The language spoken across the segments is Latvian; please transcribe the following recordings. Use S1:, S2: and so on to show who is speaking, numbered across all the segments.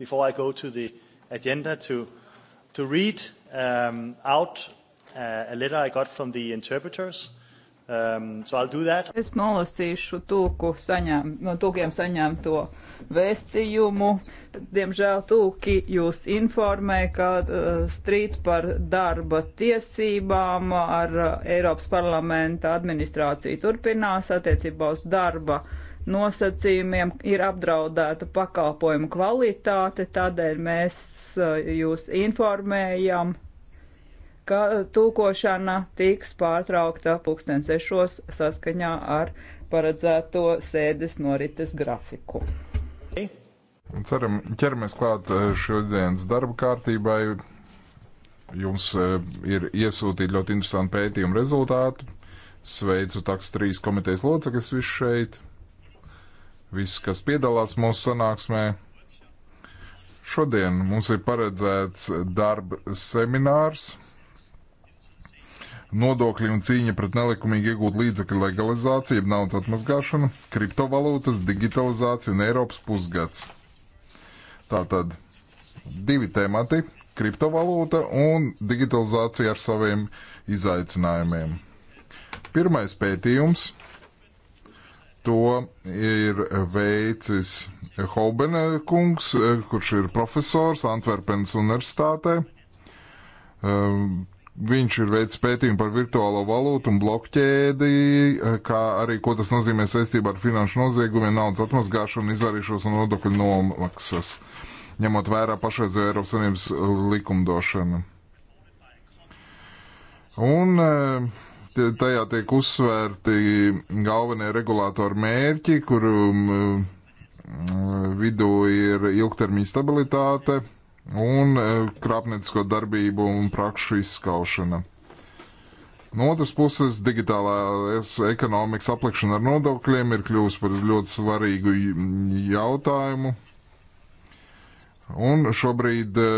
S1: before I go to the agenda, to, to read um, out uh, a letter I got from the
S2: interpreters. Um, so I'll do that. Es nolasīšu tūku saņēm, no tūkiem saņemto vēstījumu. Diemžēl tūki jūs informē, ka uh, strīds par darba tiesībām ar uh, Eiropas parlamenta administrāciju turpinās attiecībā uz darba uh, nosacījumiem ir apdraudēta pakalpojumu kvalitāte, tādēļ mēs uh, jūs informējam, ka tūkošana tiks pārtraukta pulksten sešos saskaņā ar paredzēto sēdes norites grafiku.
S3: Ceram, ķeramies klāt uh, šodienas darba kārtībai. Jums uh, ir iesūtīti ļoti interesanti pētījuma rezultāti. Sveicu taks trīs komitejas locekas visu šeit visi, kas piedalās mūsu sanāksmē. Šodien mums ir paredzēts darba seminārs nodokļi un cīņa pret nelikumīgi iegūt līdzekļu legalizāciju, jeb naudas atmazgāšanu, kriptovalūtas, digitalizācija un Eiropas pusgads. Tātad divi temati - kriptovalūta un digitalizācija ar saviem izaicinājumiem. Pirmais pētījums To ir veicis Hobene kungs, kurš ir profesors Antverpenes universitātē. Um, viņš ir veicis pētījumu par virtuālo valūtu un blokķēdi, kā arī ko tas nozīmē saistībā ar finanšu noziegumiem, naudas atmazgāšanu, izvairīšos un nodokļu nomaksas, ņemot vērā pašreizējo Eiropas Savienības likumdošanu. Un uh, tajā tiek uzsvērti galvenie regulātori mērķi, kuru vidū ir ilgtermiņa stabilitāte un e, krāpniecisko darbību un prakšu izskaušana. No otras puses, digitālās ekonomikas aplikšana ar nodokļiem ir kļuvusi par ļoti svarīgu jautājumu. Un šobrīd e,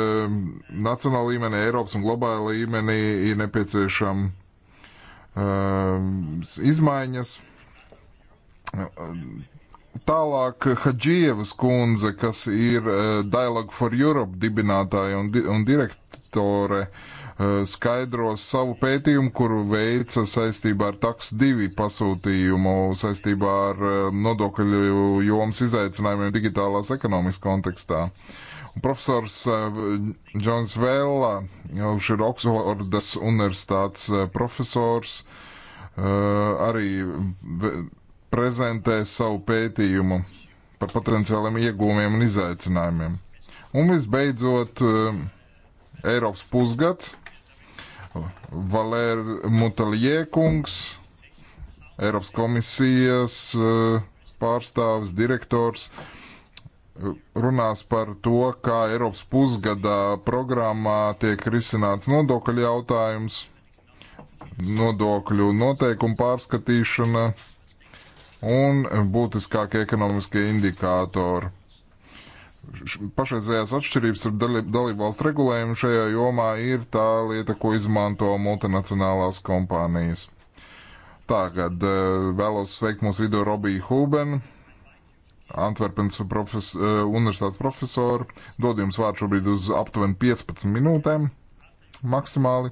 S3: nacionāla līmenī, Eiropas un globāla līmenī ir nepieciešama izmaiņas. Tālāk Hadžievas kundze, kas ir Dialogue for Europe dibinātāja un, di un direktore, skaidros savu pētījumu, kuru veica saistībā ar taks divi pasūtījumu, saistībā ar э, nodokļu jomas izaicinājumiem digitālās ekonomikas kontekstā. Uh, Profesors Džons Vēlā, kurš ir Oksfordas universitātes eh, profesors, eh, arī prezentē savu pētījumu par potenciāliem iegūmiem un izaicinājumiem. Un visbeidzot, eh, Eiropas pusgads, Valēra Mutaliekungs, Eiropas komisijas pārstāvis, direktors, uh, runās par to, kā Eiropas pusgada programmā tiek risināts nodokļu jautājums, nodokļu noteikumu pārskatīšana un būtiskākie ekonomiskie indikātori. Pašreizējās atšķirības ar dalību valstu regulējumu šajā jomā ir tā lieta, ko izmanto multinacionālās kompānijas. Tagad eh, vēlos sveikt mūsu vidū Robiju Hūbenu, Antverpenes profes, eh, universitātes profesoru. Dod jums vārdu šobrīd uz aptuveni 15 minūtēm maksimāli.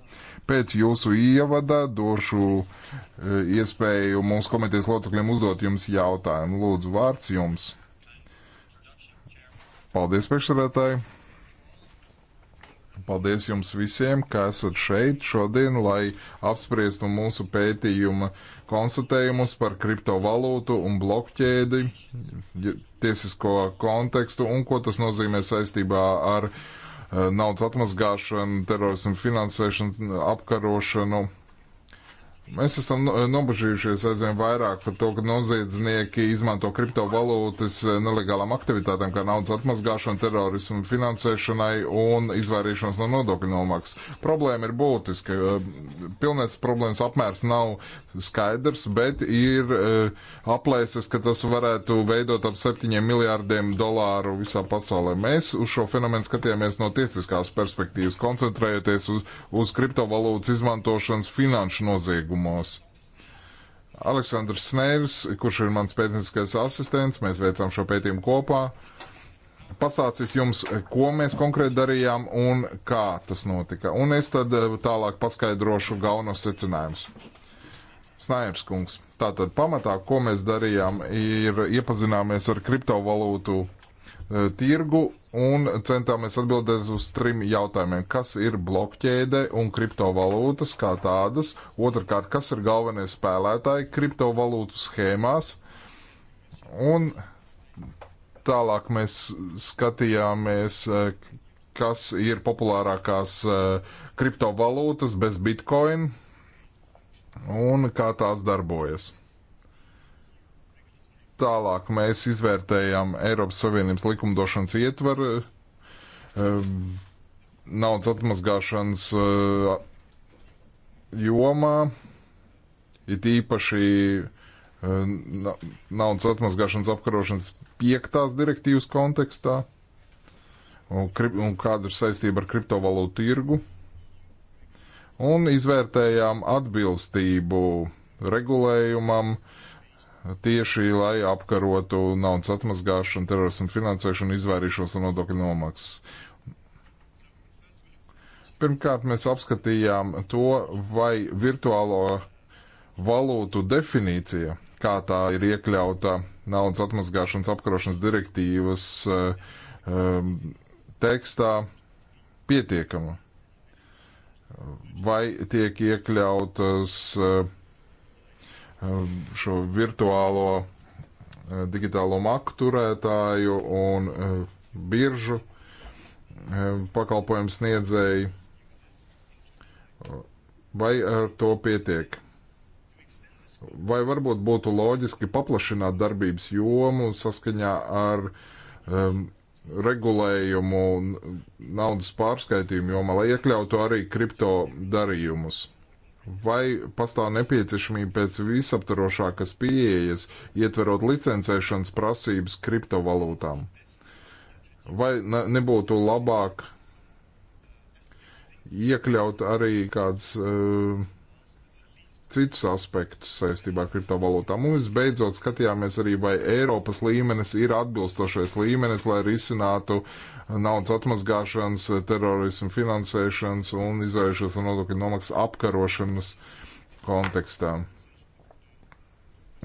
S3: Pēc jūsu ievada došu eh, iespēju mūsu komitejas locekļiem uzdot jums jautājumu. Lūdzu, vārds jums. Paldies, priekšsarētāji! Paldies jums visiem, ka esat šeit šodien, lai apspriestu mūsu pētījuma konstatējumus par kriptovalūtu un blokķēdi, tiesisko kontekstu un ko tas nozīmē saistībā ar eh, naudas atmazgāšanu, terorismu finansēšanu, apkarošanu Mēs esam nobežījušies aizvien vairāk par to, ka noziedznieki izmanto kriptovalūtas eh, nelegālām aktivitātēm, kā naudas atmazgāšana, terorismu finansēšanai un izvairīšanos no nodokļu nomaksas. Problēma ir būtiska. Eh, Pilnēts problēmas apmērs nav skaidrs, bet ir eh, aplēses, ka tas varētu veidot ap 7 miljārdiem dolāru visā pasaulē. Mēs uz šo fenomenu skatījāmies no tiesiskās perspektīvas, koncentrējoties uz, uz kriptovalūtas izmantošanas finanšu noziegumu nolīgumos. Aleksandrs Snēvis, kurš ir mans pētnieciskais asistents, mēs veicām šo pētījumu kopā, pasācis jums, ko mēs konkrēti darījām un kā tas notika. Un es tad eh, tālāk paskaidrošu galvenos secinājumus. Snairs kungs. Tātad pamatā, ko mēs darījām, ir iepazināmies ar kriptovalūtu eh, tirgu un centāmies atbildēt uz trim jautājumiem. Kas ir blokķēde un kriptovalūtas kā tādas? Otrakārt, kas ir galvenie spēlētāji kriptovalūtu schēmās? Un tālāk mēs skatījāmies, kas ir populārākās eh, kriptovalūtas bez bitcoin un kā tās darbojas. Tālāk mēs izvērtējām Eiropas Savienības likumdošanas ietvaru, eh, naudas atmazgāšanas eh, jomā, it īpaši eh, naudas atmazgāšanas apkarošanas piektās direktīvas kontekstā un, un kāda ir saistība ar kriptovalūtu tirgu. Un izvērtējām atbilstību regulējumam, uh, tieši lai apkarotu naudas atmazgāšanu, terorismu finansēšanu, izvairīšos no nodokļu nomaksas. Pirmkārt, mēs apskatījām to, vai virtuālo valūtu definīcija, kā tā ir iekļauta naudas atmazgāšanas apkarošanas direktīvas um, tekstā, pietiekama. Vai tiek iekļautas uh, Um, šo virtuālo uh, digitālo maku turētāju un uh, biržu um, pakalpojumu sniedzēju. Vai ar uh, to pietiek? Vai varbūt būtu loģiski paplašināt darbības jomu saskaņā ar um, regulējumu naudas pārskaitījumu jomā, lai iekļautu arī kripto darījumus? Vai pastāv nepieciešamība pēc visaptarošākas pieejas, ietverot licencēšanas prasības kriptovalūtām? Vai ne, nebūtu labāk iekļaut arī kāds uh, citus aspektus saistībā ar kriptovalūtām? Un visbeidzot skatījāmies arī, vai Eiropas līmenis ir atbilstošais līmenis, lai risinātu naudas atmazgāšanas, eh, terorismu finansēšanas un izvairīšanās no nodokļu nomaksas apkarošanas kontekstā.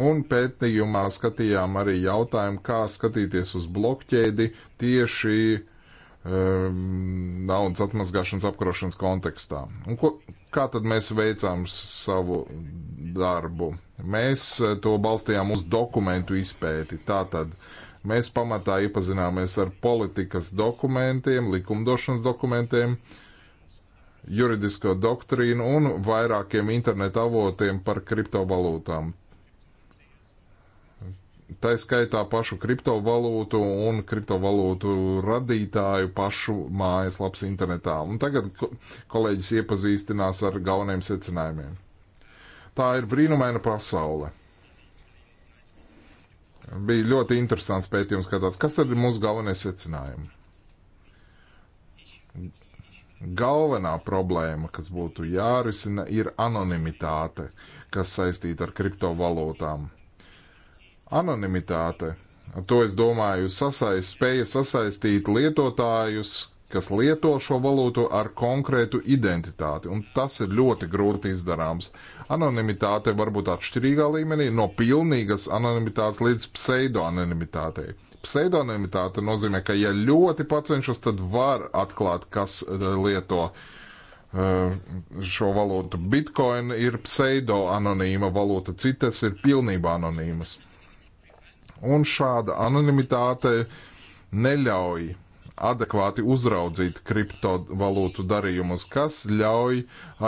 S3: Un pētījumā skatījām arī jautājumu, kā skatīties uz blokķēdi tieši um, naudas atmazgāšanas apkarošanas kontekstā. Un ko, kā tad mēs veicām savu darbu? Mēs eh, to balstījām uz dokumentu izpēti. Tātad uh, Mēs pamatā iepazināmies ar politikas dokumentiem, likumdošanas dokumentiem, juridisko doktrīnu un vairākiem internetu avotiem par kriptovalūtām. Tā skaitā pašu kriptovalūtu un kriptovalūtu radītāju pašu mājaslapas internetā. Un tagad kolēģis iepazīstinās ar galvenajiem secinājumiem. Tā ir brīnumaina pasaule. Bija ļoti interesants pētījums, kā tāds. Kas tad ir mūsu galvenais secinājums? Galvenā problēma, kas būtu jārisina, ir anonimitāte, kas saistīta ar kriptovalūtām. Anonimitāte, to es domāju, sasaist, spēja sasaistīt lietotājus, kas lieto šo valūtu ar konkrētu identitāti, un tas ir ļoti grūti izdarāms. Anonimitāte var būt atšķirīgā līmenī, no pilnīgas anonimitātes līdz pseidonimitātei. Pseidonimitāte nozīmē, ka ja ļoti pacenšas, tad var atklāt, kas eh, lieto eh, šo valūtu. Bitcoin ir pseido-anonīma valūta, citas ir pilnībā anonīmas. Un šāda anonimitāte neļauj adekvāti uzraudzīt kriptovalūtu darījumus, kas ļauj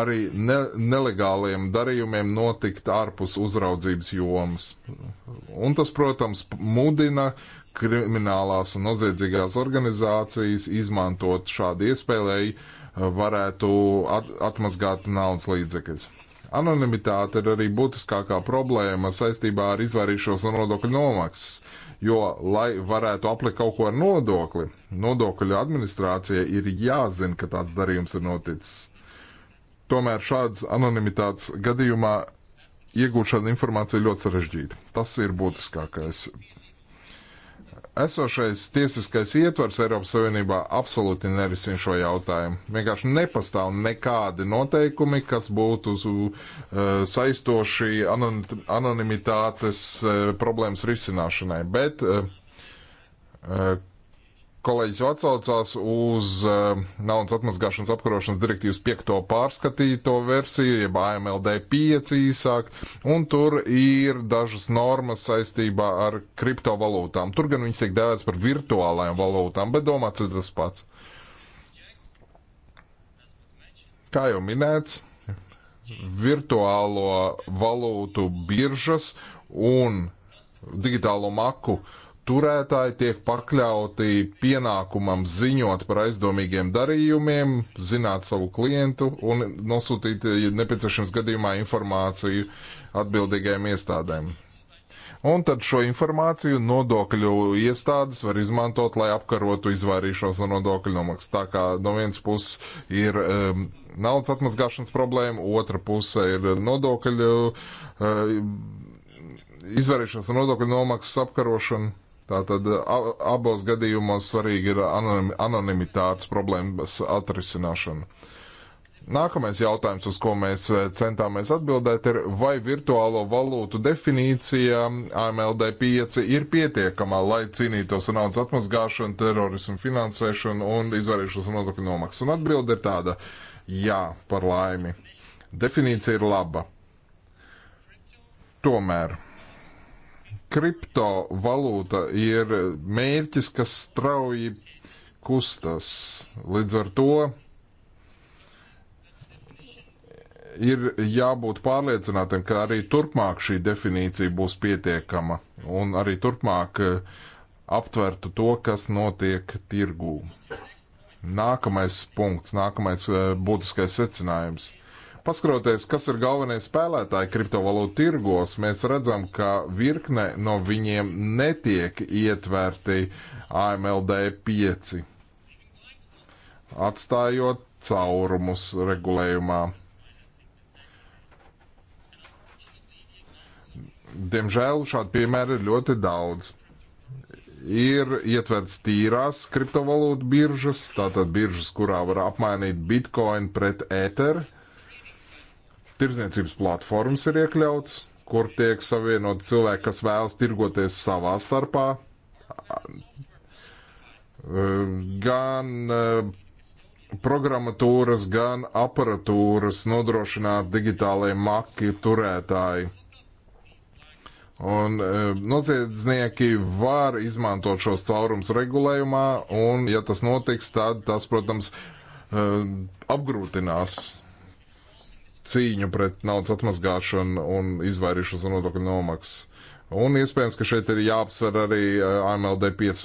S3: arī ne, nelegāliem darījumiem notikt ārpus uzraudzības jomas. Un tas, protams, mudina kriminālās un noziedzīgās organizācijas izmantot šādu iespēju, lai uh, varētu at atmazgāt naudas līdzekļus. Anonimitāte ir arī būtiskākā problēma saistībā ar izvairīšanos no nodokļu nomaksas Jo, lai varētu aplikt kaut ko ar nodokli, nodokļu administrācija ir jāzina, ka tāds darījums ir noticis. Tomēr šādas anonimitātes gadījumā iegūt šādu informāciju ļoti sarežģīti. Tas ir būtiskākais. Esošais tiesiskais ietvers Eiropas Savienībā absolūti nerisina šo jautājumu. Vienkārši nepastāv nekādi noteikumi, kas būtu uz, uh, saistoši anon anonimitātes uh, problēmas risināšanai. Bet uh, uh Kolēģis jau atsaucās uz uh, naudas atmazgāšanas apkarošanas direktīvas piekto pārskatīto versiju, jeb AMLD 5 īsāk, un tur ir dažas normas saistībā ar kriptovalūtām. Tur gan viņas tiek dēvēts par virtuālajām valūtām, bet domāts ir tas pats. Kā jau minēts, virtuālo valūtu biržas un digitālo maku uh, turētāji tiek pakļauti pienākumam ziņot par aizdomīgiem darījumiem, zināt savu klientu un nosūtīt, ja nepieciešams gadījumā, informāciju atbildīgajām iestādēm. Un tad šo informāciju nodokļu iestādes var izmantot, lai apkarotu izvairīšanos no nodokļu nomaksas. Tā kā no vienas puses ir um, naudas atmazgāšanas problēma, otra puse ir nodokļu, uh, izvairīšanās no nodokļu nomaksas apkarošana. Tātad abos gadījumos svarīgi ir anonim, anonimitātes problēmas atrisināšana. Nākamais jautājums, uz ko mēs e, centāmies atbildēt, ir, vai virtuālo valūtu definīcija AMLD 5 ir pietiekamā, lai cīnītos ar naudas atmazgāšanu, terorismu finansēšanu un izvairīšanos no nodokļu nomaksas. Un atbilde ir tāda, jā, par laimi. Definīcija ir laba. Tomēr kriptovalūta ir mērķis, kas strauji kustas. Līdz ar to ir jābūt pārliecinātiem, ka arī turpmāk šī definīcija būs pietiekama un arī turpmāk eh, aptvertu to, kas notiek tirgū. Nākamais punkts, nākamais eh, būtiskais secinājums. Uh, Paskatoties, kas ir galvenie spēlētāji kriptovalūtu tirgos, mēs redzam, ka virkne no viņiem netiek ietverti AMLD 5, atstājot caurumus regulējumā. Diemžēl šādu piemēru ir ļoti daudz ir ietverts tīrās kriptovalūtu biržas, tātad biržas, kurā var apmainīt bitkoinu pret ēteru. Tirzniecības platformas ir iekļauts, kur tiek savienot cilvēki, kas vēlas tirgoties savā starpā, ehm, gan ehm, programmatūras, gan aparatūras nodrošināt digitālajiem maki turētāji. Un e, noziedznieki var izmantot šos caurums regulējumā, un ja tas notiks, tad tas, protams, e, apgrūtinās cīņu pret naudas atmazgāšanu un izvairīšanos no nodokļu nomaksas. Un iespējams, ka šeit ir jāapsver arī eh, AMLD 5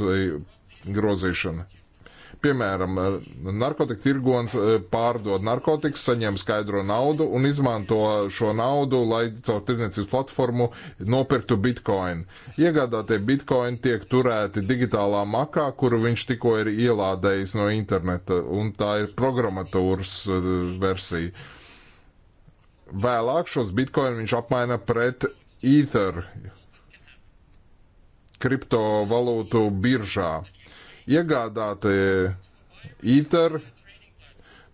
S3: grozīšana. Piemēram, eh, narkotika tirgons eh, pārdod narkotikas, saņem skaidro naudu un izmanto šo naudu, lai caur tirniecības platformu nopirktu bitcoin. Iegādātie bitcoin tiek turēti digitālā makā, kuru viņš tikko ir ielādējis no interneta, un tā ir programmatūras versija vēlāk šos bitkoinu viņš apmaina pret Ether kriptovalūtu biržā. Iegādātie Ether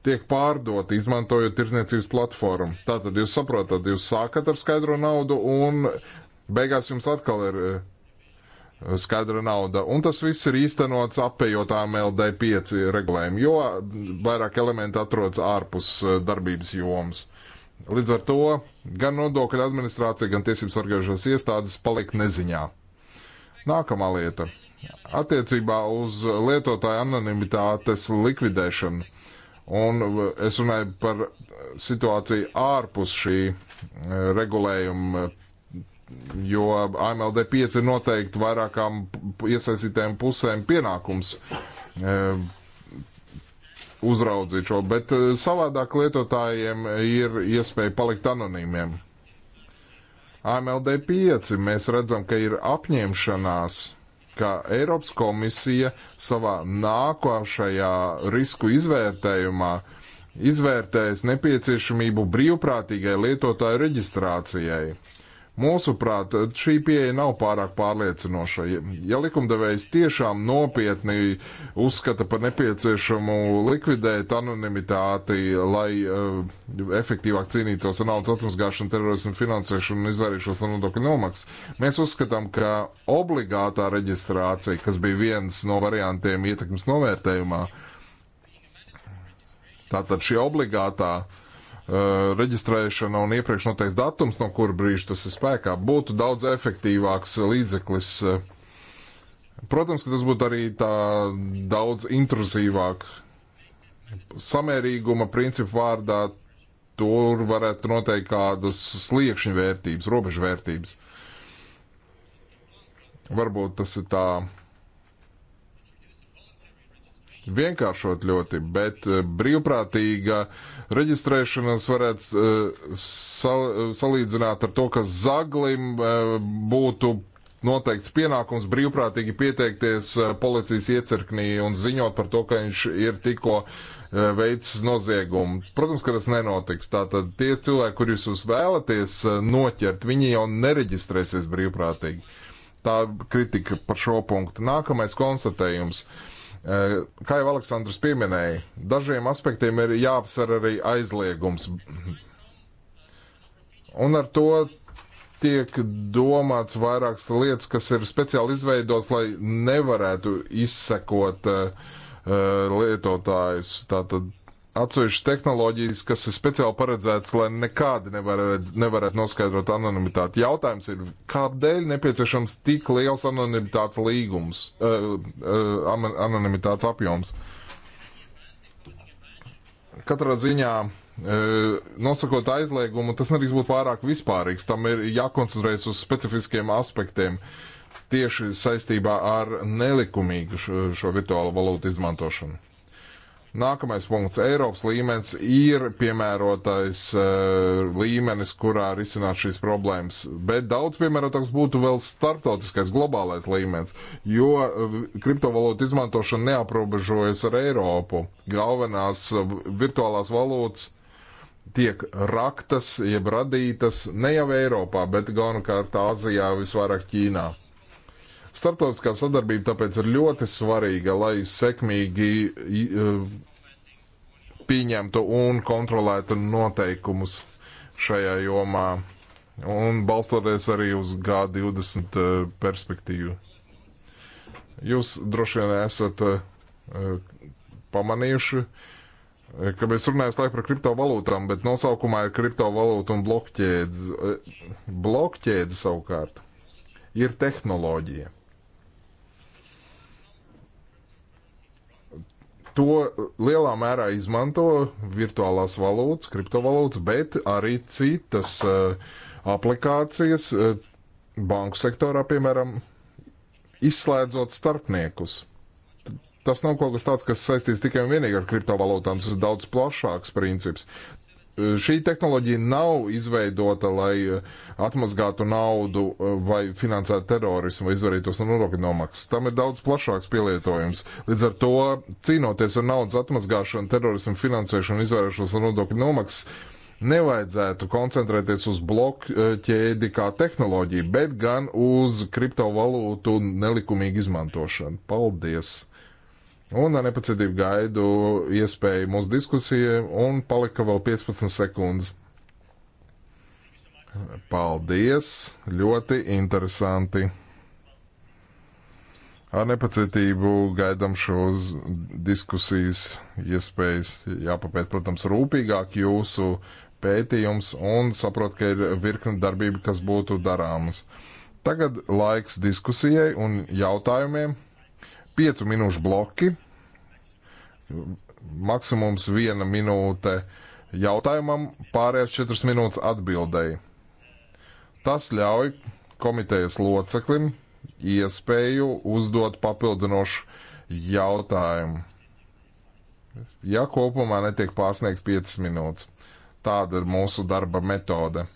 S3: tiek pārdoti, izmantojot tirzniecības platformu. Tātad jūs saprotat, jūs sākat ar skaidro naudu un beigās jums atkal ir eh, skaidra nauda. Un tas viss ir īstenots apējot AMLD 5 regulējumu, jo vairāk elementi atrodas ārpus eh, darbības jomas. Līdz ar to gan nodokļu administrācija, gan tiesību sargājušās iestādes paliek neziņā. Nākamā lieta - attiecībā uz lietotāju anonimitātes likvidēšanu. Un es runāju par situāciju ārpus šī e, regulējuma, jo AMLD 5 ir noteikti vairākām iesaistītēm pusēm pienākums e, uzraudzīt šo, bet eh, savādāk lietotājiem ir iespēja palikt anonīmiem. AMLD 5 mēs redzam, ka ir apņemšanās, ka Eiropas komisija savā nākošajā risku izvērtējumā izvērtēs nepieciešamību brīvprātīgai lietotāju reģistrācijai Mūsuprāt, šī pieeja nav pārāk pārliecinoša. Ja likumdevējs tiešām nopietni uzskata par nepieciešamu likvidēt anonimitāti, lai uh, efektīvāk cīnītos ar naudas atmazgāšanu, terorismu finansēšanu un izvairīšos no nodokļu nomaksas, mēs uzskatām, ka obligātā reģistrācija, kas bija viens no variantiem ietekmes novērtējumā, tātad šī obligātā uh, Eh, reģistrēšana un iepriekš noteikts datums, no kura brīža tas ir spēkā, būtu daudz efektīvāks līdzeklis. Eh. Protams, ka tas būtu arī tā daudz intruzīvāk. Samērīguma principu vārdā tur varētu noteikt kādas sliekšņu vērtības, robežu vērtības. Varbūt tas ir tā vienkāršot ļoti, bet eh, brīvprātīga reģistrēšanas varētu eh, sal, salīdzināt ar to, ka zaglim eh, būtu noteikts pienākums brīvprātīgi pieteikties policijas iecirknī un ziņot par to, ka viņš ir tikko veicis noziegumu. Protams, ka tas nenotiks. Tātad tie cilvēki, kurus jūs vēlaties noķert, viņi jau nereģistrēsies brīvprātīgi. Tā kritika par šo punktu. Nākamais konstatējums. Uh, Eh, kā jau Aleksandrs pieminēja, dažiem aspektiem ir jāapsver arī aizliegums. Un ar to tiek domāts vairākas lietas, kas ir speciāli izveidotas, lai nevarētu izsekot uh, lietotājus. Tātad atsevišķas tehnoloģijas, kas ir speciāli paredzētas, lai nekādi nevarētu, nevarētu noskaidrot anonimitāti. Jautājums ir, kādēļ nepieciešams tik liels anonimitātes līgums, uh, uh, anonimitātes apjoms? Katrā ziņā, uh, nosakot aizliegumu, tas nedrīkst būt pārāk vispārīgs. Tam ir jākoncentrējas uz specifiskiem aspektiem tieši saistībā ar nelikumīgu šo, šo virtuālo valūtu izmantošanu. Nākamais punkts. Eiropas līmenis ir piemērotais uh, līmenis, kurā risināt šīs problēmas, bet daudz piemērotāks būtu vēl starptautiskais globālais līmenis, jo eh, kriptovalūtu izmantošana neaprobežojas ar Eiropu. Galvenās eh, virtuālās valūtas tiek raktas, jeb radītas ne jau Eiropā, bet galvenokārt Āzijā, visvairāk Ķīnā. Startautiskā sadarbība tāpēc ir ļoti svarīga, lai sekmīgi e, pieņemtu un kontrolētu noteikumus šajā jomā un balstoties arī uz G20 e, perspektīvu. Jūs droši vien esat e, pamanījuši, ka mēs runājam laiku par kriptovalūtām, bet nosaukumā ir kriptovalūta un blokķēdes. Blokķēde savukārt ir tehnoloģija. to lielā mērā izmanto virtuālās valūtas, kriptovalūtas, bet arī citas uh, aplikācijas uh, banku sektorā, piemēram, izslēdzot starpniekus. Tas nav kaut kas tāds, kas saistīts tikai un vienīgi ar kriptovalūtām, tas ir daudz plašāks princips. Šī tehnoloģija nav izveidota, lai eh, atmazgātu naudu eh, vai finansētu terorismu vai izvarītos no nodokļu nomaksas. Tam ir daudz plašāks pielietojums. Līdz ar to cīnoties ar naudas atmazgāšanu, terorismu finansēšanu, izvairīšanos no nodokļu nomaksas, nevajadzētu koncentrēties uz blokķēdi eh, kā tehnoloģiju, bet gan uz kriptovalūtu nelikumīgu izmantošanu. Paldies! Un ar nepacietību gaidu iespēju mūsu diskusijai, un palika vēl 15 sekundes. Paldies! Ļoti interesanti! Ar nepacietību gaidām šos diskusijas iespējas. Jāpapēt, protams, rūpīgāk jūsu pētījums un saprot, ka ir virkni darbība, kas būtu darāmas. Tagad laiks diskusijai un jautājumiem piecu minūšu bloki, maksimums viena minūte jautājumam, pārējās četras minūtes atbildēji. Tas ļauj komitejas loceklim iespēju uzdot papildinošu jautājumu. Ja kopumā netiek pārsniegts 5 minūtes, tāda ir mūsu darba metode.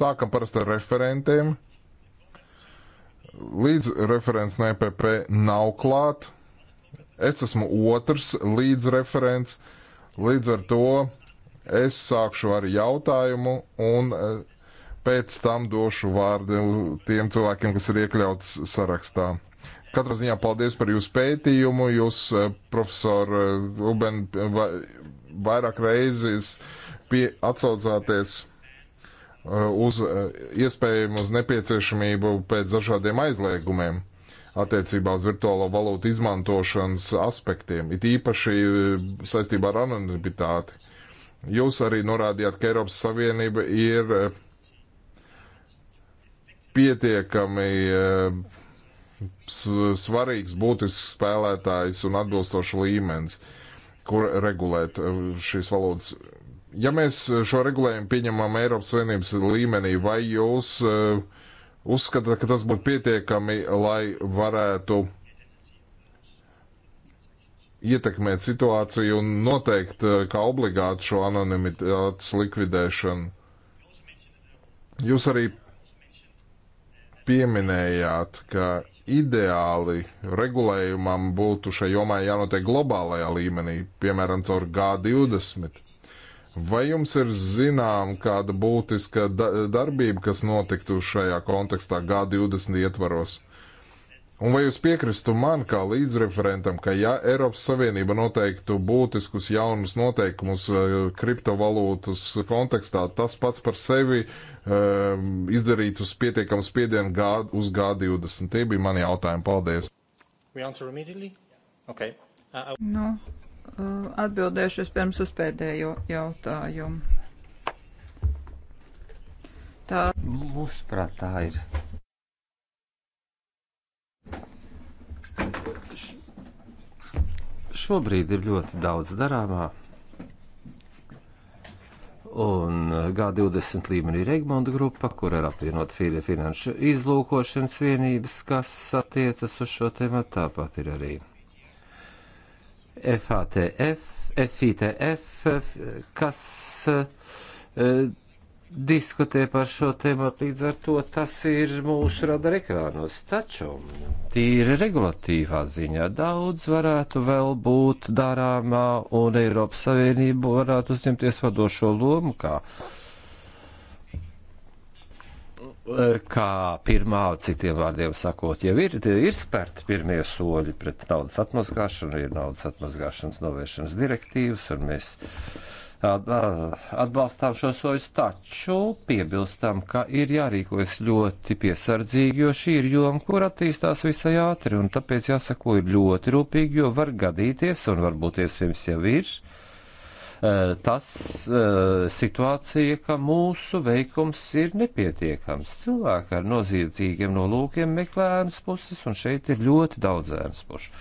S3: Sākam parasti ar referentiem, Līdz referents no EPP nav klāt. Es esmu otrs līdz referents. Līdz ar to es sākšu ar jautājumu un eh, pēc tam došu vārdu tiem cilvēkiem, kas ir iekļauts sarakstā. Katrā ziņā paldies par jūsu pētījumu. Jūs, eh, profesor eh, Ruben, vairāk reizes pie, atsaucāties Uh, uz uh, iespējumu, uz nepieciešamību pēc dažādiem aizliegumiem attiecībā uz virtuālo valūtu izmantošanas aspektiem, it īpaši uh, saistībā ar anonimitāti. Jūs arī norādījāt, ka Eiropas Savienība ir pietiekami svarīgs, būtisks spēlētājs un atbilstošs līmenis, kur regulēt šīs valodas ja mēs eh, šo regulējumu pieņemam Eiropas Savienības līmenī, vai jūs uh, uzskatāt, ka tas būtu pietiekami, lai varētu ietekmēt situāciju un noteikt eh, kā obligātu šo anonimitātes likvidēšanu? Jūs arī pieminējāt, ka ideāli regulējumam būtu šai jomā jānotiek globālajā līmenī, piemēram, caur G20. Vai jums ir zinām kāda būtiska da darbība, kas notiktu šajā kontekstā G20 ietvaros? Un vai jūs piekristu man kā līdzreferentam, ka ja Eiropas Savienība noteiktu būtiskus jaunus noteikumus e, kriptovalūtas kontekstā, tas pats par sevi um, e, izdarītu pietiekamu spiedienu gā, uz G20? Tie bija mani jautājumi. Paldies!
S4: We answer immediately? Okay. Uh, I... Uh,
S2: no. Nu, Eh, atbildēšu pirms uz pēdējo jautājumu.
S4: Tā mūsu prātā ir. Šobrīd ir ļoti daudz darāmā. Un G20 līmenī ir Egmonta grupa, kur ir apvienot finanšu izlūkošanas vienības, kas attiecas uz šo tematu. Tāpat ir arī FATF, FITF, kas e, diskutē par šo tēmu, līdz ar to tas ir mūsu radar ekrānos. Taču tīri regulatīvā ziņā daudz varētu vēl būt darāmā, un Eiropas Savienība varētu uzņemties vadošo lomu, kā kā pirmā, citiem vārdiem sakot, jau ir, ir spērti pirmie soļi pret naudas atmazgāšanu, ir naudas atmazgāšanas novēršanas direktīvas, un mēs atbalstām šo soļus, taču piebilstam, ka ir jārīkojas ļoti piesardzīgi, jo šī ir joma, kur attīstās visai ātri, un tāpēc jāsako ir ļoti rūpīgi, jo var gadīties, un varbūt iespējams jau ir. Ja Eh, tas eh, situācija, ka mūsu veikums ir nepietiekams. Cilvēki ar noziedzīgiem nolūkiem meklē ēnas puses, un šeit ir ļoti daudz ēnas pušu.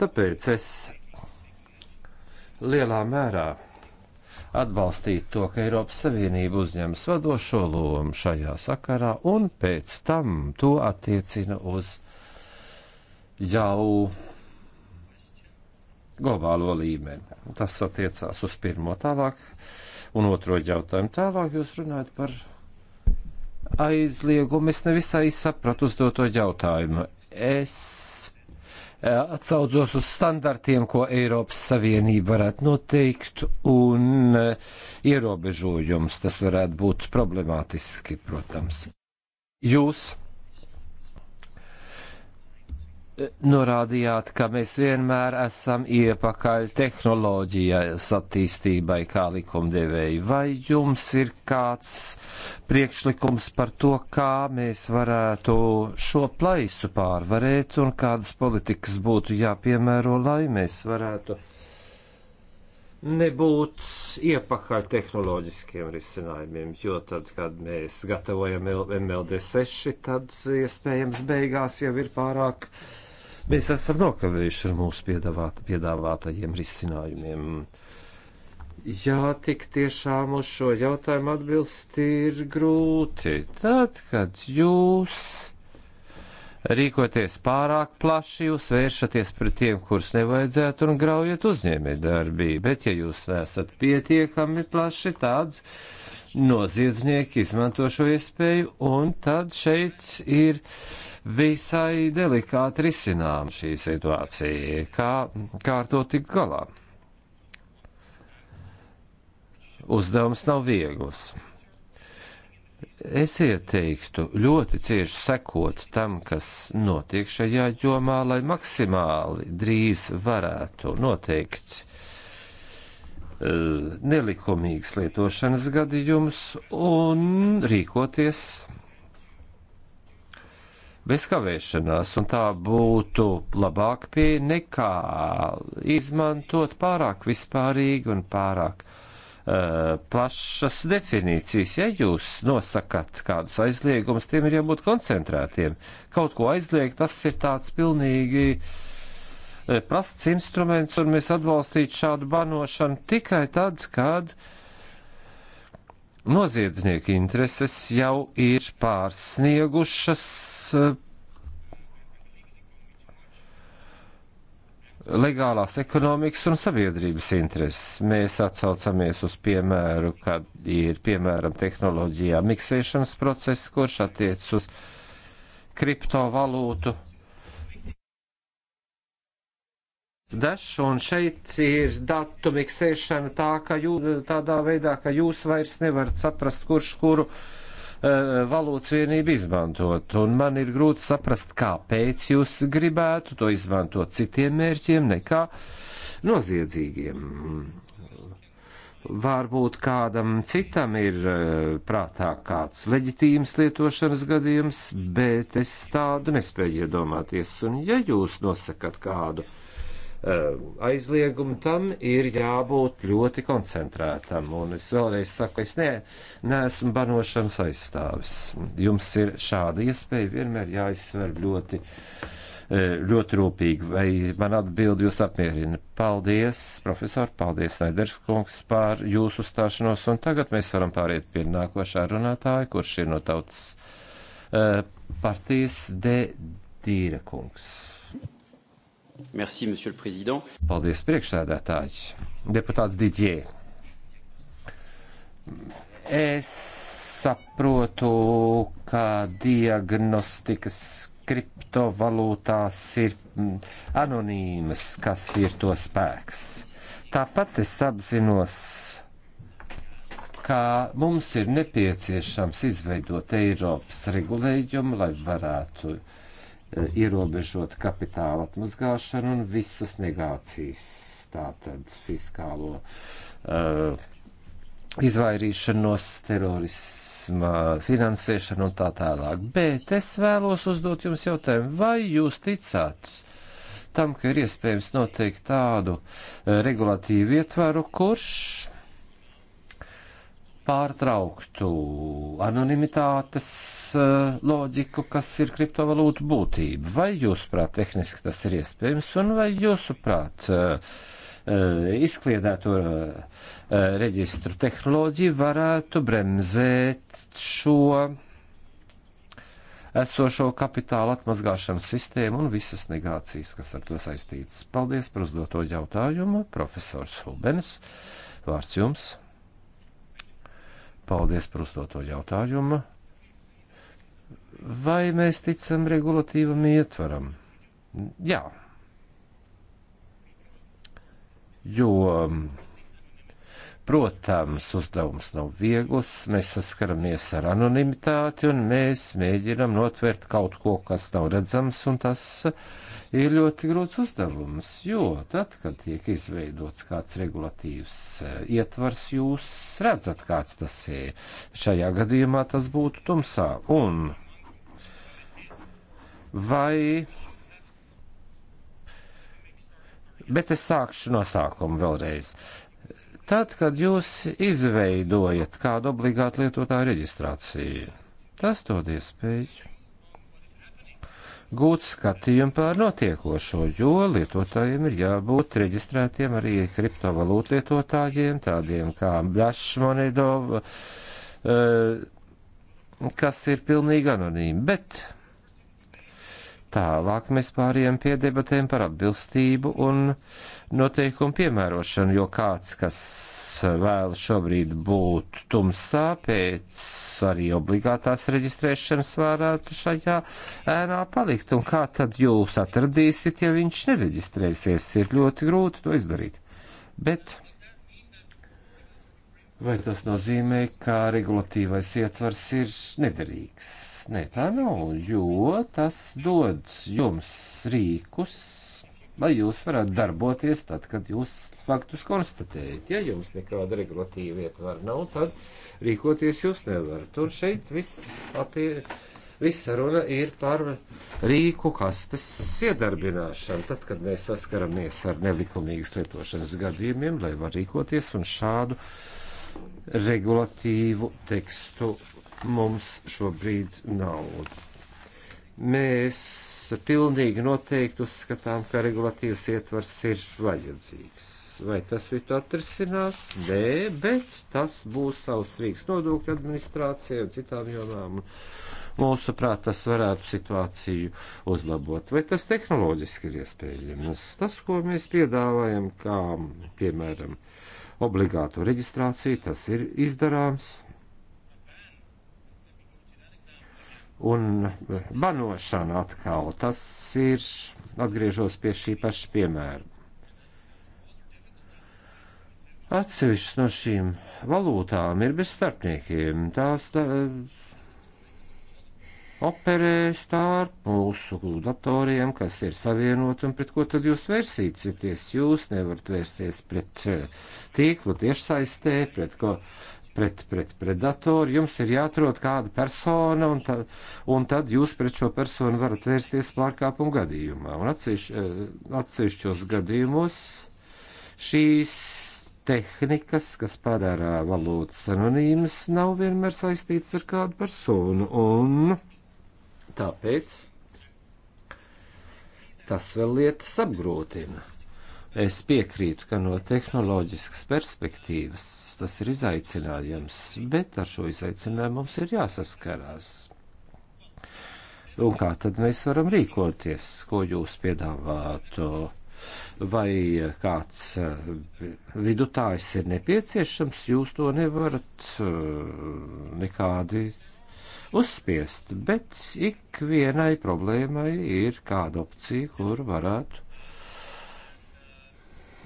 S4: Tāpēc es lielā mērā atbalstītu to, ka Eiropas Savienība uzņemas vadošo lomu šajā sakarā un pēc tam to attiecina uz jau globālo līmeni. Tas attiecās uz pirmo tālāk un otro jautājumu. Tālāk jūs runājat par aizliegumu. Es nevisai sapratu uzdoto jautājumu. Es eh, atsaudzos uz standartiem, ko Eiropas Savienība varētu noteikt, un eh, ierobežojums tas varētu būt problemātiski, protams. Jūs norādījāt, ka mēs vienmēr esam iepakaļ tehnoloģijas attīstībai kā likumdevēji. Vai jums ir kāds priekšlikums par to, kā mēs varētu šo plaisu pārvarēt un kādas politikas būtu jāpiemēro, lai mēs varētu nebūt iepakaļ tehnoloģiskiem risinājumiem, jo tad, kad mēs gatavojam MLD6, tad iespējams beigās jau ir pārāk uh, Mēs esam nokavējuši ar mūsu piedāvāt, piedāvātajiem risinājumiem. Jā, tik tiešām uz šo jautājumu atbilst ir grūti. Tad, kad jūs rīkoties pārāk plaši, jūs vēršaties pret tiem, kurus nevajadzētu un graujat uzņēmē darbību, bet ja jūs esat pietiekami plaši, tad. Uh, noziedznieki izmanto šo iespēju, un tad šeit ir visai delikāti risinām šī situācija, kā, kā ar to tik galā. Uzdevums nav viegls. Es ieteiktu ļoti cieši sekot tam, kas notiek šajā jomā, lai maksimāli drīz varētu noteikt uh, E, nelikumīgas lietošanas gadījumus un rīkoties bez kavēšanās, un tā būtu labāk pieeja nekā izmantot pārāk vispārīgi un pārāk uh, plašas definīcijas. Ja jūs nosakat kādus aizliegumus, tiem ir jābūt koncentrētiem. Kaut ko aizliegt, tas ir tāds pilnīgi uh, E, prasts instruments, un mēs atbalstītu šādu banošanu tikai tad, kad noziedznieku intereses jau ir pārsniegušas e, legālās ekonomikas un sabiedrības intereses. Mēs atsaucamies uz piemēru, kad ir piemēram tehnoloģijā miksēšanas process, kurš attiec uz kriptovalūtu Dažs un šeit ir datu miksēšana tā, ka jū, tādā veidā, ka jūs vairs nevarat saprast, kurš kuru uh, valūtas vienību izmantot. Un man ir grūti saprast, kāpēc jūs gribētu to izmantot citiem mērķiem nekā noziedzīgiem. Varbūt kādam citam ir e, prātā kāds leģitīms lietošanas gadījums, bet es tādu nespēju iedomāties. Un ja jūs nosakat kādu Eh, aizliegumu, tam ir jābūt ļoti koncentrētam. Un es vēlreiz saku, es ne, neesmu banošanas aizstāvis. Jums ir šāda iespēja vienmēr jāizsver ļoti, eh, ļoti rūpīgi. Vai man atbildi jūs apmierina? Paldies, profesor, paldies, Naiders kungs, par jūsu uzstāšanos. Un tagad mēs varam pāriet pie nākošā runātāja, kurš ir no tautas eh, partijas D. Dīra kungs. Merci, monsieur le président. Paldies, priekšsēdētājs. Deputāts Didjē. Es saprotu, ka diagnostikas kriptovalūtās ir mm, anonīmas, kas ir to spēks. Tāpat es apzinos, ka mums ir nepieciešams izveidot Eiropas regulējumu, lai varētu uh, Eh, ierobežot kapitāla atmazgāšanu un visas negācijas, tātad fiskālo uh, izvairīšanos, terorisma finansēšanu un tā tālāk. Bet es vēlos uzdot jums jautājumu, vai jūs ticāt tam, ka ir iespējams noteikt tādu eh, regulatīvu ietvaru, kurš pārtrauktu anonimitātes eh, loģiku, kas ir kriptovalūtu būtība. Vai jūsuprāt, tehniski tas ir iespējams, un vai jūsuprāt, eh, eh, izkliedēto reģistru tehnoloģiju varētu bremzēt šo esošo kapitāla atmazgāšanas sistēmu un visas negācijas, kas ar to saistītas. Paldies par uzdoto jautājumu, profesors Hubens. Vārds jums! Paldies par uzdoto jautājumu. Vai mēs ticam regulatīvam ietvaram? Jā. Jo, protams, uzdevums nav viegls, mēs saskaramies ar anonimitāti un mēs mēģinam notvērt kaut ko, kas nav redzams, un tas uh, ir ļoti grūts uzdevums, jo tad, kad tiek izveidots kāds regulatīvs eh, ietvars, jūs redzat, kāds tas ir. Šajā gadījumā tas būtu tumsā. Un vai bet es sākšu no sākuma vēlreiz. Tad, kad jūs izveidojat kādu obligātu lietotāju reģistrāciju, tas dod iespēju gūt skatījumu pār notiekošo, jo lietotājiem ir jābūt reģistrētiem arī kriptovalūtu lietotājiem, tādiem kā Blash Monedo, eh, kas ir pilnīgi anonīmi. Bet Tālāk mēs pārējām pie debatēm par atbilstību un noteikumu piemērošanu, jo kāds, kas vēl šobrīd būt tumsā pēc arī obligātās reģistrēšanas varētu šajā ēnā palikt, un kā tad jūs atradīsiet, ja viņš nereģistrēsies, ir ļoti grūti to izdarīt. Bet vai tas nozīmē, ka regulatīvais ietvars ir nederīgs? Nē, tā nav, jo tas dod jums rīkus, lai jūs varētu darboties tad, kad jūs faktus konstatējat. Ja jums nekāda regulatīva ietvara nav, tad rīkoties jūs nevarat. Un šeit viss attie... Visa runa ir par rīku kastes iedarbināšanu. Tad, kad mēs saskaramies ar nelikumīgas lietošanas gadījumiem, lai var rīkoties un šādu regulatīvu tekstu mums šobrīd nav. Mēs pilnīgi noteikti uzskatām, ka regulatīvs ietvars ir vajadzīgs. Vai tas visu atrisinās? Nē, bet tas būs savs rīks nodokļu administrācijai un citām jomām. Mūsuprāt, tas varētu situāciju uzlabot. Vai tas tehnoloģiski ir iespējams? Tas, ko mēs piedāvājam, kā piemēram obligātu reģistrāciju, tas ir izdarāms un banošana atkal. Tas ir, atgriežos pie šī paša piemēra. Atsevišķas no šīm valūtām ir bez starpniekiem. Tās tā, operē starp mūsu datoriem, kas ir savienoti, un pret ko tad jūs vērsīsieties? Jūs nevarat vērsties pret eh, tīklu tiešsaistē, pret ko. Uh, pret, pret predatoru, jums ir jāatrod kāda persona, un, ta, un tad jūs pret šo personu varat vērsties pārkāpumu gadījumā. Un atsevišķ, eh, atsevišķos gadījumos šīs tehnikas, kas padara valūtas anonīmas, nav vienmēr saistīts ar kādu personu, un tāpēc tas vēl lietas apgrūtina. Es piekrītu, ka no tehnoloģiskas perspektīvas tas ir izaicinājums, bet ar šo izaicinājumu mums ir jāsaskarās. Un kā tad mēs varam rīkoties, ko jūs piedāvātu? vai kāds eh, vidutājs ir nepieciešams, jūs to nevarat eh, nekādi uzspiest, bet ik vienai problēmai ir kāda opcija, kur varētu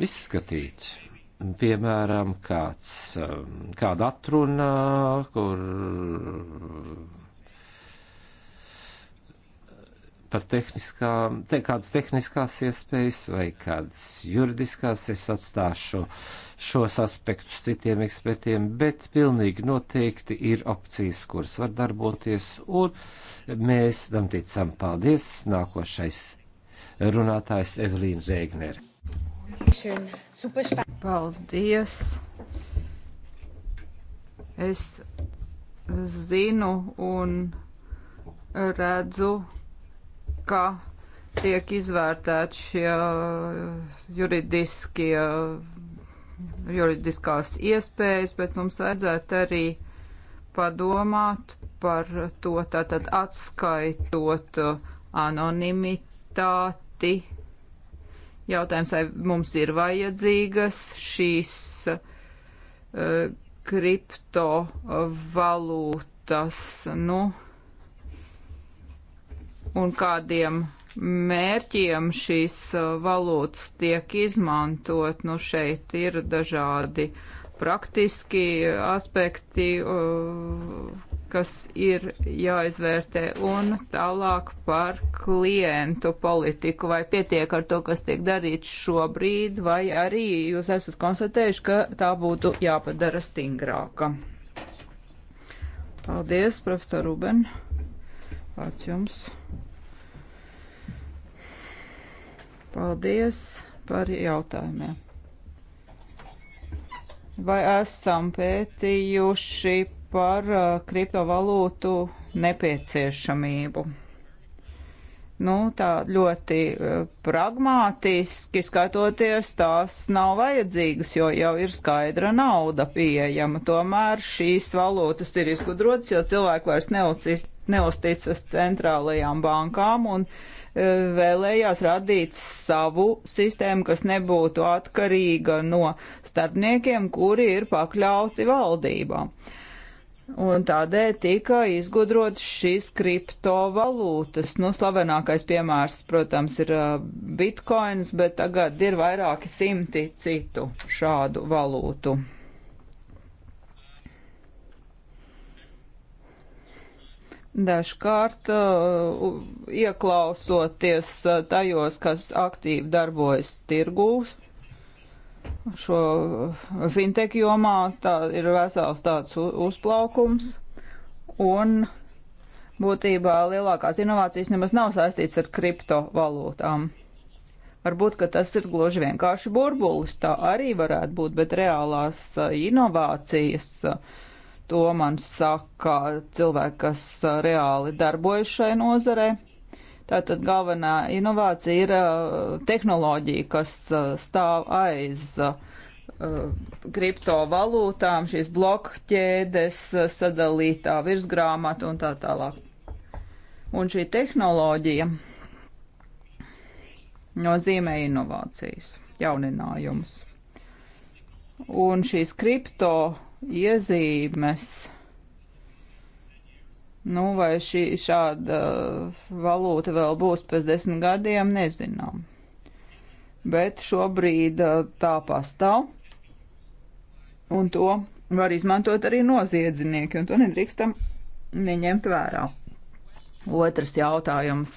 S4: izskatīt. Piemēram, kāds, um, kāda atrunā, kur par tehniskām, te, kādas tehniskās iespējas vai kādas juridiskās. Es atstāšu šos aspektus citiem ekspertiem, bet pilnīgi noteikti ir opcijas, kuras var darboties, un mēs tam ticam. Paldies! Nākošais runātājs Evelīna Zēgnere.
S2: Paldies! Es zinu un redzu, ka tiek izvērtēti šie juridiskie, juridiskās iespējas, bet mums vajadzētu arī padomāt par to, tātad atskaitot anonimitāti Jautājums, vai mums ir vajadzīgas šīs uh, kriptovalūtas, nu, un kādiem mērķiem šīs eh, valūtas tiek izmantot. Nu, šeit ir dažādi praktiski aspekti, eh, kas ir jāizvērtē, un tālāk par klientu politiku. Vai pietiek ar to, kas tiek darīts šobrīd, vai arī jūs esat konstatējuši, ka tā būtu jāpadara stingrāka? Paldies, profesor Ruben. Vārds jums. Paldies par jautājumiem. Vai esam pētījuši par uh, kriptovalūtu nepieciešamību. Nu, tā ļoti uh, pragmātiski skatoties, tās nav vajadzīgas, jo jau ir skaidra nauda pieejama. Tomēr šīs valūtas ir izgudrotas, jo cilvēki vairs neucis, neusticas centrālajām bankām un uh, vēlējās radīt savu sistēmu, kas nebūtu atkarīga no starpniekiem, kuri ir pakļauti valdībām. Uh, Un tādēļ tika izgudrotas šīs kriptovalūtas. Nu, slavenākais piemērs, protams, ir uh, bitkoins, bet tagad ir vairāki simti citu šādu valūtu. Dažkārt, uh, ieklausoties uh, tajos, kas aktīvi darbojas tirgūs, šo fintech jomā, tā ir vesels tāds uzplaukums. Un būtībā lielākās inovācijas nemaz nav saistīts ar kriptovalūtām. Varbūt, ka tas ir gluži vienkārši burbulis, tā arī varētu būt, bet reālās inovācijas, to man saka cilvēki, kas reāli darbojas šai nozarei Tātad galvenā inovācija ir uh, tehnoloģija, kas uh, stāv aiz uh, kriptovalūtām, šīs blokķēdes, sadalītā virsgrāmata un tā tālāk. Un šī tehnoloģija nozīmē inovācijas, jauninājumus. Un šīs kripto iezīmes Nu, vai šī šāda valūta vēl būs pēc desmit gadiem, nezinām. Bet šobrīd tā pastāv, un to var izmantot arī noziedznieki, un to nedrīkstam neņemt vērā. Otrs jautājums.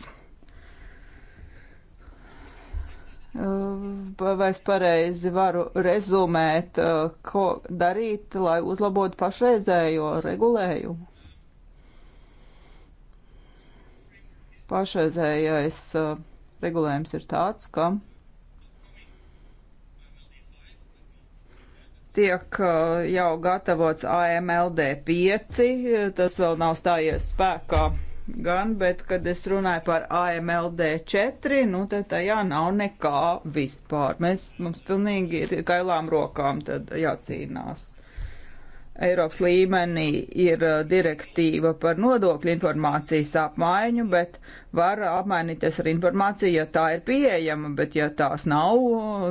S2: Vai es pareizi varu rezumēt, ko darīt, lai uzlabotu pašreizējo regulējumu? Pašreizējais uh, regulējums ir tāds, ka tiek uh, jau gatavots AMLD 5, tas vēl nav stājies spēkā gan, bet, kad es runāju par AMLD 4, nu, tad tajā nav nekā vispār. Mēs, mums pilnīgi ir kailām rokām tad jācīnās. Eiropas līmenī ir uh, direktīva par nodokļu informācijas apmaiņu, bet var apmainīties ar informāciju, ja tā ir pieejama, bet ja tās nav,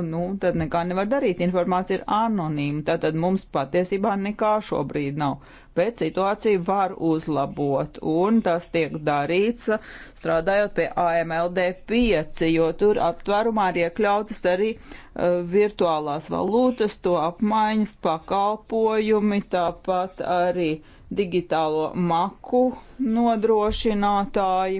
S2: nu, tad nekā nevar darīt. Informācija ir anonīma, tātad mums patiesībā nekā šobrīd nav. Bet situāciju var uzlabot, un tas tiek darīts uh, strādājot pie AMLD 5, jo tur aptvērumā ir iekļautas arī uh, Eh, virtuālās valūtas, to apmaiņas pakalpojumi, tāpat arī digitālo maku nodrošinātāji.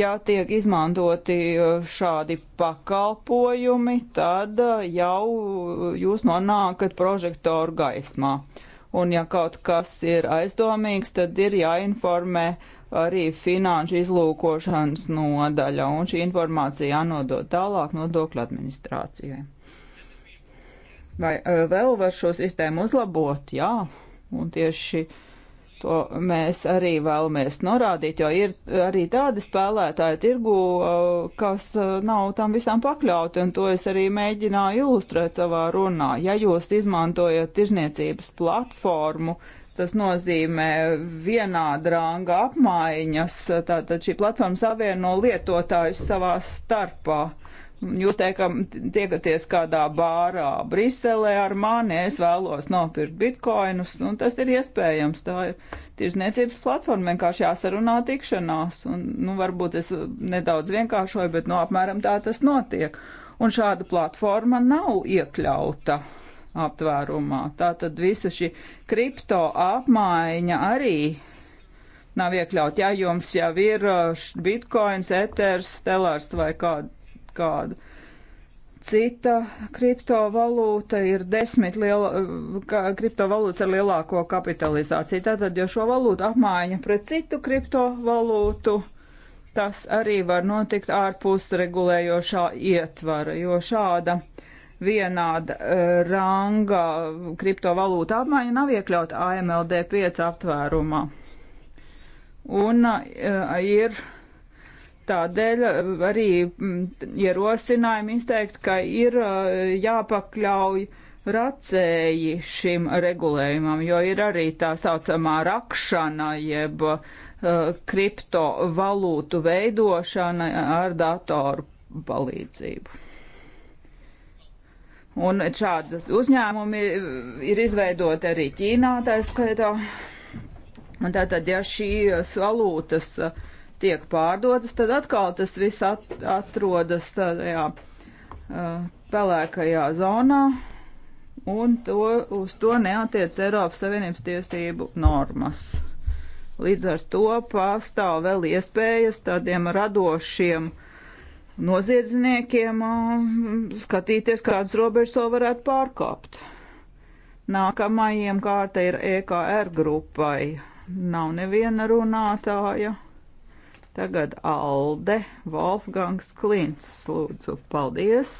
S2: Ja tiek izmantoti eh, šādi pakalpojumi, tad eh, jau jūs nonākat prožektoru gaismā. Un ja kaut kas ir aizdomīgs, tad ir jāinformē uh, arī finanšu izlūkošanas nodaļa, un šī informācija jānodod tālāk nodokļu administrācijai. Vai e, vēl var šo sistēmu uzlabot? Jā, un tieši to mēs arī vēlamies norādīt, jo ir arī tādi spēlētāji tirgu, e, kas e, nav tam visam pakļauti, un to es arī mēģināju ilustrēt savā runā. Ja jūs izmantojat tirzniecības platformu, uh, Tas nozīmē vienāda ranga apmaiņas, tātad šī platforma savieno lietotājus savā starpā. Jūs teikam, tiekaties kādā bārā Briselē ar mani, es vēlos nopirkt bitkoinus, un tas ir iespējams. Tā ir tirzniecības platforma, vienkārši jāsarunā tikšanās, un, nu, varbūt es nedaudz vienkāršoju, bet, nu, apmēram tā tas notiek. Un šāda platforma nav iekļauta aptvērumā. Tātad visu šī kripto apmaiņa arī nav iekļaut. Ja jums jau ir uh, bitkoins, eters, telārs vai kāda, kāda cita kriptovalūta, ir desmit liela, uh, ka, kriptovalūtas ar lielāko kapitalizāciju. Tātad, ja šo valūtu apmaiņa pret citu kriptovalūtu, tas arī var notikt ārpus regulējošā ietvara, jo šāda vienāda eh, ranga kriptovalūta apmaiņa nav iekļauta AMLD 5 aptvērumā. Un uh, ir tādēļ arī mm, ierosinājumi izteikt, ka ir uh, jāpakļauj racēji šim regulējumam, jo ir arī tā saucamā rakšana jeb uh, kriptovalūtu veidošana ar datoru palīdzību. Un šādas uzņēmumi eh, ir izveidoti arī Ķīnā, tā skaitā. Un tātad, ja šīs valūtas eh, tiek pārdotas, tad atkal tas viss at atrodas tādajā eh, pelēkajā zonā, un to, uz to neatiec Eiropas Savienības tiesību normas. Līdz ar to pastāv vēl iespējas tādiem radošiem uh, noziedzniekiem skatīties, kādas robežas vēl varētu pārkāpt. Nākamajiem kārta ir EKR grupai. Nav neviena runātāja. Tagad Alde Wolfgangs Klints lūdzu. Paldies!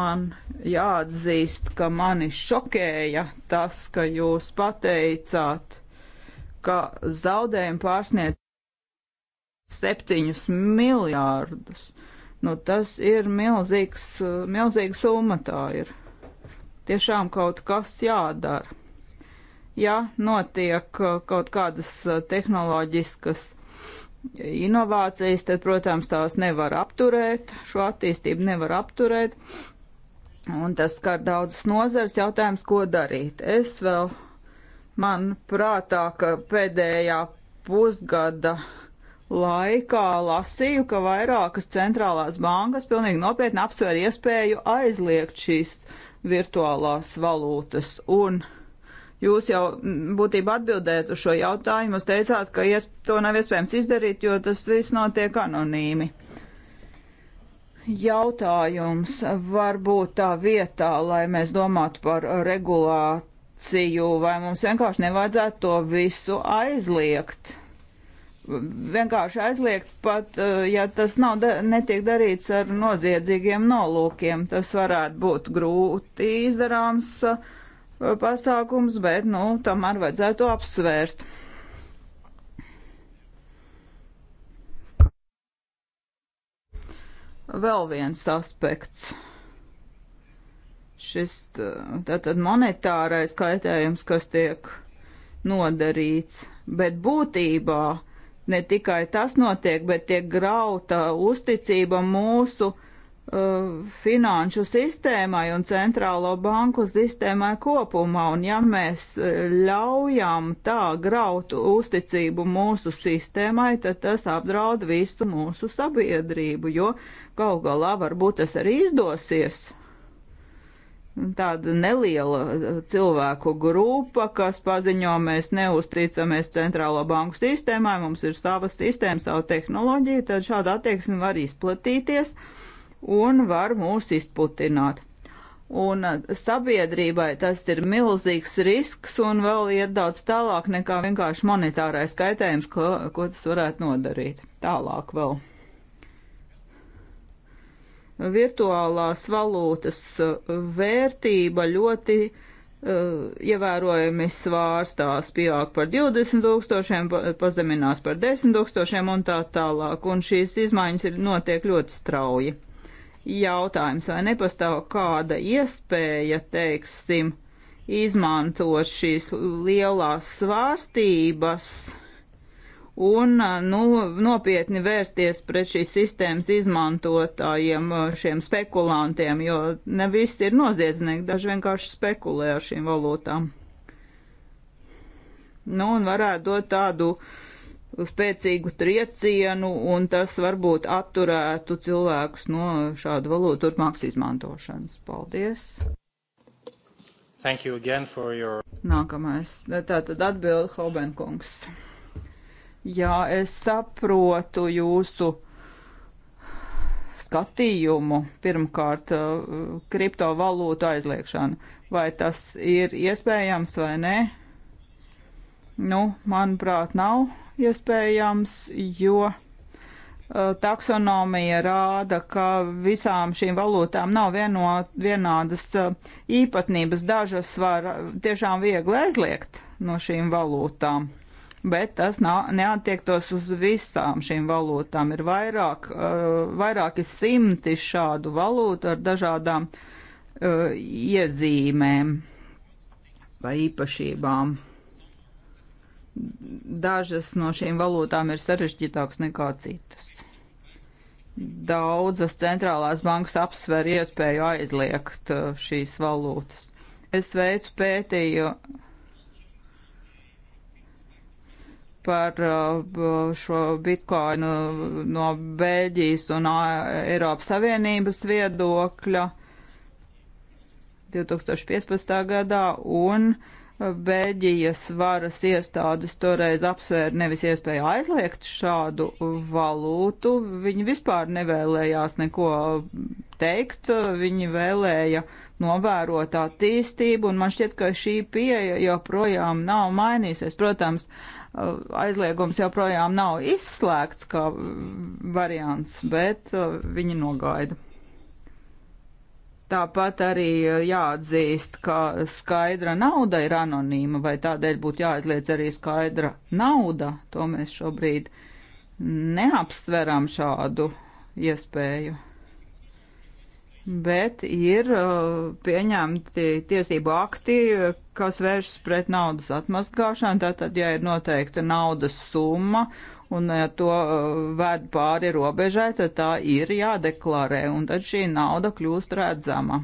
S2: Man jāatzīst, ka mani šokēja tas, ka jūs pateicāt, ka zaudējumi pārsniedz 7 miljārdus. Nu, tas ir milzīgs, milzīga summa tā ir. Tiešām kaut kas jādara. Ja notiek uh, kaut kādas uh, tehnoloģiskas inovācijas, tad, protams, tās nevar apturēt, šo attīstību nevar apturēt, un tas skar daudzas nozars jautājums, ko darīt. Es vēl man prātā, ka pēdējā pusgada laikā lasīju, ka vairākas centrālās bankas pilnīgi nopietni apsver iespēju aizliegt šīs virtuālās valūtas. Un jūs jau mm, būtībā atbildējat uz šo jautājumu, jūs teicāt, ka to nav iespējams izdarīt, jo tas viss notiek anonīmi jautājums varbūt tā vietā, lai mēs domātu par regulāciju, vai mums vienkārši nevajadzētu to visu aizliegt? vienkārši aizliegt, pat eh, ja tas nav, netiek darīts ar noziedzīgiem nolūkiem. Tas varētu būt grūti izdarāms eh, pasākums, bet, nu, tomēr vajadzētu apsvērt. Vēl viens aspekts. Šis eh, tātad monetārais kaitējums, kas tiek nodarīts, bet būtībā ne tikai tas notiek, bet tiek grauta uzticība mūsu uh, finanšu sistēmai un centrālo banku sistēmai kopumā, un ja mēs uh, ļaujam tā grautu uzticību mūsu sistēmai, tad tas apdraud visu mūsu sabiedrību, jo gal galā varbūt tas arī izdosies tāda neliela eh, cilvēku grupa, kas paziņo, mēs neusticamies centrālo banku sistēmai, mums ir sava sistēma, savu tehnoloģiju, tad šāda attieksme var izplatīties un var mūs izputināt. Un eh, sabiedrībai tas ir milzīgs risks un vēl iet daudz tālāk nekā vienkārši monetārais kaitējums, ko, ko tas varētu nodarīt. Tālāk vēl virtuālās valūtas eh, vērtība ļoti uh, ievērojami svārstās, pieaug par 20 tūkstošiem, pazeminās par 10 tūkstošiem un tā tālāk, un šīs izmaiņas ir notiek ļoti strauji. Jautājums, vai nepastāv kāda iespēja, teiksim, izmantot šīs lielās svārstības, uh, un nu, nopietni vērsties pret šīs sistēmas izmantotājiem, šiem spekulantiem, jo ne visi ir noziedznieki, daži vienkārši spekulē ar šīm valūtām. Nu, un varētu dot tādu spēcīgu triecienu, un tas varbūt atturētu cilvēkus no šādu valūtu turpmākas izmantošanas. Paldies!
S4: Thank you again for your...
S2: Nākamais. Tātad atbild Hobenkungs. Jā, es saprotu jūsu skatījumu. Pirmkārt, kriptovalūtu aizliekšana. Vai tas ir iespējams vai nē? Nu, manuprāt, nav iespējams, jo taksonomija rāda, ka visām šīm valūtām nav vieno, vienādas īpatnības. Dažas var tiešām viegli aizliegt no šīm valūtām bet tas nav, neatiektos uz visām šīm valūtām. Ir vairāk, uh, vairāki simti šādu valūtu ar dažādām uh, iezīmēm vai īpašībām. Dažas no šīm valūtām ir sarežģītākas nekā citas. Daudzas centrālās bankas apsver iespēju aizliegt eh, šīs valūtas. Es veicu pētīju par uh, šo bitkoinu no Beļģijas un uh, Eiropas Savienības viedokļa 2015. gadā un uh, Beļģijas varas iestādes toreiz apsvēra nevis iespēju aizliegt šādu valūtu, viņi vispār nevēlējās neko teikt, viņi vēlēja novērot attīstību, un man šķiet, ka šī pieeja joprojām nav mainīsies. Protams, uh, aizliegums joprojām nav izslēgts kā variants, bet viņi nogaida. Tāpat arī jāatzīst, ka skaidra nauda ir anonīma, vai tādēļ būtu jāizliedz arī skaidra nauda. To mēs šobrīd neapsveram šādu iespēju bet ir uh, pieņemti tiesību akti, kas vēršas pret naudas atmaskāšanu. Tātad, ja ir noteikta naudas summa un ja to uh, ved pāri robežai, tad tā ir jādeklarē, un tad šī nauda kļūst redzama.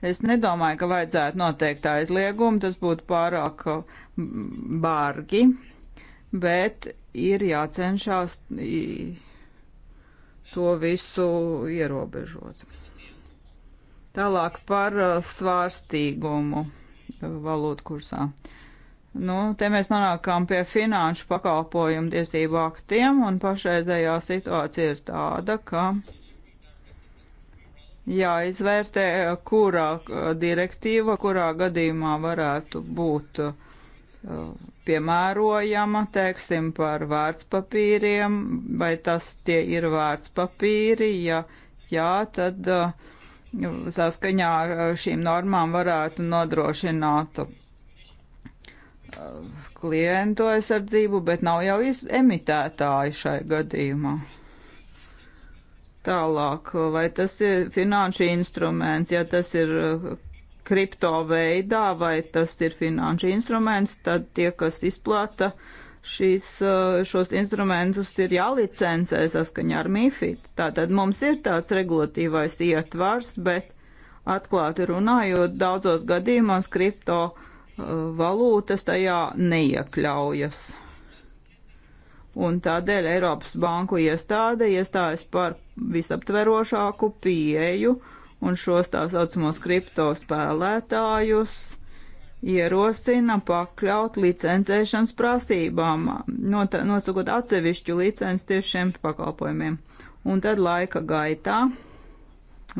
S2: Es nedomāju, ka vajadzētu noteikt aizliegumu, tas būtu pārāk uh, bārgi, bet ir jācenšās to visu ierobežot. Tālāk par uh, svārstīgumu uh, valūtu kursā. Nu, te mēs nonākam pie finanšu pakalpojumu tiesību aktiem, un pašreizējā situācija ir tāda, ka jāizvērtē, kurā uh, direktīva, kurā gadījumā varētu būt piemērojama, teiksim, par vērtspapīriem, vai tas tie ir vērtspapīri, ja jā, tad uh, saskaņā ar šīm normām varētu nodrošināt uh, klientu aizsardzību, bet nav jau emitētāji šai gadījumā. Tālāk, vai tas ir finanšu instruments, ja tas ir uh, kripto veidā, vai tas ir finanšu instruments, tad tie, kas izplata uh, šīs, eh, šos instrumentus ir jālicencē saskaņā ar MIFID. Tātad mums ir tāds regulatīvais ietvars, bet atklāti runājot, daudzos gadījumos kripto eh, valūtas tajā neiekļaujas. Un tādēļ Eiropas banku iestāde iestājas par visaptverošāku pieeju un šos tā saucamos kripto spēlētājus ierosina pakļaut licencēšanas prasībām, nosakot atsevišķu licenci tieši šiem pakalpojumiem. Un tad laika gaitā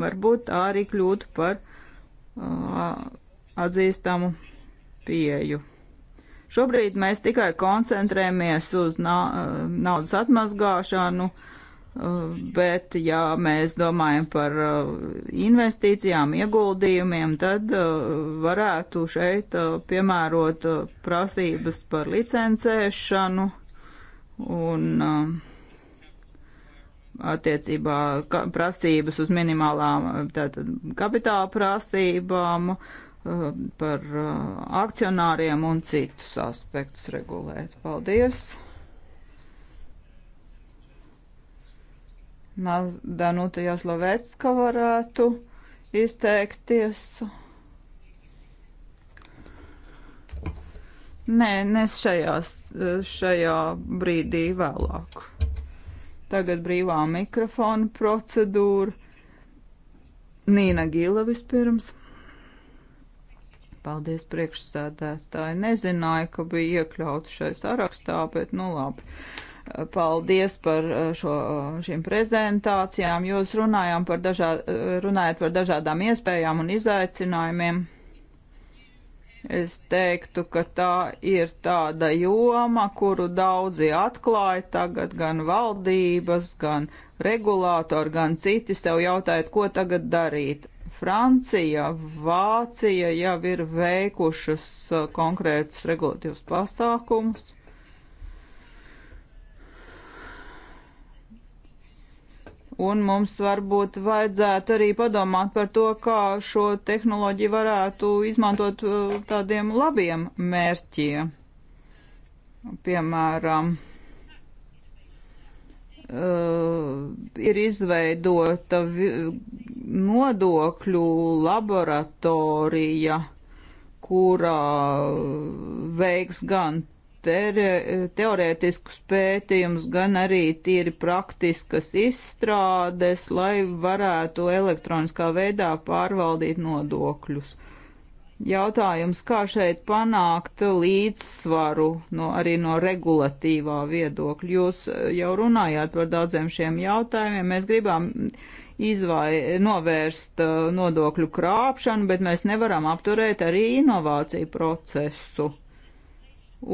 S2: varbūt tā arī kļūtu par uh, atzīstamu pieju. Šobrīd mēs tikai koncentrējamies uz na naudas atmazgāšanu, uh, bet ja mēs domājam par uh, investīcijām, ieguldījumiem, tad uh, varētu šeit uh, piemērot prasības par licencēšanu un attiecībā prasības uz minimālām tātad, kapitāla prasībām, par akcionāriem un citus aspektus regulēt. Paldies! Danuta Jaslovecka varētu izteikties. Nē, ne šajā, šajā brīdī vēlāk. Tagad brīvā mikrofona procedūra. Nīna Gila vispirms. Paldies priekšsēdētāji. Nezināju, ka bija iekļauts šai sarakstā, bet nu labi. Uh, Paldies par eh, šo, eh, šīm prezentācijām. Jūs runājām par dažā, eh, runājat par dažādām iespējām un izaicinājumiem. Es teiktu, ka tā ir tāda joma, kuru daudzi atklāja tagad, gan valdības, gan regulātori, gan citi sev jautājot, ko tagad darīt. Francija, Vācija jau ir veikušas konkrētus regulatīvus pasākumus. Un mums varbūt vajadzētu arī padomāt par to, kā šo tehnoloģiju varētu izmantot uh, tādiem labiem mērķiem. Piemēram, uh, ir izveidota nodokļu laboratorija, kurā veiks gan teorētiskus pētījumus, gan arī tīri praktiskas izstrādes, lai varētu elektroniskā veidā pārvaldīt nodokļus. Jautājums, kā šeit panākt līdzsvaru no, arī no regulatīvā viedokļa. Jūs jau runājāt par daudziem šiem jautājumiem. Mēs gribam izvai, novērst uh, nodokļu krāpšanu, bet mēs nevaram apturēt arī inovāciju procesu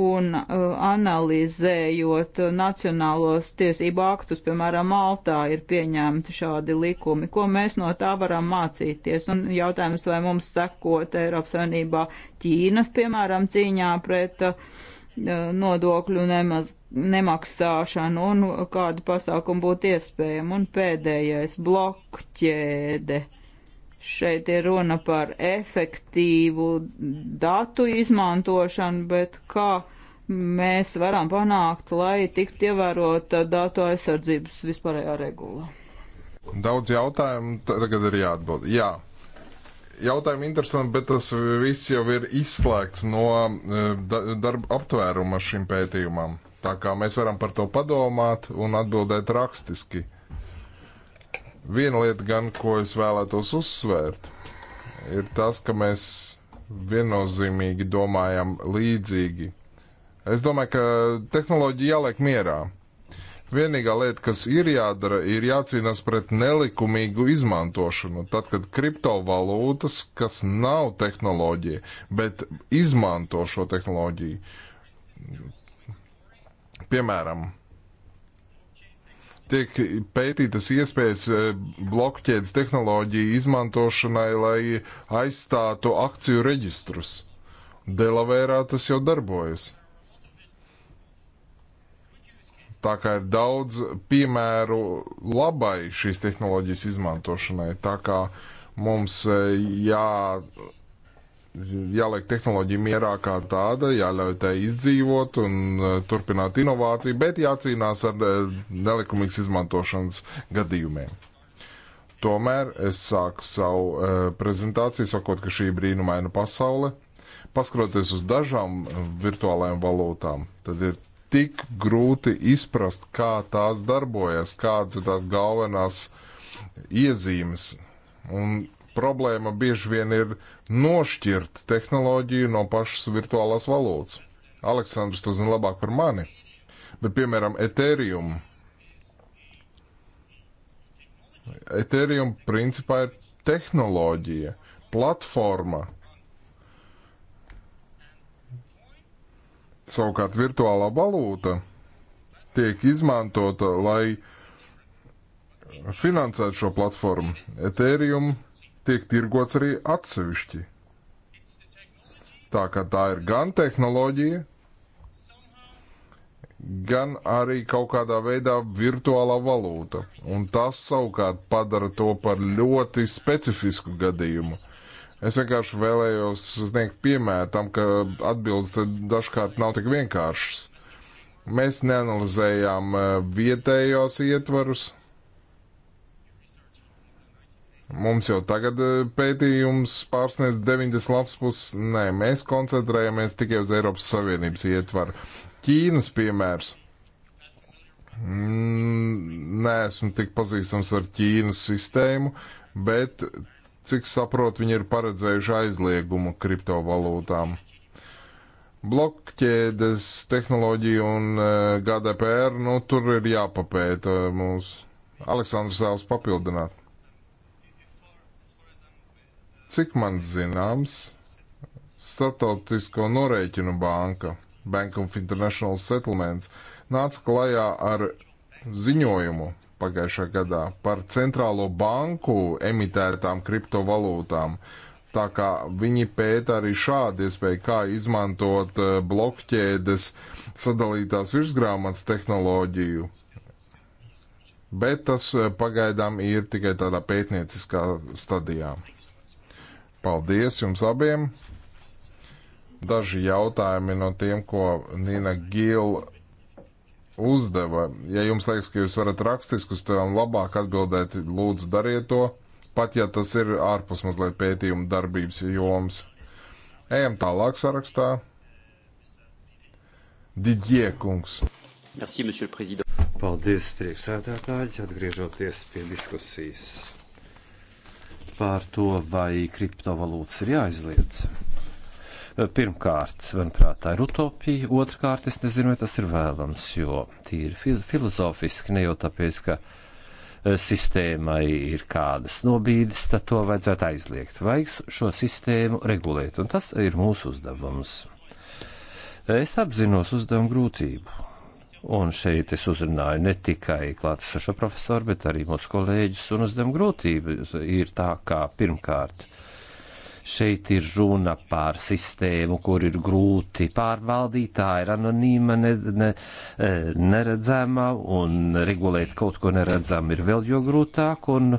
S2: un uh, analizējot nacionālos tiesību aktus, piemēram, Maltā ir pieņemti šādi likumi, ko mēs no tā varam mācīties. Un jautājums, vai mums sekot Eiropas Savienībā Ķīnas, piemēram, cīņā pret uh, nodokļu nemaz, nemaksāšanu un kādu pasākumu būtu iespējama. Un pēdējais blokķēde. Uh, Šeit ir runa par efektīvu datu izmantošanu, bet kā mēs varam panākt, lai tiktu ievērota datu aizsardzības vispārējā regula.
S3: Daudz jautājumu tagad ir jāatbild. Jā. Jautājumi interesanti, bet tas viss jau ir izslēgts no e, darba aptvēruma šim pētījumam. Tā kā mēs varam par to padomāt un atbildēt rakstiski. Viena lieta gan, ko es vēlētos uzsvērt, ir tas, ka mēs viennozīmīgi domājam līdzīgi. Es domāju, ka tehnoloģija jāliek mierā. Vienīgā lieta, kas ir jādara, ir jācīnās pret nelikumīgu izmantošanu. Tad, kad kriptovalūtas, kas nav tehnoloģija, bet izmanto šo tehnoloģiju, piemēram, tiek pētītas iespējas e, blokķēdes tehnoloģiju izmantošanai, lai aizstātu akciju reģistrus. Delavērā tas jau darbojas. Tā kā ir daudz piemēru labai šīs tehnoloģijas izmantošanai, tā kā mums e, jā jāliek tehnoloģija mierā kā tāda, jāļauj tai izdzīvot un e, turpināt inovāciju, bet jācīnās ar e, nelikumīgas izmantošanas gadījumiem. Tomēr es sāku savu e, prezentāciju sakot, ka šī brīnumaina pasaule, paskroties uz dažām virtuālajām valūtām, tad ir tik grūti izprast, kā tās darbojas, kādas ir tās galvenās iezīmes. Un problēma bieži vien ir nošķirt tehnoloģiju no pašas virtuālās valūtas. Aleksandrs to zina labāk par mani, bet piemēram Ethereum. Ethereum principā ir tehnoloģija, platforma. Savukārt virtuālā valūta tiek izmantota, lai finansētu šo platformu. Ethereum tiek tirgots arī atsevišķi. Tā kā tā ir gan tehnoloģija, gan arī kaut kādā veidā virtuālā valūta. Un tas savukārt padara to par ļoti specifisku gadījumu. Es vienkārši vēlējos sniegt piemēru tam, ka atbildes dažkārt nav tik vienkāršas. Mēs neanalizējām eh, vietējos ietvarus, Mums jau tagad eh, pētījums pārsniedz 90 lapspus. Nē, mēs koncentrējamies tikai uz Eiropas Savienības ietvaru. Ķīnas piemērs. Mm, nē, esmu tik pazīstams ar Ķīnas sistēmu, bet, cik saprotu, viņi ir paredzējuši aizliegumu kriptovalūtām. Blokķēdes tehnoloģija un eh, GDPR, nu, tur ir jāpapēta mūsu. Aleksandrs vēlas papildināt. Cik man zināms, Startautisko norēķinu banka, Bank of International Settlements, nāca klajā ar ziņojumu pagājušā gadā par centrālo banku emitētām kriptovalūtām. Tā kā viņi pēta arī šādu iespēju, kā izmantot eh, blokķēdes sadalītās virsgrāmatas tehnoloģiju. Bet tas eh, pagaidām ir tikai tādā pētnieciskā stadijā. Paldies jums abiem! Daži jautājumi no tiem, ko Nina Gila uzdeva. Ja jums liekas, ka jūs varat rakstiski uz tām labāk atbildēt, lūdzu dariet to, pat ja tas ir ārpus mazliet pētījuma darbības joms. Ejam tālāk sarakstā. Didie kungs.
S4: Merci, Paldies, priekšsēdētāji, atgriežoties pie diskusijas par to, vai kriptovalūtas ir jāizliedz. Pirmkārt, manuprāt, tā ir utopija, otrkārt, es nezinu, vai tas ir vēlams, jo tīri filozofiski ne jau tāpēc, ka e, sistēmai ir kādas nobīdes, tad to vajadzētu aizliegt. Vajag šo sistēmu regulēt, un tas ir mūsu uzdevums. Es apzinos uzdevumu grūtību. Un šeit es uzrunāju ne tikai klātesošo profesoru, bet arī mūsu kolēģis, un uzdevuma grūtība ir tā, kā pirmkārt šeit ir runa par sistēmu, kur ir grūti pārvaldīt, tā ir anonīma, ne, ne, e, neredzama, un regulēt kaut ko neredzam ir vēl jo grūtāk, un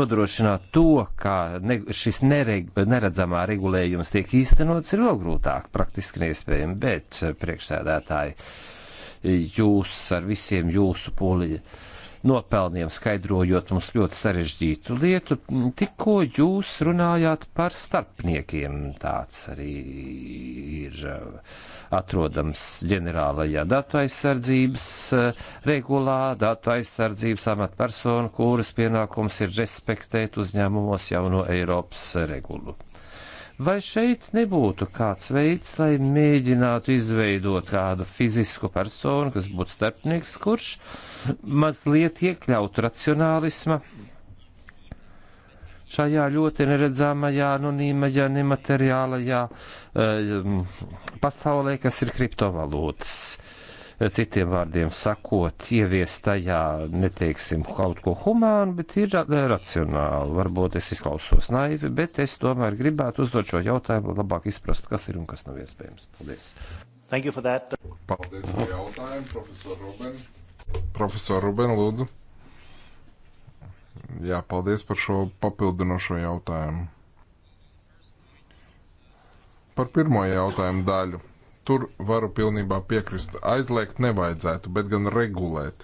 S4: nodrošināt to, ka ne, šis nereg, neredzamā regulējums tiek īstenots, ir vēl grūtāk, praktiski neiespējami, bet e, priekšsēdētāji jūs ar visiem jūsu pūliņu nopelniem skaidrojot mums ļoti sarežģītu lietu. Tikko jūs runājāt par starpniekiem, tāds arī ir eh, atrodams ģenerālajā datu aizsardzības eh, regulā, datu aizsardzības amatpersonu, kuras pienākums ir respektēt uzņēmumos jauno Eiropas regulu. Vai šeit nebūtu kāds veids, lai mēģinātu izveidot kādu fizisku personu, kas būtu starpnieks, kurš mazliet iekļautu racionālisma šajā ļoti neredzamajā, anonīmajā, nemateriālajā eh, um, pasaulē, kas ir kriptovalūtas? Citiem vārdiem sakot, ieviest tajā, neteiksim, kaut ko humānu, bet ir racionāli. Varbūt es izklausos naivi, bet es tomēr gribētu uzdot šo jautājumu, lai labāk
S3: izprastu, kas ir un kas nav iespējams. Paldies! Thank you for that. Paldies par jautājumu, profesor Ruben. Profesor Ruben, lūdzu. Jā, paldies par šo papildinošo jautājumu. Par pirmo jautājumu daļu. Tur varu pilnībā piekrist. Aizliegt nevajadzētu, bet gan regulēt.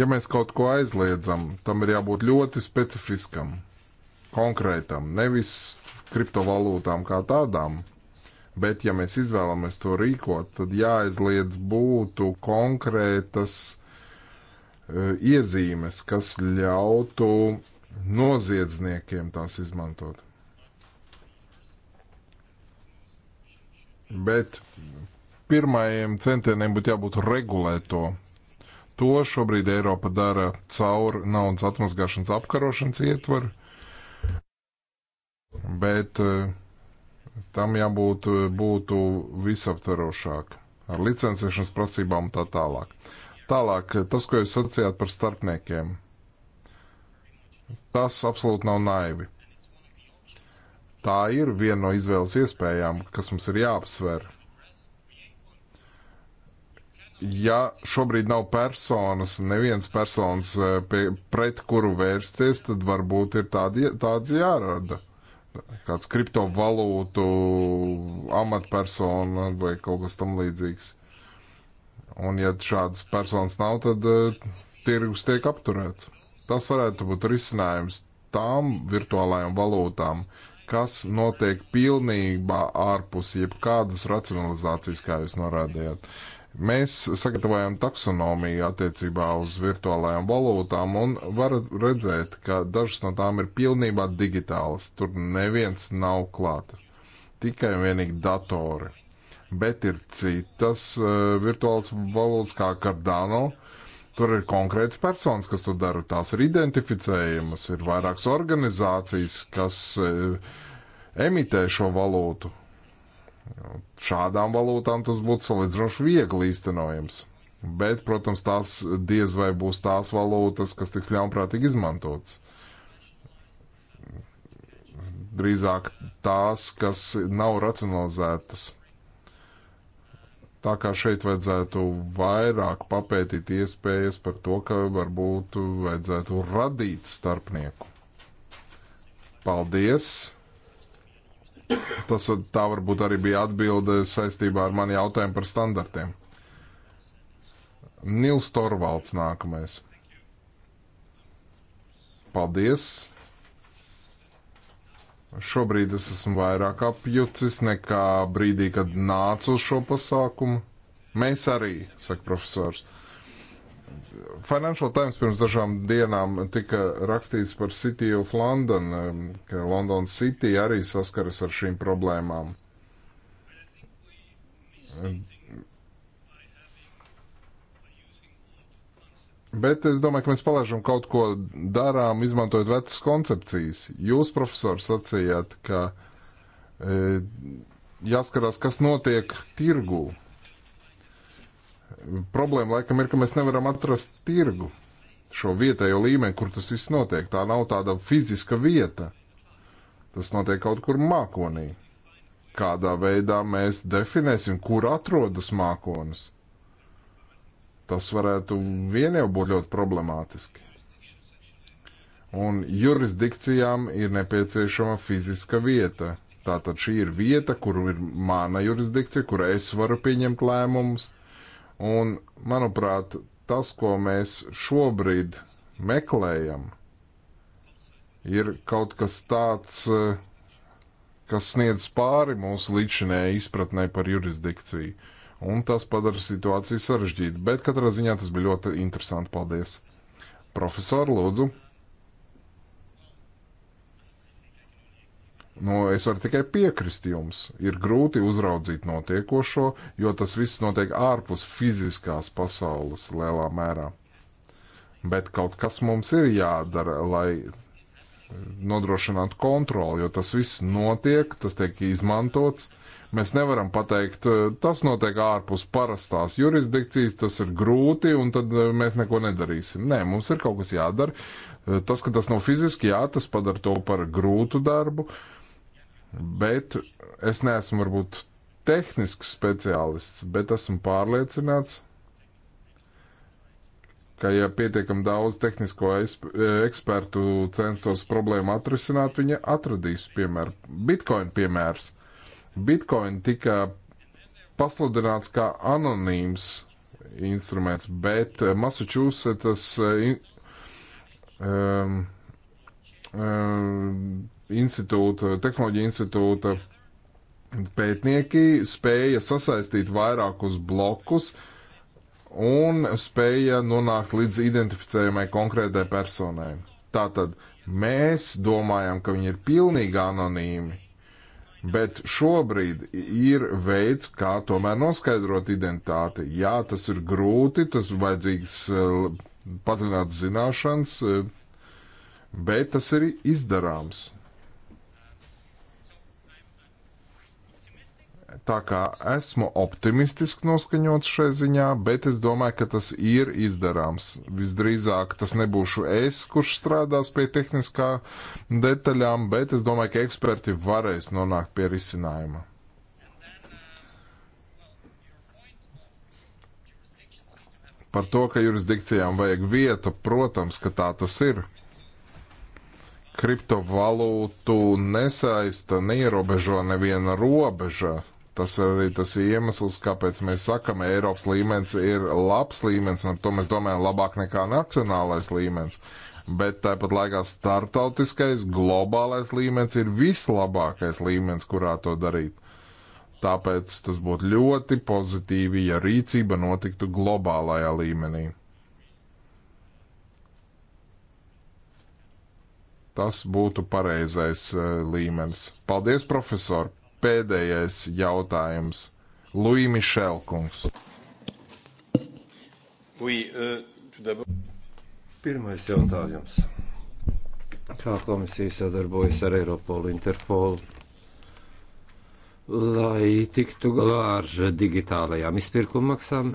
S3: Ja mēs kaut ko aizliedzam, tam ir jābūt ļoti specifiskam, konkrētam, nevis kriptovalūtām kā tādām. Bet, ja mēs izvēlamies to rīkot, tad jāaizliedz būtu konkrētas uh, iezīmes, kas ļautu noziedzniekiem tās izmantot. Bet pirmajiem centieniem būtu jābūt regulēto. To šobrīd Eiropa dara caur naudas atmazgāšanas apkarošanas ietvaru, bet eh, tam jābūt eh, būtu visaptverošāk ar licencēšanas prasībām un tā tālāk. Tālāk, eh, tas, ko jūs sacījāt par starpniekiem, tas absolūti nav naivi Tā ir viena no izvēles iespējām, kas mums ir jāapsver. Ja šobrīd nav personas, neviens personas, eh, pie, pret kuru vērsties, tad varbūt ir tādi, tāds jārada. Kāds kriptovalūtu amatpersona vai kaut kas tam līdzīgs. Un ja šādas personas nav, tad uh, tirgus tiek apturēts. Tas varētu būt risinājums tām virtuālajām valūtām, kas notiek pilnībā ārpus jebkādas racionalizācijas, kā jūs norādījāt. Mēs sagatavojam taksonomiju attiecībā uz virtuālajām valūtām un var redzēt, ka dažas no tām ir pilnībā digitālas. Tur neviens nav klāt. Tikai un vienīgi datori. Bet ir citas uh, virtuālas valūtas kā Cardano, uh, Tur ir konkrēts personas, kas to dara, tās ir identificējamas, ir vairākas organizācijas, kas eh, emitē šo valūtu. Šādām valūtām tas būtu salīdzinoši viegli īstenojams. Bet, protams, tās diez vai būs tās valūtas, kas tiks ļaunprātīgi izmantotas. Drīzāk tās, kas nav racionalizētas. Tā kā šeit vajadzētu vairāk papētīt iespējas par to, ka varbūt vajadzētu radīt starpnieku. Paldies! Tas tā varbūt arī bija atbilde saistībā ar mani jautājumu par standartiem. Nils Torvalds nākamais. Paldies! Šobrīd es esmu vairāk apjucis nekā brīdī, kad nācu uz šo pasākumu. Mēs arī, saka profesors. Financial Times pirms dažām dienām tika rakstīts par City of London, ka London City arī saskaras ar šīm problēmām. Bet es domāju, ka mēs palaižam kaut ko darām, izmantojot vecas koncepcijas. Jūs, profesori, sacījāt, ka e, jāskarās, kas notiek tirgū. Problēma laikam ir, ka mēs nevaram atrast tirgu šo vietējo līmeni, kur tas viss notiek. Tā nav tāda fiziska vieta. Tas notiek kaut kur mākonī. Kādā veidā mēs definēsim, kur atrodas mākonis? Tas varētu vien jau būt ļoti problemātiski. Un jurisdikcijām ir nepieciešama fiziska vieta. Tātad šī ir vieta, kur ir mana jurisdikcija, kur es varu pieņemt lēmumus. Un, manuprāt, tas, ko mēs šobrīd meklējam, ir kaut kas tāds, eh, kas sniedz pāri mūsu līdzinējai izpratnē par jurisdikciju un tas padara situāciju sarežģītu. Bet katrā ziņā tas bija ļoti interesanti. Paldies! Profesori, lūdzu! Nu, es varu tikai piekrist jums. Ir grūti uzraudzīt notiekošo, jo tas viss notiek ārpus fiziskās pasaules lielā mērā. Bet kaut kas mums ir jādara, lai nodrošinātu kontroli, jo tas viss notiek, tas tiek izmantots Mēs nevaram pateikt, eh, tas notiek ārpus parastās jurisdikcijas, tas ir grūti, un tad eh, mēs neko nedarīsim. Nē, mums ir kaut kas jādara. Eh, tas, ka tas nav fiziski, jā, tas padara to par grūtu darbu, bet es neesmu varbūt tehnisks speciālists, bet esmu pārliecināts, ka ja pietiekam daudz tehnisko ekspertu censtos problēmu atrisināt, viņa atradīs, piemēram, Bitcoin piemērs Bitcoin tika pasludināts kā anonīms instruments, bet eh, Massachusetts um, um, institūta, tehnoloģija institūta pētnieki spēja sasaistīt vairākus blokus un spēja nonākt līdz identificējumai konkrētai personai. Tātad mēs domājam, ka viņi ir pilnīgi anonīmi, Bet šobrīd ir veids, kā tomēr noskaidrot identitāti. Jā, tas ir grūti, tas ir vajadzīgs eh, padziļināts zināšanas, eh, bet tas ir izdarāms. Tā kā esmu optimistisks noskaņots šai ziņā, bet es domāju, ka tas ir izdarāms. Visdrīzāk tas nebūšu es, kurš strādās pie tehniskā detaļām, bet es domāju, ka eksperti varēs nonākt pie risinājuma. Par to, ka jurisdikcijām vajag vietu, protams, ka tā tas ir. Kriptovalūtu nesaista, neierobežo neviena robeža Tas arī tas iemesls, kāpēc mēs sakam, Eiropas līmenis ir labs līmenis, un to mēs domājam labāk nekā nacionālais līmenis. Bet tāpat laikā startautiskais, globālais līmenis ir vislabākais līmenis, kurā to darīt. Tāpēc tas būtu ļoti pozitīvi, ja rīcība notiktu globālajā līmenī. Tas būtu pareizais eh, līmenis. Paldies, profesor, pēdējais jautājums. Luīna Mišelkungs.
S4: Euh, Pirmais jautājums. Kā komisija sadarbojas ar Eiropolu Interpolu, lai tiktu galā ar digitālajām izpirkuma maksām?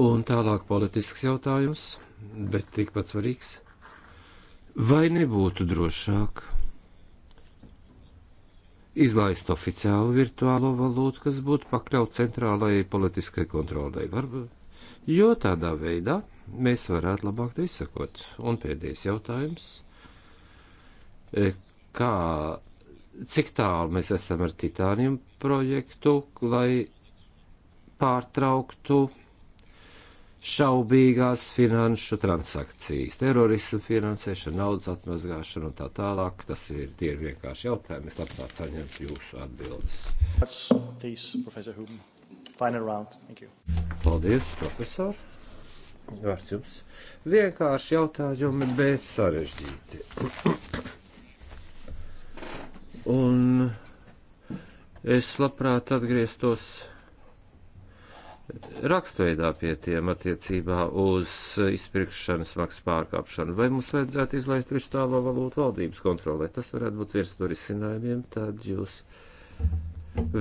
S4: Un tālāk politisks jautājums, bet tikpat svarīgs. Vai nebūtu drošāk izlaist oficiālu virtuālo valūtu, kas būtu pakļaut centrālajai politiskai kontrolai. Varbūt, jo tādā veidā mēs varētu labāk to izsakot. Un pēdējais jautājums. E, kā, cik tālu mēs esam ar titāniem projektu, lai pārtrauktu šaubīgās finanšu transakcijas, terorismu finansēšanu, naudas atmazgāšanu un tā tālāk. Tas ir, tie ir vienkārši jautājumi. Es labprāt saņemtu jūsu atbildes. Paldies, profesor! Vārds jums. Vienkārši jautājumi, bet sarežģīti. un es labprāt atgrieztos rakstveidā pie tiem attiecībā uz izpirkšanas maksu pārkāpšanu, vai mums vajadzētu izlaist kristālā valūtu valdības kontrolē. Tas varētu būt viens no risinājumiem, tad jūs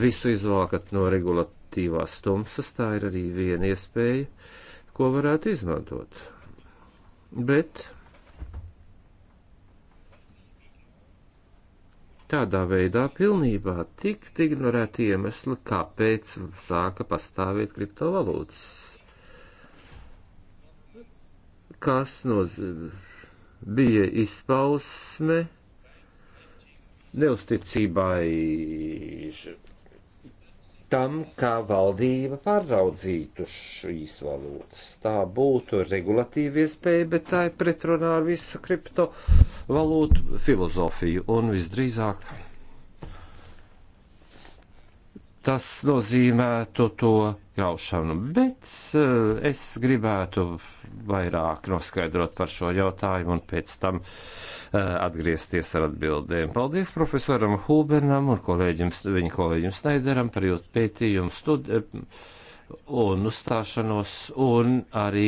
S4: visu izvākat no regulatīvās tumsas, tā ir arī viena iespēja, ko varētu izmantot. Bet Tādā veidā pilnībā tiktu ignorēti iemesli, kāpēc sāka pastāvēt kriptovalūtas. Kas noz... bija izpausme neusticībai tam, kā valdība pārraudzītu šīs valūtas. Tā būtu regulatīva iespēja, bet tā ir pretrunā ar visu kriptovalūtu filozofiju un visdrīzāk. Tas nozīmētu to graušanu, bet eh, es gribētu vairāk noskaidrot par šo jautājumu un pēc tam eh, atgriezties ar atbildēm. Paldies profesoram Hubenam un kolēģim, viņa kolēģim Snaideram par jūsu pētījumu studi eh, un uzstāšanos un arī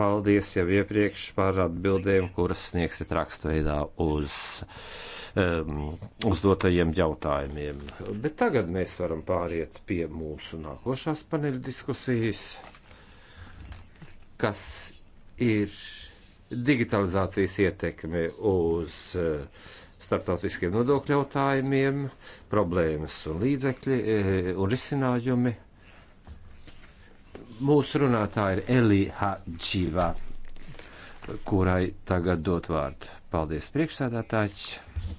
S4: paldies jau iepriekš par atbildēm, kuras sniegsit rakstveidā uz um, uzdotajiem jautājumiem. Bet tagad mēs varam pāriet pie mūsu nākošās paneļa diskusijas, kas ir digitalizācijas ietekme uz uh, starptautiskiem nodokļu jautājumiem, problēmas un līdzekļi uh, un risinājumi. Mūsu runātāja ir Elija Dživā, kurai tagad dot vārdu. Paldies, priekšsēdētāji!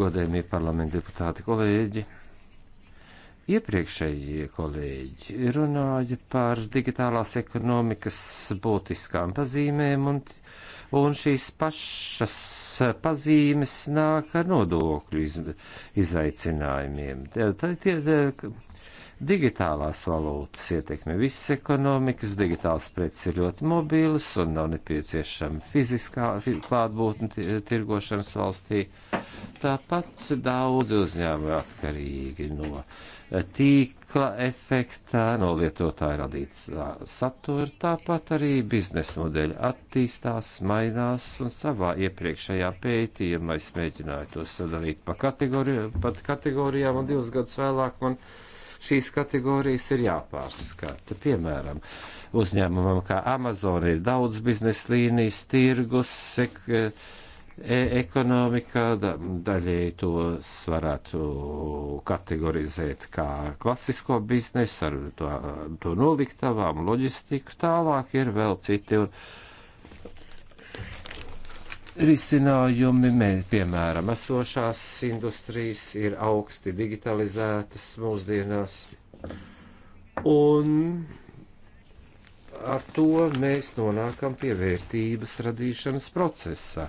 S4: godējumie parlamenta deputāti kolēģi. Iepriekšējie kolēģi runāja par digitālās ekonomikas būtiskām pazīmēm, un, un šīs pašas pazīmes nāk ar nodokļu iz, izaicinājumiem. Tā, tā, tā, tā, Digitālās valūtas ietekme visas ekonomikas, digitāls preces ir ļoti mobīls un nav nepieciešama fiziskā klātbūtne tirgošanas valstī. Tāpat daudz uzņēmumu atkarīgi no eh, tīkla efekta, no lietotāja radīta satura, tāpat arī biznesa modeļi attīstās, mainās un savā iepriekšējā pētījumā es mēģināju to sadalīt pa kategoriju, pat kategorijām un divus gadus vēlāk man. Kategoriju, šīs kategorijas ir jāpārskata. Piemēram, uzņēmumam kā Amazon ir daudz biznesa līnijas, tirgus, sek, e ekonomikā, da daļēji tos varētu kategorizēt kā klasisko biznesu ar to, to noliktavām, loģistiku, tālāk ir vēl citi. Un, risinājumi, mēs, piemēram, esošās industrijas ir augsti digitalizētas mūsdienās. Un ar to mēs nonākam pie vērtības radīšanas procesa,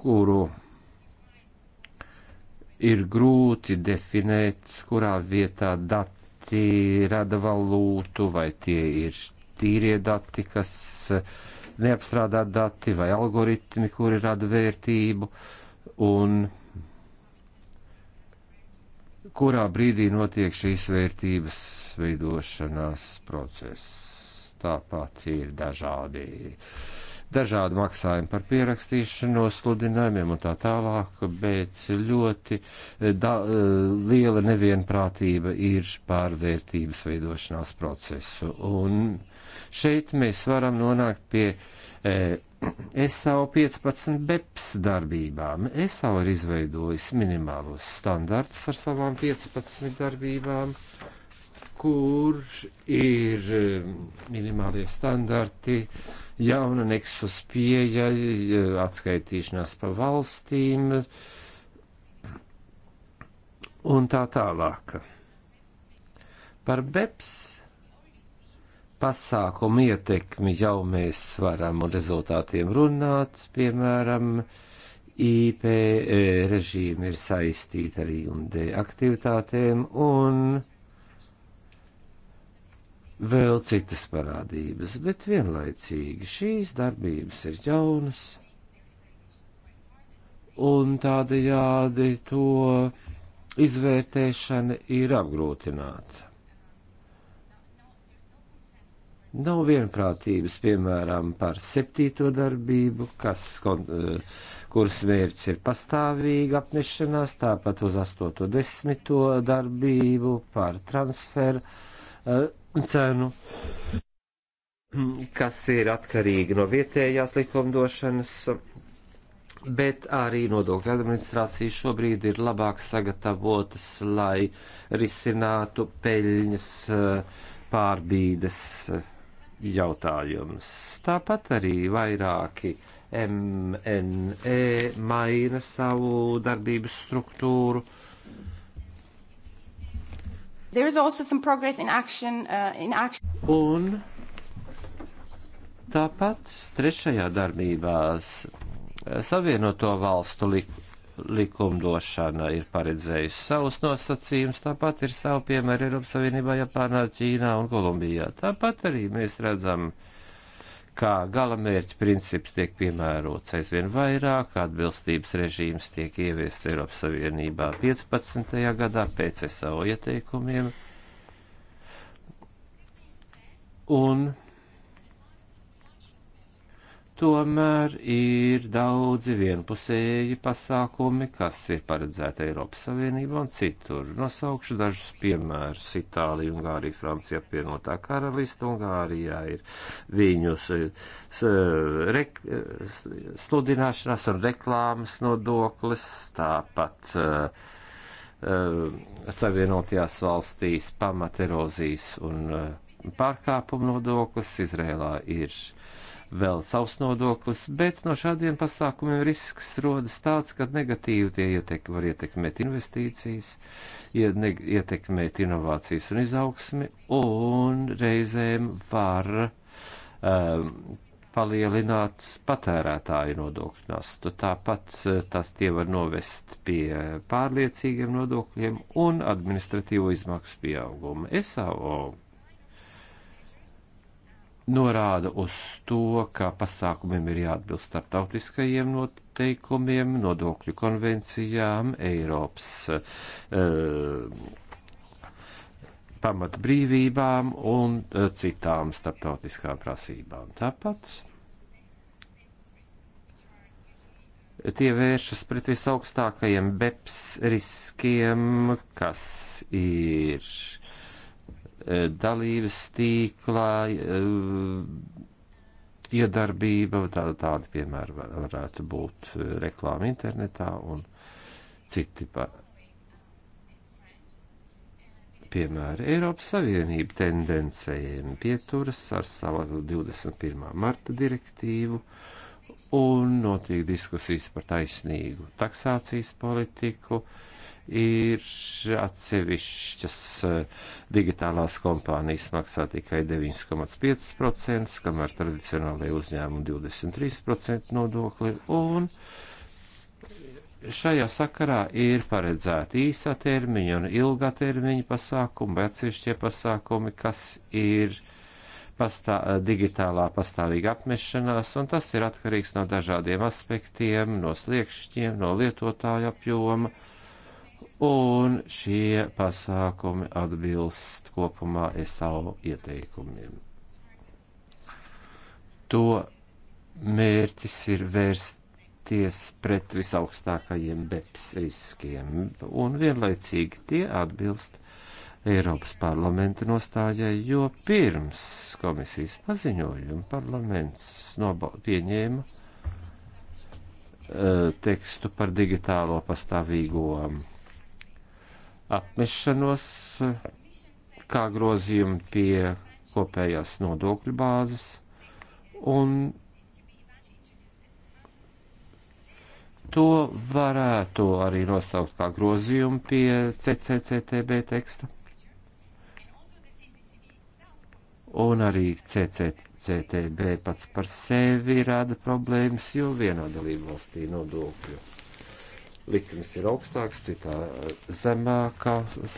S4: kuru ir grūti definēt, kurā vietā dati rada valūtu, vai tie ir tīrie dati, kas uh, neapstrādāt dati vai algoritmi, kuri rada vērtību un kurā brīdī notiek šīs vērtības veidošanās process. Tāpat ir dažādi, dažādi maksājumi par pierakstīšanos, sludinājumiem un tā tālāk, bet ļoti da, liela nevienprātība ir pārvērtības veidošanās procesu. Un, uh, Šeit mēs varam nonākt pie e, SAO 15 BEPS darbībām. SAO ir izveidojis minimālos standartus ar savām 15 darbībām, kur ir e, minimālie standarti, jauna neksus pieeja, e, atskaitīšanās pa valstīm un tā tālāk. Par BEPS pasākumu ietekmi jau mēs varam un rezultātiem runāt, piemēram, IP e, režīmi ir saistīti ar IMD aktivitātēm un vēl citas parādības, bet vienlaicīgi šīs darbības ir jaunas, un tādējādi to izvērtēšana ir apgrūtināta. Nav vienprātības, piemēram, par septīto darbību, kas, eh, kuras mērķis ir pastāvīga apnešanās, tāpat uz astoto desmito darbību par transferu eh, cenu, kas ir atkarīga no vietējās likumdošanas, bet arī nodokļu administrācija šobrīd ir labāk sagatavotas, lai risinātu peļņas eh, pārbīdes jautājums. Tāpat arī vairāki MNE maina savu darbības struktūru. There is also
S2: some progress in action, uh, in action.
S4: Un tāpat trešajā darbībās Savienoto valstu likuma likumdošana ir paredzējusi savus nosacījumus, tāpat ir savu piemēru Eiropas Savienībā, Japānā, Ķīnā un Kolumbijā. Tāpat arī mēs redzam, kā gala mērķa princips tiek piemērots aizvien vairāk, atbilstības režīms tiek ieviests Eiropas Savienībā 15. gadā pēc SAO ieteikumiem. Un Tomēr ir daudzi vienpusēji pasākumi, kas ir paredzēti Eiropas Savienībā un citur. Nosaukšu dažus piemērus. Itālija, Ungārija, Francija, apvienotā karalista. Ungārijā ir viņus eh, rek, sludināšanas un reklāmas nodoklis, tāpat uh, uh, Savienotajās valstīs pamaterozijas un uh, pārkāpumu nodoklis. Izrēlā ir. Uh, vēl savs nodoklis, bet no šādiem pasākumiem risks rodas tāds, ka negatīvi tie ietek, var ietekmēt investīcijas, ietekmēt inovācijas un izaugsmi, un reizēm var um, palielināt patērētāju nodokļu nastu. Tāpat eh, tas tie var novest pie pārliecīgiem nodokļiem un administratīvo izmaksu pieauguma. SAO norāda uz to, ka pasākumiem ir jāatbilst starptautiskajiem noteikumiem, nodokļu konvencijām, Eiropas uh, pamatbrīvībām un uh, citām starptautiskām prasībām. Tāpat tie vēršas pret visaugstākajiem BEPS riskiem, kas ir E, dalības tīklā e, iedarbība, tā, tādi piemēri var, varētu būt e, reklāma internetā un citi pa, piemēri. Eiropas Savienība tendencējiem pieturas ar savu 21. marta direktīvu un notiek diskusijas par taisnīgu taksācijas politiku. Uh, ir atsevišķas eh, digitālās kompānijas maksā tikai 9,5%, kamēr tradicionālajie uzņēmumi 23% nodokli. Un šajā sakarā ir paredzēti īsā termiņa un ilgā termiņa pasākumi, bet atsevišķie pasākumi, kas ir pastā, digitālā pastāvīga apmešanās, un tas ir atkarīgs no dažādiem aspektiem, no sliekšņiem, no lietotāju apjoma. Uh, un šie pasākumi atbilst kopumā ESAU ieteikumiem. To mērķis ir vērsties pret visaugstākajiem BEPS riskiem, un vienlaicīgi tie atbilst Eiropas parlamenta nostājai, jo pirms komisijas paziņojuma parlaments pieņēma uh, tekstu par digitālo pastāvīgo um, apmešanos kā grozījumu pie kopējās nodokļu bāzes un to varētu arī nosaukt kā grozījumu pie CCCTB teksta. Un arī CCCTB pats par sevi rada problēmas, jo vienā dalību valstī nodokļu likmes ir augstākas, citā eh, zemākās,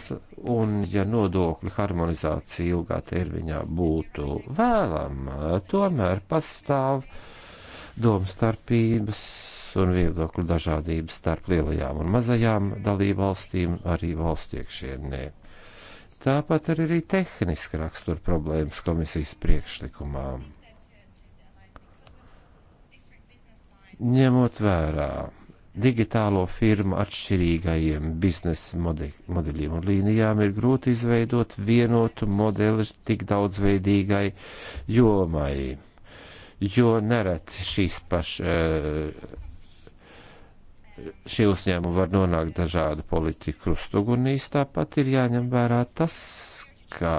S4: un ja nodokļu harmonizācija ilgā termiņā būtu vēlama, tomēr pastāv domstarpības un viedokļu dažādības starp lielajām un mazajām dalībvalstīm arī valstu iekšienē. Tāpat ir arī tehniski rakstur problēmas komisijas priekšlikumā. Ņemot vērā digitālo firmu atšķirīgajiem biznesa modeļiem un līnijām ir grūti izveidot vienotu modeli tik daudzveidīgai jomai, jo nereti šīs pašas eh, šie uzņēmumi var nonākt dažādu politiku krustugunīs, tāpat ir jāņem vērā tas, ka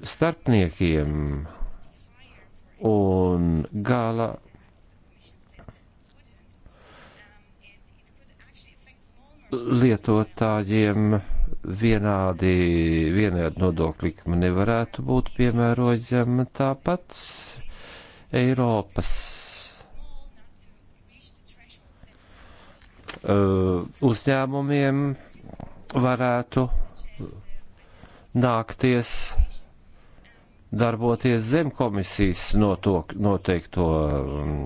S4: starpniekiem un gala lietotājiem vienādi, vienādi nodokļi nevarētu būt piemērojama tāpat Eiropas uh, uzņēmumiem varētu nākties darboties zem komisijas noto, noteikto um,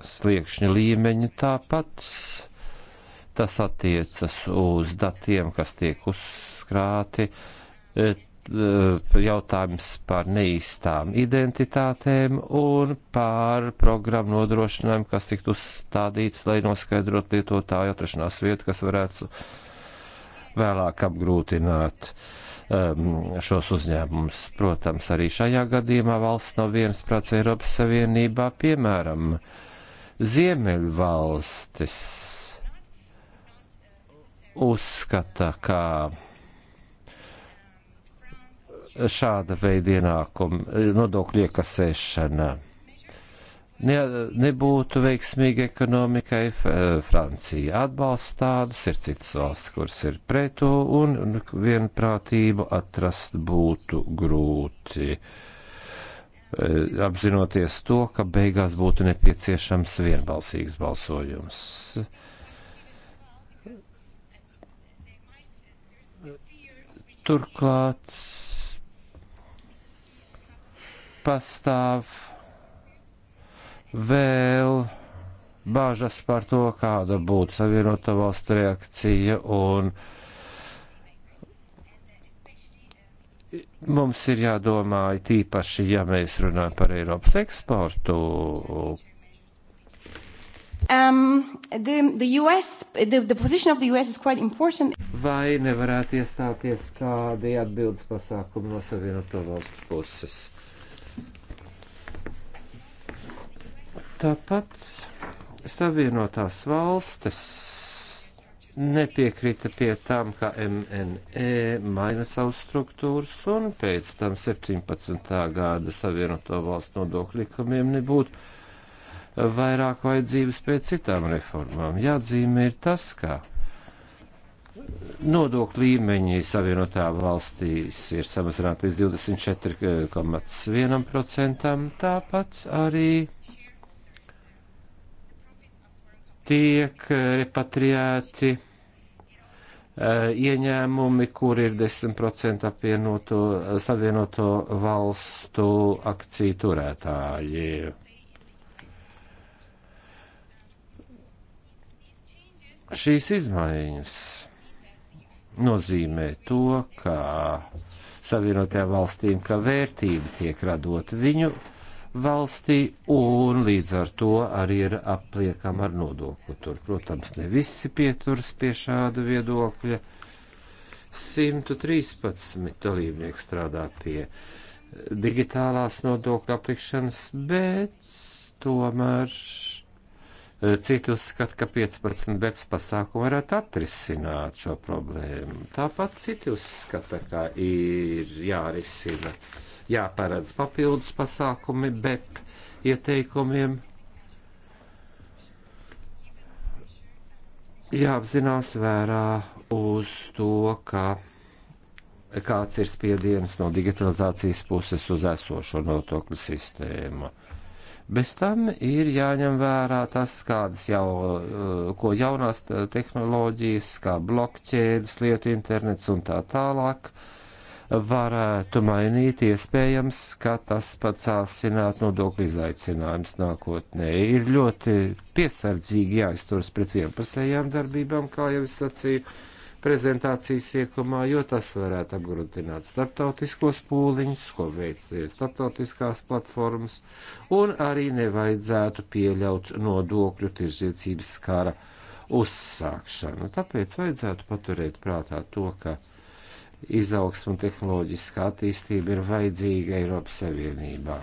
S4: sliekšņa līmeņa tāpat. Tas attiecas uz datiem, kas tiek uzkrāti. Uh, jautājums par neīstām identitātēm un par programmu nodrošinājumu, kas tiktu uzstādīts, lai noskaidrotu lietotāju atrašanās vietu, kas varētu vēlāk apgrūtināt uh, Um, šos uzņēmumus. Protams, arī šajā gadījumā valsts nav viens prāts Eiropas Savienībā, piemēram, Ziemeļvalstis uzskata, ka šāda veida ienākuma nodokļu iekasēšana ne, nebūtu veiksmīga ekonomikai. Eh, Francija atbalsta tādus, ir citas valsts, kuras ir pret to, un vienprātību atrast būtu grūti. Eh, apzinoties to, ka beigās būtu nepieciešams vienbalsīgs balsojums. Turklāt pastāv vēl bāžas par to, kāda būtu savienotā valstu reakcija un mums ir jādomā tīpaši, ja mēs runājam par Eiropas eksportu.
S3: Um, the, the US, the, the position of the US is quite important.
S4: Vai nevarētu iestāties kādi atbildes pasākumi no savienoto valstu puses? Tāpat Savienotās valstis nepiekrita pie tām, ka MNE maina savu struktūras un pēc tam 17. gada Savienoto valstu nodokļu likumiem nebūtu vairāk vajadzības pēc citām reformām. Jāatzīmē ir tas, ka nodokļu līmeņi Savienotā valstīs ir samazināti līdz 24,1%, eh, tāpat arī tiek repatriēti eh, ieņēmumi, kur ir 10% apvienoto savienoto valstu akciju turētāji. Šīs izmaiņas nozīmē to, ka savienotajām valstīm, ka vērtība tiek radot viņu uh, valstī, un līdz ar to arī ir apliekama ar nodokli. Tur, protams, ne visi pieturas pie šāda viedokļa. 113 dalībnieki strādā pie eh, digitālās nodokļa aplikšanas, bet tomēr eh, Citi uzskata, ka 15 BEPS pasākumu varētu atrisināt šo problēmu. Tāpat citi uzskata, ka ir jārisina uh, jāparedz papildus pasākumi BEP ieteikumiem. Jāapzinās vērā uz to, ka kāds ir spiediens no digitalizācijas puses uz esošo notokļu sistēmu. Bez tam ir jāņem vērā tas, kādas jau, eh, ko jaunās tehnoloģijas, kā blokķēdes, lietu internets un tā tālāk, uh, varētu mainīt, iespējams, ka tas pats sāsināt nodokļu izaicinājums nākotnē. Ir ļoti piesardzīgi jāizturas pret vienpusējām darbībām, kā jau es sacīju prezentācijas iekumā, jo tas varētu apgrūtināt starptautiskos pūliņus, ko veic starptautiskās platformas, un arī nevajadzētu pieļaut nodokļu tirzniecības kara uzsākšanu. Tāpēc vajadzētu paturēt prātā to, ka izaugsmu tehnoloģiskā attīstība ir vajadzīga Eiropas Savienībā.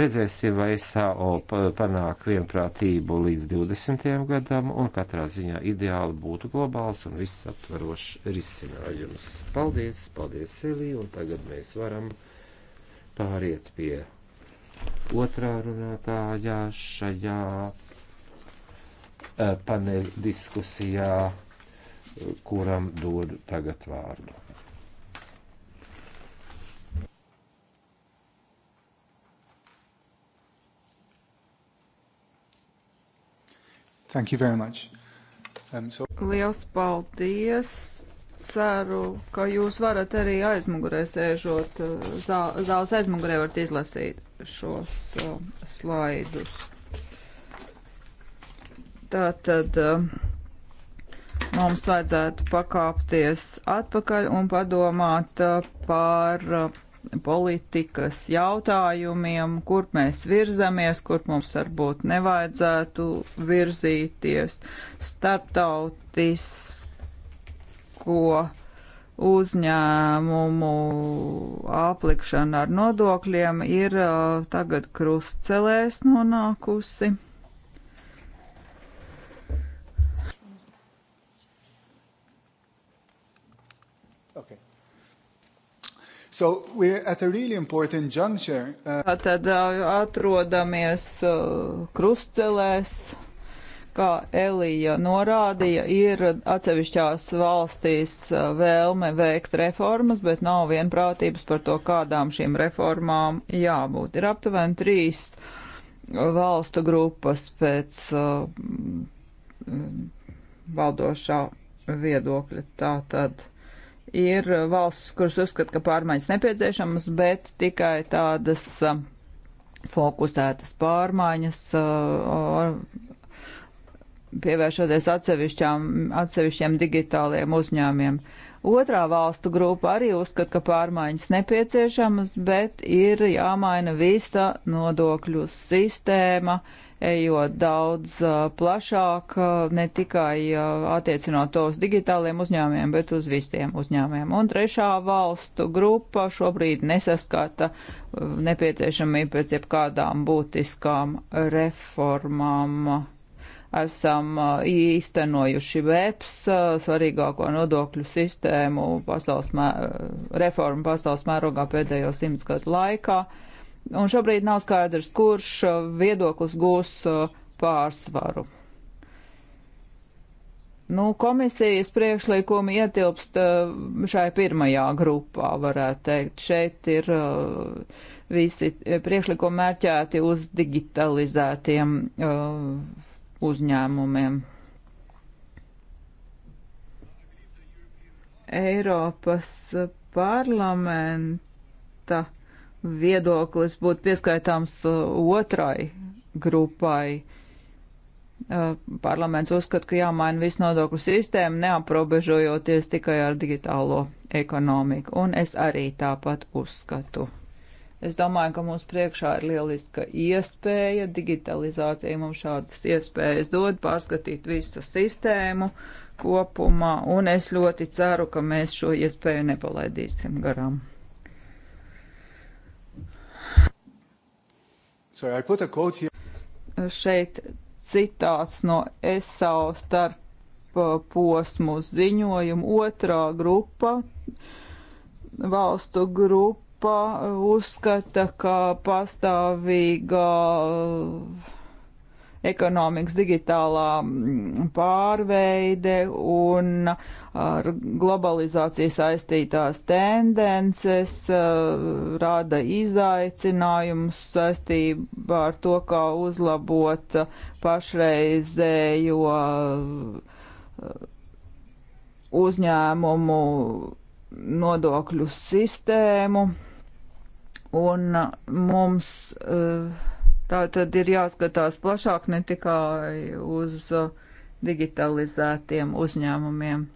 S4: Redzēsim, vai SAO panāk vienprātību līdz 20. gadam, un katrā ziņā ideāli būtu globāls un visaptvarošs risinājums. Paldies, paldies, Silī, un tagad mēs varam pāriet pie otrā runātājā šajā eh, paneļa diskusijā, kuram dodu tagad vārdu.
S1: Thank you very much.
S2: Um, so... Liels paldies! Ceru, ka jūs varat arī aizmugurē sēžot, uh, zā, zāles aizmugurē varat izlasīt šos uh, slaidus. Tātad uh, mums vajadzētu pakāpties atpakaļ un padomāt uh, par. Uh, politikas jautājumiem, kur mēs virzamies, kur mums varbūt nevajadzētu virzīties, starptautisko uzņēmumu aplikšana ar nodokļiem ir uh, tagad krustcelēs nonākusi. So we're at a really important juncture. Uh... Tad uh, atrodamies uh, krustcelēs, kā Elija norādīja, ir atsevišķās valstīs uh, vēlme veikt reformas, bet nav vienprātības par to, kādām šīm reformām jābūt. Ir aptuveni trīs valstu grupas pēc uh, valdošā viedokļa. Tātad ir uh, valsts, kuras uzskata, ka pārmaiņas nepieciešamas, bet tikai tādas uh, fokusētas pārmaiņas, uh, pievēršoties atsevišķiem digitāliem uzņēmiem. Otrā valstu grupa arī uzskata, ka pārmaiņas nepieciešamas, bet ir jāmaina visa nodokļu sistēma, uh, ejot daudz plašāk, ne tikai attiecinot to uz digitāliem uzņēmumiem, bet uz visiem uzņēmumiem. Un trešā valstu grupa šobrīd nesaskata nepieciešamību pēc jebkādām būtiskām reformām. Esam īstenojuši VEPS, svarīgāko nodokļu sistēmu pasaules reformu pasaules mērogā pēdējo simts gadu laikā un šobrīd nav skaidrs, kurš uh, viedoklis gūs uh, pārsvaru. Nu, komisijas priekšlikumi ietilpst uh, šai pirmajā grupā, varētu teikt. Šeit ir visi priekšlikumi mērķēti uz digitalizētiem uzņēmumiem. Eiropas parlamenta viedoklis būtu pieskaitāms uh, otrai grupai. Uh, parlaments uzskata, ka jāmaina visu nodokļu sistēmu, neaprobežojoties tikai ar digitālo ekonomiku, un es arī tāpat uzskatu. Es domāju, ka mums priekšā ir lieliska iespēja, digitalizācija mums šādas iespējas dod, pārskatīt visu sistēmu kopumā, un es ļoti ceru, ka mēs šo iespēju nepalaidīsim garām. Sorry, I put a quote here. Šeit citāts no ESAO starp uh, posmu ziņojumu otrā grupa, valstu grupa uzskata, ka pastāvīgā uh, ekonomikas digitālā mm, pārveide un ar globalizāciju saistītās tendences eh, rada izaicinājumus saistībā ar to, kā uzlabot pašreizējo eh, uzņēmumu nodokļu sistēmu, un eh, mums uh, Tā tad ir jāskatās plašāk ne tikai uz uh, digitalizētiem uzņēmumiem.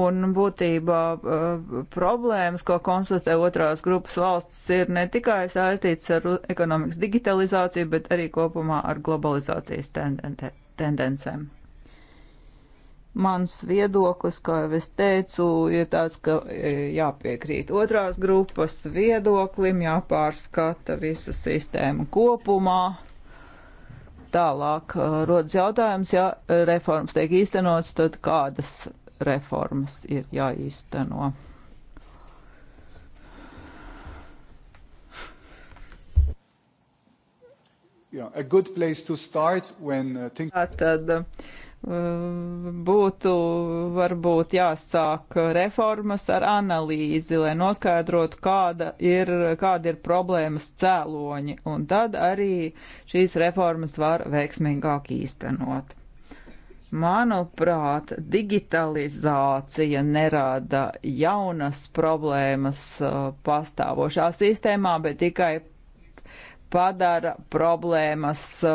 S2: Un būtībā uh, problēmas, ko konstatē otrās grupas valsts, ir ne tikai saistīts ar ekonomikas digitalizāciju, bet arī kopumā ar globalizācijas tenden tedencēm. Mans viedoklis, kā jau es teicu, ir tāds, ka e, jāpiekrīt otrās grupas viedoklim, jāpārskata visa sistēma kopumā. Tālāk e, rodas jautājums, ja reformas tiek īstenotas, tad kādas reformas ir jāīsteno? you know, a good place to start when uh, things. Tad būtu varbūt jāsāk reformas ar analīzi, lai noskaidrotu, kāda ir, kāda ir problēmas cēloņi, un tad arī šīs reformas var veiksmīgāk īstenot. Manuprāt, digitalizācija nerada jaunas problēmas uh, pastāvošā sistēmā, bet tikai padara problēmas uh,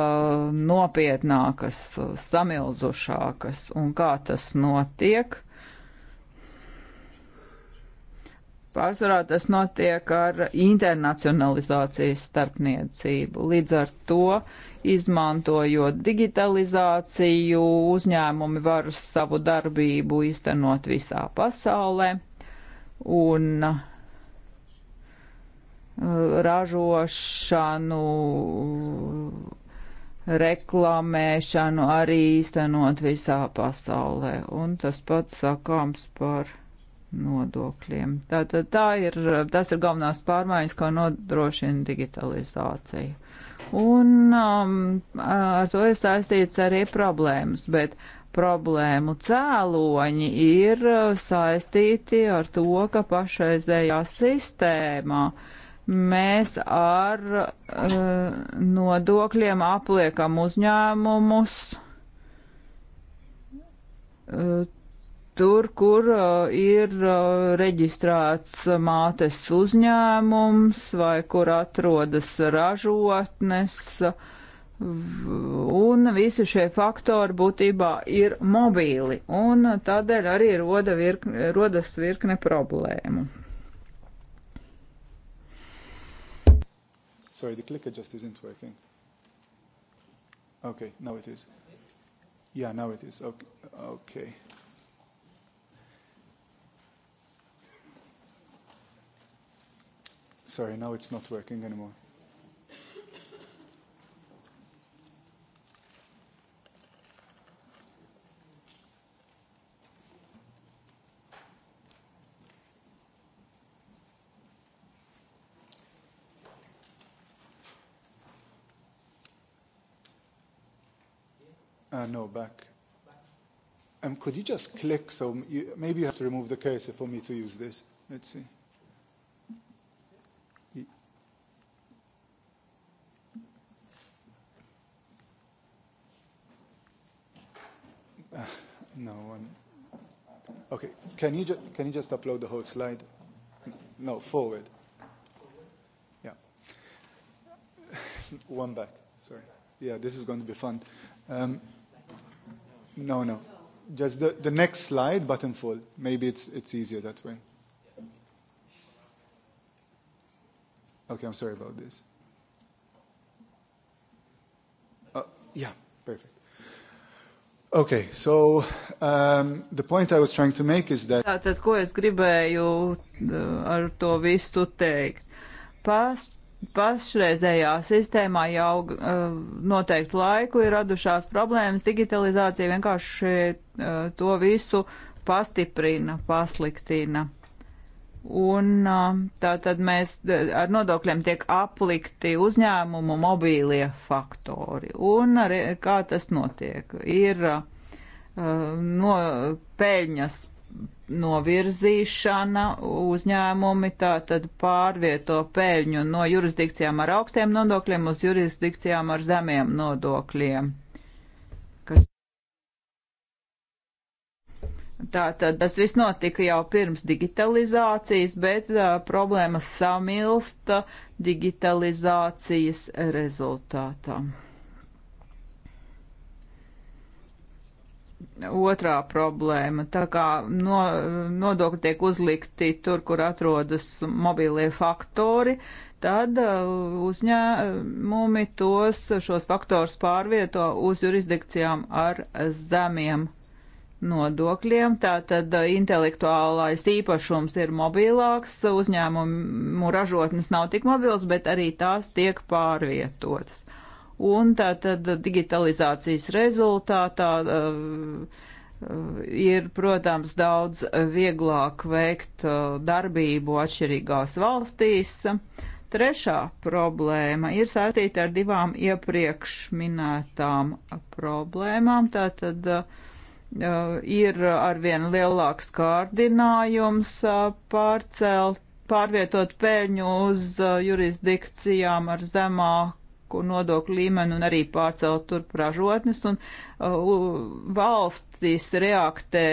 S2: nopietnākas, uh, samilzušākas. Un kā tas notiek? Pārsvarā tas notiek ar internacionalizācijas starpniecību. Līdz ar to, izmantojot digitalizāciju, uzņēmumi var savu darbību iztenot visā pasaulē. Un uh, ražošanu, reklamēšanu arī īstenot visā pasaulē. Un tas pats sakāms par nodokļiem. Tātad tā ir, tas ir galvenās pārmaiņas, ko nodrošina digitalizācija. Un um, ar to ir saistīts arī problēmas, bet problēmu cēloņi ir saistīti ar to, ka pašreizējā sistēmā uh, mēs ar uh, nodokļiem apliekam uzņēmumus uh, tur, kur uh, ir reģistrēts mātes uzņēmums vai kur atrodas ražotnes. Un visi šie faktori būtībā ir mobīli, un tādēļ arī roda virkne, rodas virkne problēmu.
S1: Sorry, the clicker just isn't working. Okay, now it is. Yeah, now it is. Okay. okay. Sorry, now it's not working anymore. Uh, no, back. Um, could you just click? So you, maybe you have to remove the cursor for me to use this. Let's see. Uh, no one. Okay, can you, ju- can you just upload the whole slide? No, forward. Yeah. one back, sorry. Yeah, this is going to be fun. Um, No, no. Just the, the next slide, button full. Maybe it's, it's easier that way. Okay, I'm sorry about this.
S2: Uh, yeah, perfect.
S1: Okay, so um, the point I was trying to make is that.
S2: Tātad, ko es gribēju uh, ar to visu teikt? Past pašreizējā sistēmā jau uh, noteiktu laiku ir radušās problēmas. Digitalizācija vienkārši uh, to visu pastiprina, pasliktina. Un uh, tā tad mēs uh, ar nodokļiem tiek aplikti uzņēmumu mobīlie faktori. Un arī, kā tas notiek? Ir uh, no, peļņas novirzīšana uzņēmumi tātad pārvieto pēļņu no jurisdikcijām ar augstiem nodokļiem uz jurisdikcijām ar zemiem nodokļiem. Kas... Tātad tas viss notika jau pirms digitalizācijas, bet uh, problēmas samilsta digitalizācijas rezultātā. otrā problēma. Tā kā no, nodokļi tiek uzlikti tur, kur atrodas mobilie faktori, tad uh, uzņēmumi tos šos faktorus pārvieto uz jurisdikcijām ar zemiem nodokļiem. Tātad uh, intelektuālais īpašums ir mobilāks, uzņēmumu ražotnes nav tik mobils, bet arī tās tiek pārvietotas. Uh, un tātad digitalizācijas rezultātā eh, ir, protams, daudz vieglāk veikt eh, darbību atšķirīgās valstīs. Trešā problēma ir saistīta ar divām iepriekš minētām problēmām. Tātad eh, ir arvien lielāks kārdinājums pārcelt, pārvietot pēļņu uz jurisdikcijām ar zemāku nodokļu līmeni un arī pārcelt turp ražotnes, un uh, valstis reaktē,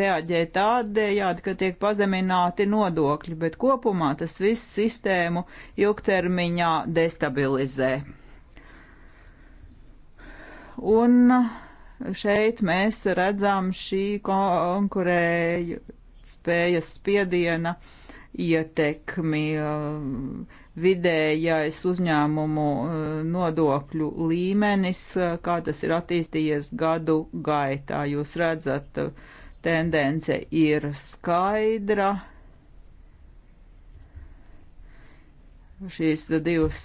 S2: reaģē tādējādi, ka tiek pazemināti nodokļi, bet kopumā tas viss sistēmu ilgtermiņā destabilizē. Un šeit mēs redzam šī konkurēju spējas spiediena ietekmi. Uh, vidējais uzņēmumu eh, nodokļu līmenis, eh, kā tas ir attīstījies gadu gaitā. Jūs redzat, eh, tendence ir skaidra. Šīs divas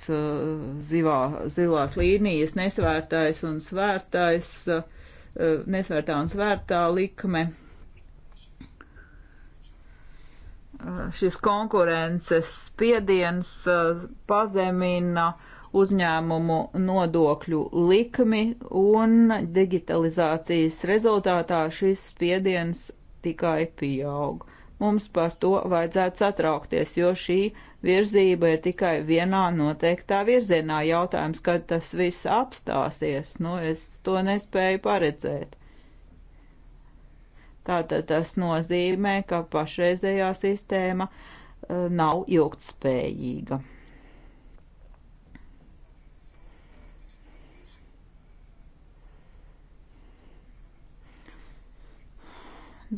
S2: zivā, zilās līnijas, nesvērtais un svērtais, nesvērtā un svērtā likme Eh, šis konkurences spiediens eh, pazemina uzņēmumu nodokļu likmi un digitalizācijas rezultātā šis spiediens tikai pieaug. Mums par to vajadzētu satraukties, jo šī virzība ir tikai vienā noteiktā virzienā. Jautājums, kad tas viss apstāsies, nu es to nespēju paredzēt. Tātad tas nozīmē, ka pašreizējā sistēma eh, nav ilgtspējīga.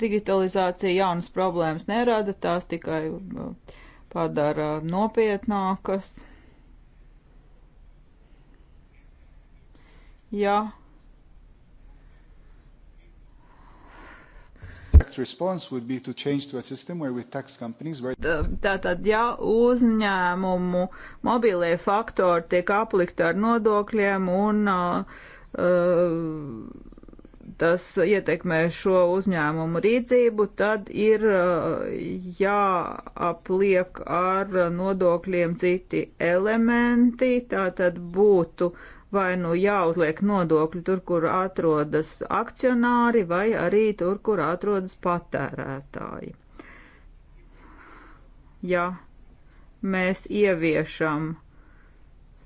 S2: Digitalizācija jaunas problēmas nerada, tās tikai eh, padara nopietnākas. Ja correct response would be to change to a system where we tax companies where... Tātad, ja uzņēmumu mobilie faktori tiek aplikti ar nodokļiem un uh, tas ietekmē šo uzņēmumu rīcību, tad ir jāapliek ar nodokļiem citi elementi, tā tad būtu vai nu jāuzliek nodokļi tur, kur atrodas akcionāri, vai arī tur, kur atrodas patērētāji. Ja mēs ieviešam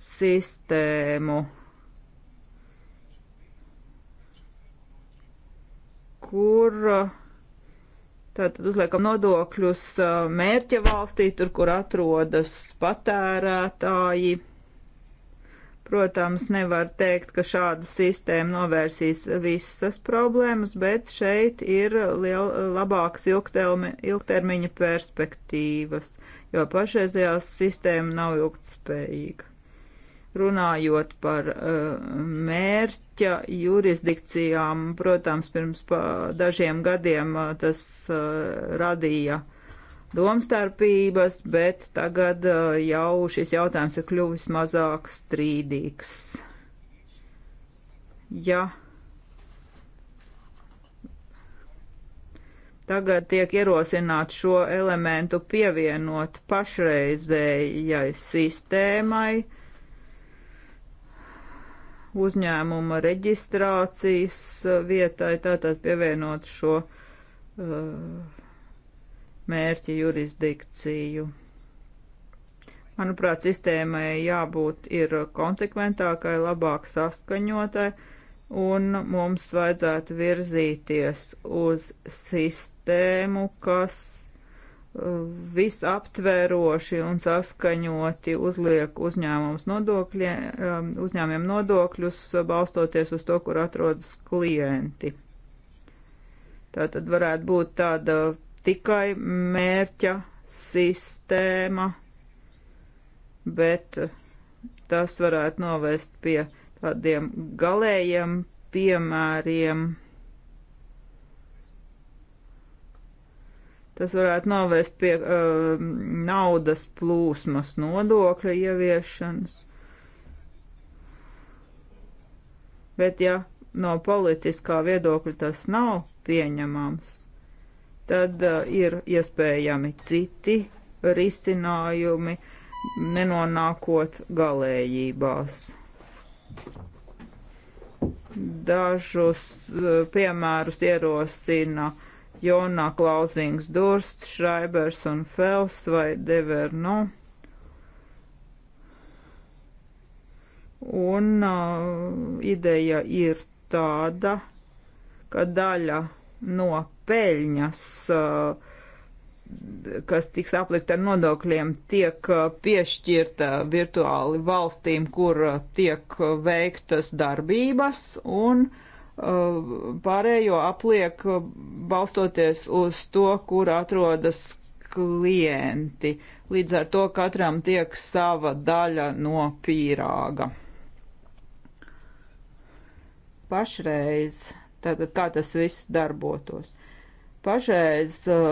S2: sistēmu, kur tātad uzliekam nodokļus mērķa valstī, tur, kur atrodas patērētāji Protams, nevar teikt, ka šāda sistēma novērsīs visas problēmas, bet šeit ir liel, labākas ilgtermiņa perspektīvas, jo pašreizējā sistēma nav ilgtspējīga. Runājot par uh, mērķa jurisdikcijām, protams, pirms dažiem gadiem uh, tas uh, radīja domstarpības, bet tagad uh, jau šis jautājums ir kļuvis mazāk strīdīgs. Ja tagad tiek ierosināts šo elementu pievienot pašreizējai sistēmai, uzņēmuma reģistrācijas vietai, tātad pievienot šo uh, mērķa jurisdikciju. Manuprāt, sistēmai jābūt ir konsekventākai, labāk saskaņotai, un mums vajadzētu virzīties uz sistēmu, kas uh, visaptveroši un saskaņoti uzliek uzņēmums nodokļie, um, uzņēmiem nodokļus, balstoties uz to, kur atrodas klienti. Tā tad varētu būt tāda tikai mērķa sistēma, bet tas varētu novest pie tādiem galējiem piemēriem. Tas varētu novest pie uh, naudas plūsmas nodokļa ieviešanas. Bet ja no politiskā viedokļa tas nav pieņemams, tad uh, ir iespējami citi risinājumi, nenonākot galējībās. Dažus uh, piemērus ierosina Jonā Klausings Dursts, Šraibers un Fels vai Devernu. Un uh, ideja ir tāda, ka daļa no peļņas, eh, kas tiks aplikt ar nodokļiem, tiek eh, piešķirta virtuāli valstīm, kur eh, tiek veiktas darbības un pārējo apliek balstoties uz to, kur atrodas klienti. Līdz ar to katram tiek sava daļa no pīrāga. Pašreiz, tātad kā tas viss darbotos. Pašreiz uh,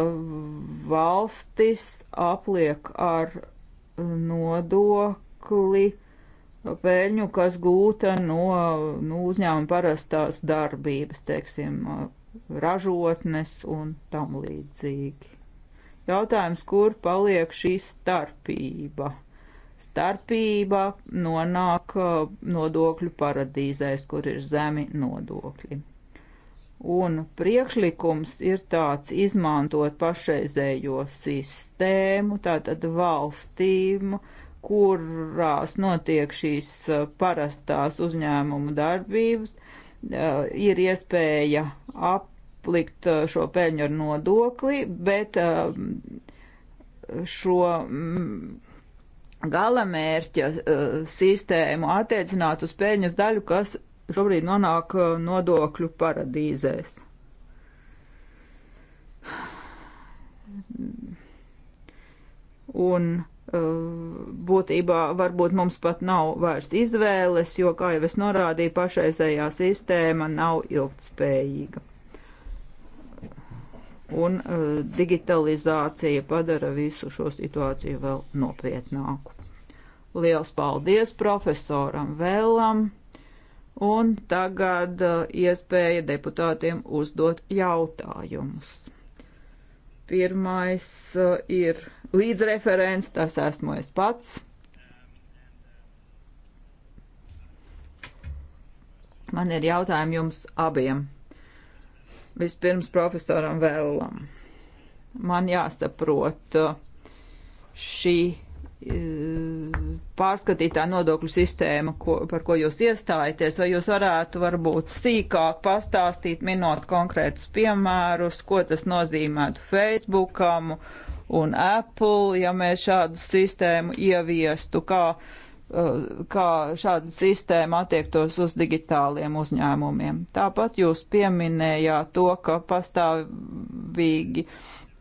S2: valstis apliek ar nodokli peļņu, kas gūta no nu, uzņēmuma parastās darbības, teiksim, uh, ražotnes un tam līdzīgi. Jautājums, kur paliek šī starpība? Starpība nonāk uh, nodokļu paradīzēs, kur ir zemi nodokļi. Un priekšlikums ir tāds izmantot pašreizējo sistēmu, tātad valstīm, kurās notiek šīs parastās uzņēmumu darbības, ir iespēja aplikt šo peļņu ar nodokli, bet šo mm, galamērķa sistēmu attiecināt uz peļņas daļu, kas šobrīd nonāk uh, nodokļu paradīzēs. Un uh, būtībā varbūt mums pat nav vairs izvēles, jo, kā jau es norādīju, pašreizējā sistēma nav ilgtspējīga. Un uh, digitalizācija padara visu šo situāciju vēl nopietnāku. Liels paldies profesoram Vēlam! Un tagad uh, iespēja deputātiem uzdot jautājumus. Pirmais uh, ir līdzreferents, tas esmu es pats. Man ir jautājumi jums abiem. Vispirms profesoram Vēlam. Man jāsaprot uh, šī E, pārskatītā nodokļu sistēma, ko, par ko jūs iestājaties, vai jūs varētu varbūt sīkāk pastāstīt, minot konkrētus piemērus, ko tas nozīmētu Facebookam un Apple, ja mēs šādu sistēmu ieviestu, kā, e, kā šāda sistēma attiektos uz digitāliem uzņēmumiem. Tāpat jūs pieminējāt to, ka pastāvīgi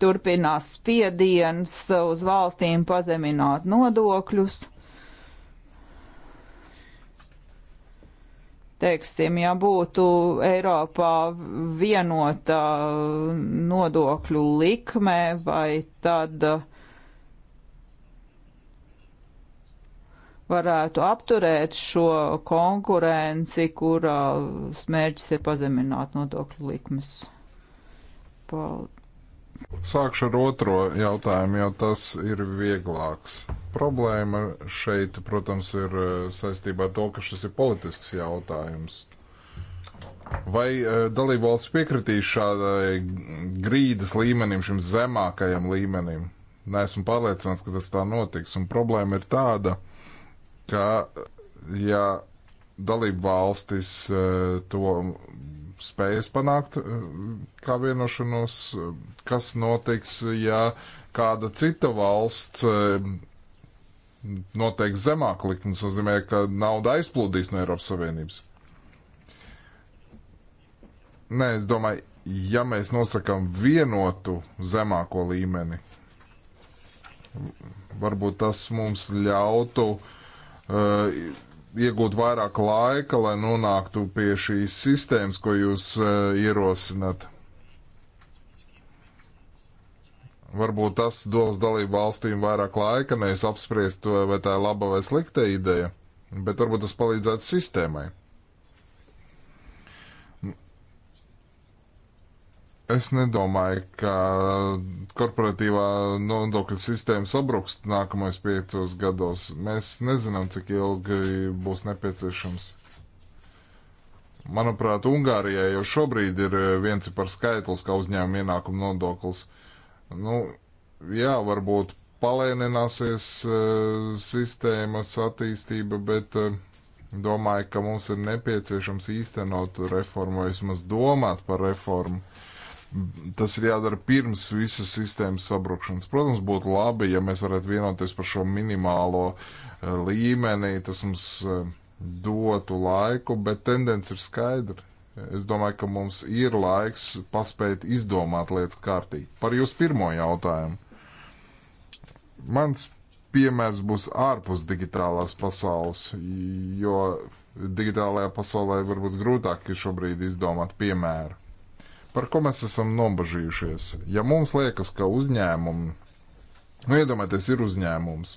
S2: turpinās spiediens uz valstīm pazemināt nodokļus. Teiksim, ja būtu Eiropā vienota nodokļu likme, vai tad uh, varētu apturēt šo konkurenci, kurā smērķis ir pazemināt nodokļu likmes.
S3: Paldies! Sākšu ar otro jautājumu, jo tas ir vieglāks. Problēma šeit, protams, ir eh, saistībā ar to, ka šis ir politisks jautājums. Vai eh, dalībvalsts piekritīs šādai grīdas līmenim, šim zemākajam līmenim? Neesmu pārliecināts, ka tas tā notiks. Un problēma ir tāda, ka ja dalību valstis eh, to spējas panākt eh, kā vienošanos, eh, kas notiks, ja kāda cita valsts eh, noteikti zemāk likmes, nozīmē, ka nauda aizplūdīs no Eiropas Savienības. Nē, es domāju, ja mēs nosakām vienotu zemāko līmeni, varbūt tas mums ļautu uh, iegūt vairāk laika, lai nonāktu pie šīs sistēmas, ko jūs uh, ierosināt. Varbūt tas dos dalību valstīm vairāk laika, nevis apspriest, vai tā ir laba vai slikta ideja, bet varbūt tas palīdzētu sistēmai. Es nedomāju, ka korporatīvā nodokļa sistēma sabruks nākamajos piecos gados. Mēs nezinām, cik ilgi būs nepieciešams. Manuprāt, Ungārijai jau šobrīd ir viens par skaitlis, kā uzņēmuma ienākuma nodoklis. Nu, jā, varbūt palēnināsies uh, sistēmas attīstība, bet uh, domāju, ka mums ir nepieciešams īstenot reformu, vai vismaz domāt par reformu. Uh, Tas ir jādara pirms visas sistēmas sabrukšanas. Protams, būtu labi, ja mēs varētu vienoties par šo minimālo eh, līmenī. Tas mums eh, dotu laiku, bet tendence ir skaidra. Es domāju, ka mums ir laiks paspēt izdomāt lietas kārtīgi. Par jūsu pirmo jautājumu. Mans piemērs būs ārpus digitālās pasaules, jo digitālajā pasaulē varbūt grūtāk ir šobrīd izdomāt piemēru. Par ko mēs esam nobažījušies? Ja mums liekas, ka uzņēmumi, nu iedomājieties, ir uzņēmums,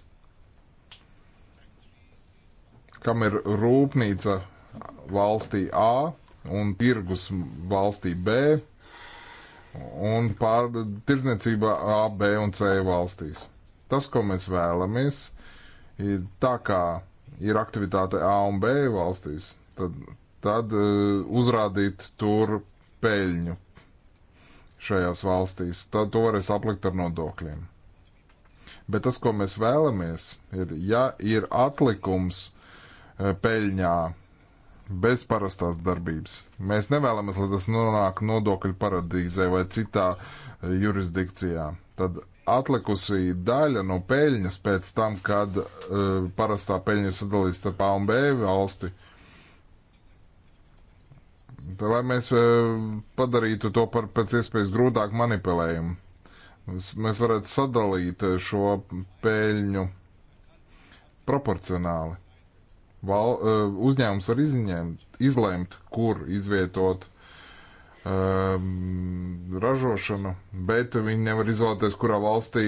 S3: kam ir rūpnīca valstī A un tirgus valstī B un pār, tirdzniecība A, B un C valstīs. Tas, ko mēs vēlamies, ir tā kā ir aktivitāte A un B valstīs, tad, tad uh, uzrādīt tur peļņu šajās valstīs, tad to varēs aplikt ar nodokļiem. Bet tas, ko mēs vēlamies, ir, ja ir atlikums e, peļņā bez parastās darbības, mēs nevēlamies, lai tas nonāk nodokļu paradīzē vai citā e, jurisdikcijā. Tad atlikusī daļa no peļņas pēc tam, kad uh, parastā peļņa ir sadalīta starp A un B valsti, lai mēs e, padarītu to par pēc iespējas grūtāk manipulējumu. Mēs varētu sadalīt šo peļņu proporcionāli. Val, e, uzņēmums var izņemt, izlemt, kur izvietot um, ražošanu, bet viņi nevar izvēlēties, kurā valstī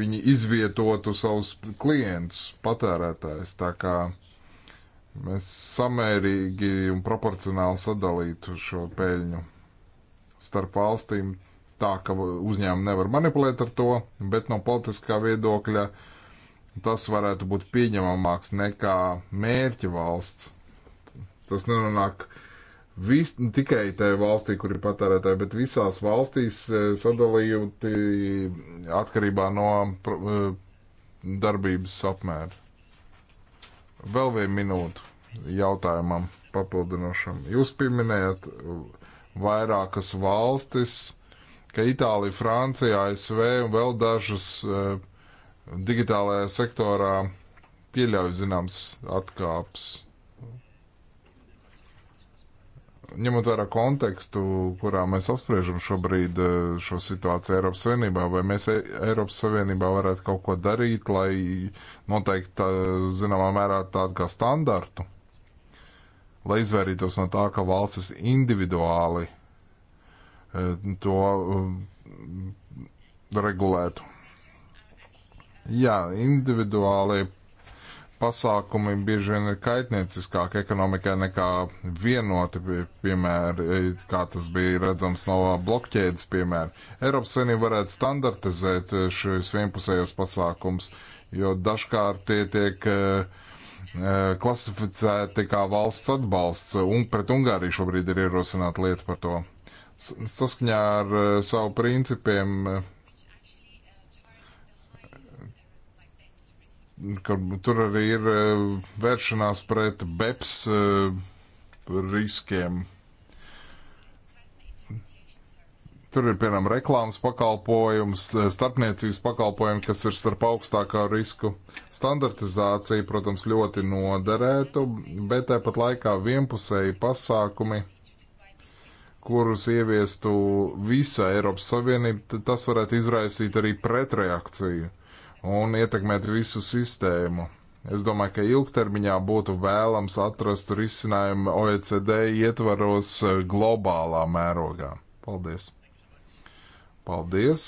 S3: viņi izvietotu savus klientus, patērētājus. Tā kā uh, mēs samērīgi un proporcionāli sadalītu šo peļņu starp valstīm, tā ka uzņēmumi nevar manipulēt ar to, bet no politiskā viedokļa tas varētu būt pieņemamāks nekā mērķa valsts. Tas nenonāk vis, tikai tajā valstī, kur ir patērētāji, bet visās valstīs eh, sadalījumi atkarībā no eh, darbības apmēra. Vēl vienu minūtu jautājumam papildinošam. Jūs pieminējat vairākas valstis, ka Itālija, Francija, ASV un vēl dažas eh, digitālajā sektorā pieļauj zināms atkāps ņemot vērā kontekstu, kurā mēs apspriežam šobrīd eh, šo situāciju Eiropas Savienībā, vai mēs e- Eiropas Savienībā varētu kaut ko darīt, lai noteikti, zināmā mērā, tādu kā standartu, lai izvairītos no tā, ka valstis individuāli eh, to eh, regulētu. Jā, individuālie pasākumi bieži vien ir kaitnieciskāki ekonomikai nekā vienoti, piemēri, kā tas bija redzams no blokķēdes piemēra. Eiropas Savienība varētu standartizēt eh, šīs vienpusējos pasākums, jo dažkārt tie tiek eh, eh, klasificēti kā valsts atbalsts, un pret Ungāriju šobrīd ir ierosināta lieta par to. Saskaņā ar savu principiem Kur, tur arī ir e, vēršanās pret BEPS e, riskiem. Tur ir, piemēram, reklāmas pakalpojums, e, starpniecības pakalpojumi, kas ir starp augstākā risku. Standartizācija, protams, ļoti noderētu, bet tāpat laikā vienpusēji pasākumi kurus ieviestu visa Eiropas Savienība, tas varētu izraisīt arī pretreakciju un ietekmēt visu sistēmu. Es domāju, ka ilgtermiņā būtu vēlams atrast risinājumu OECD ietvaros eh, globālā mērogā. Paldies! Paldies!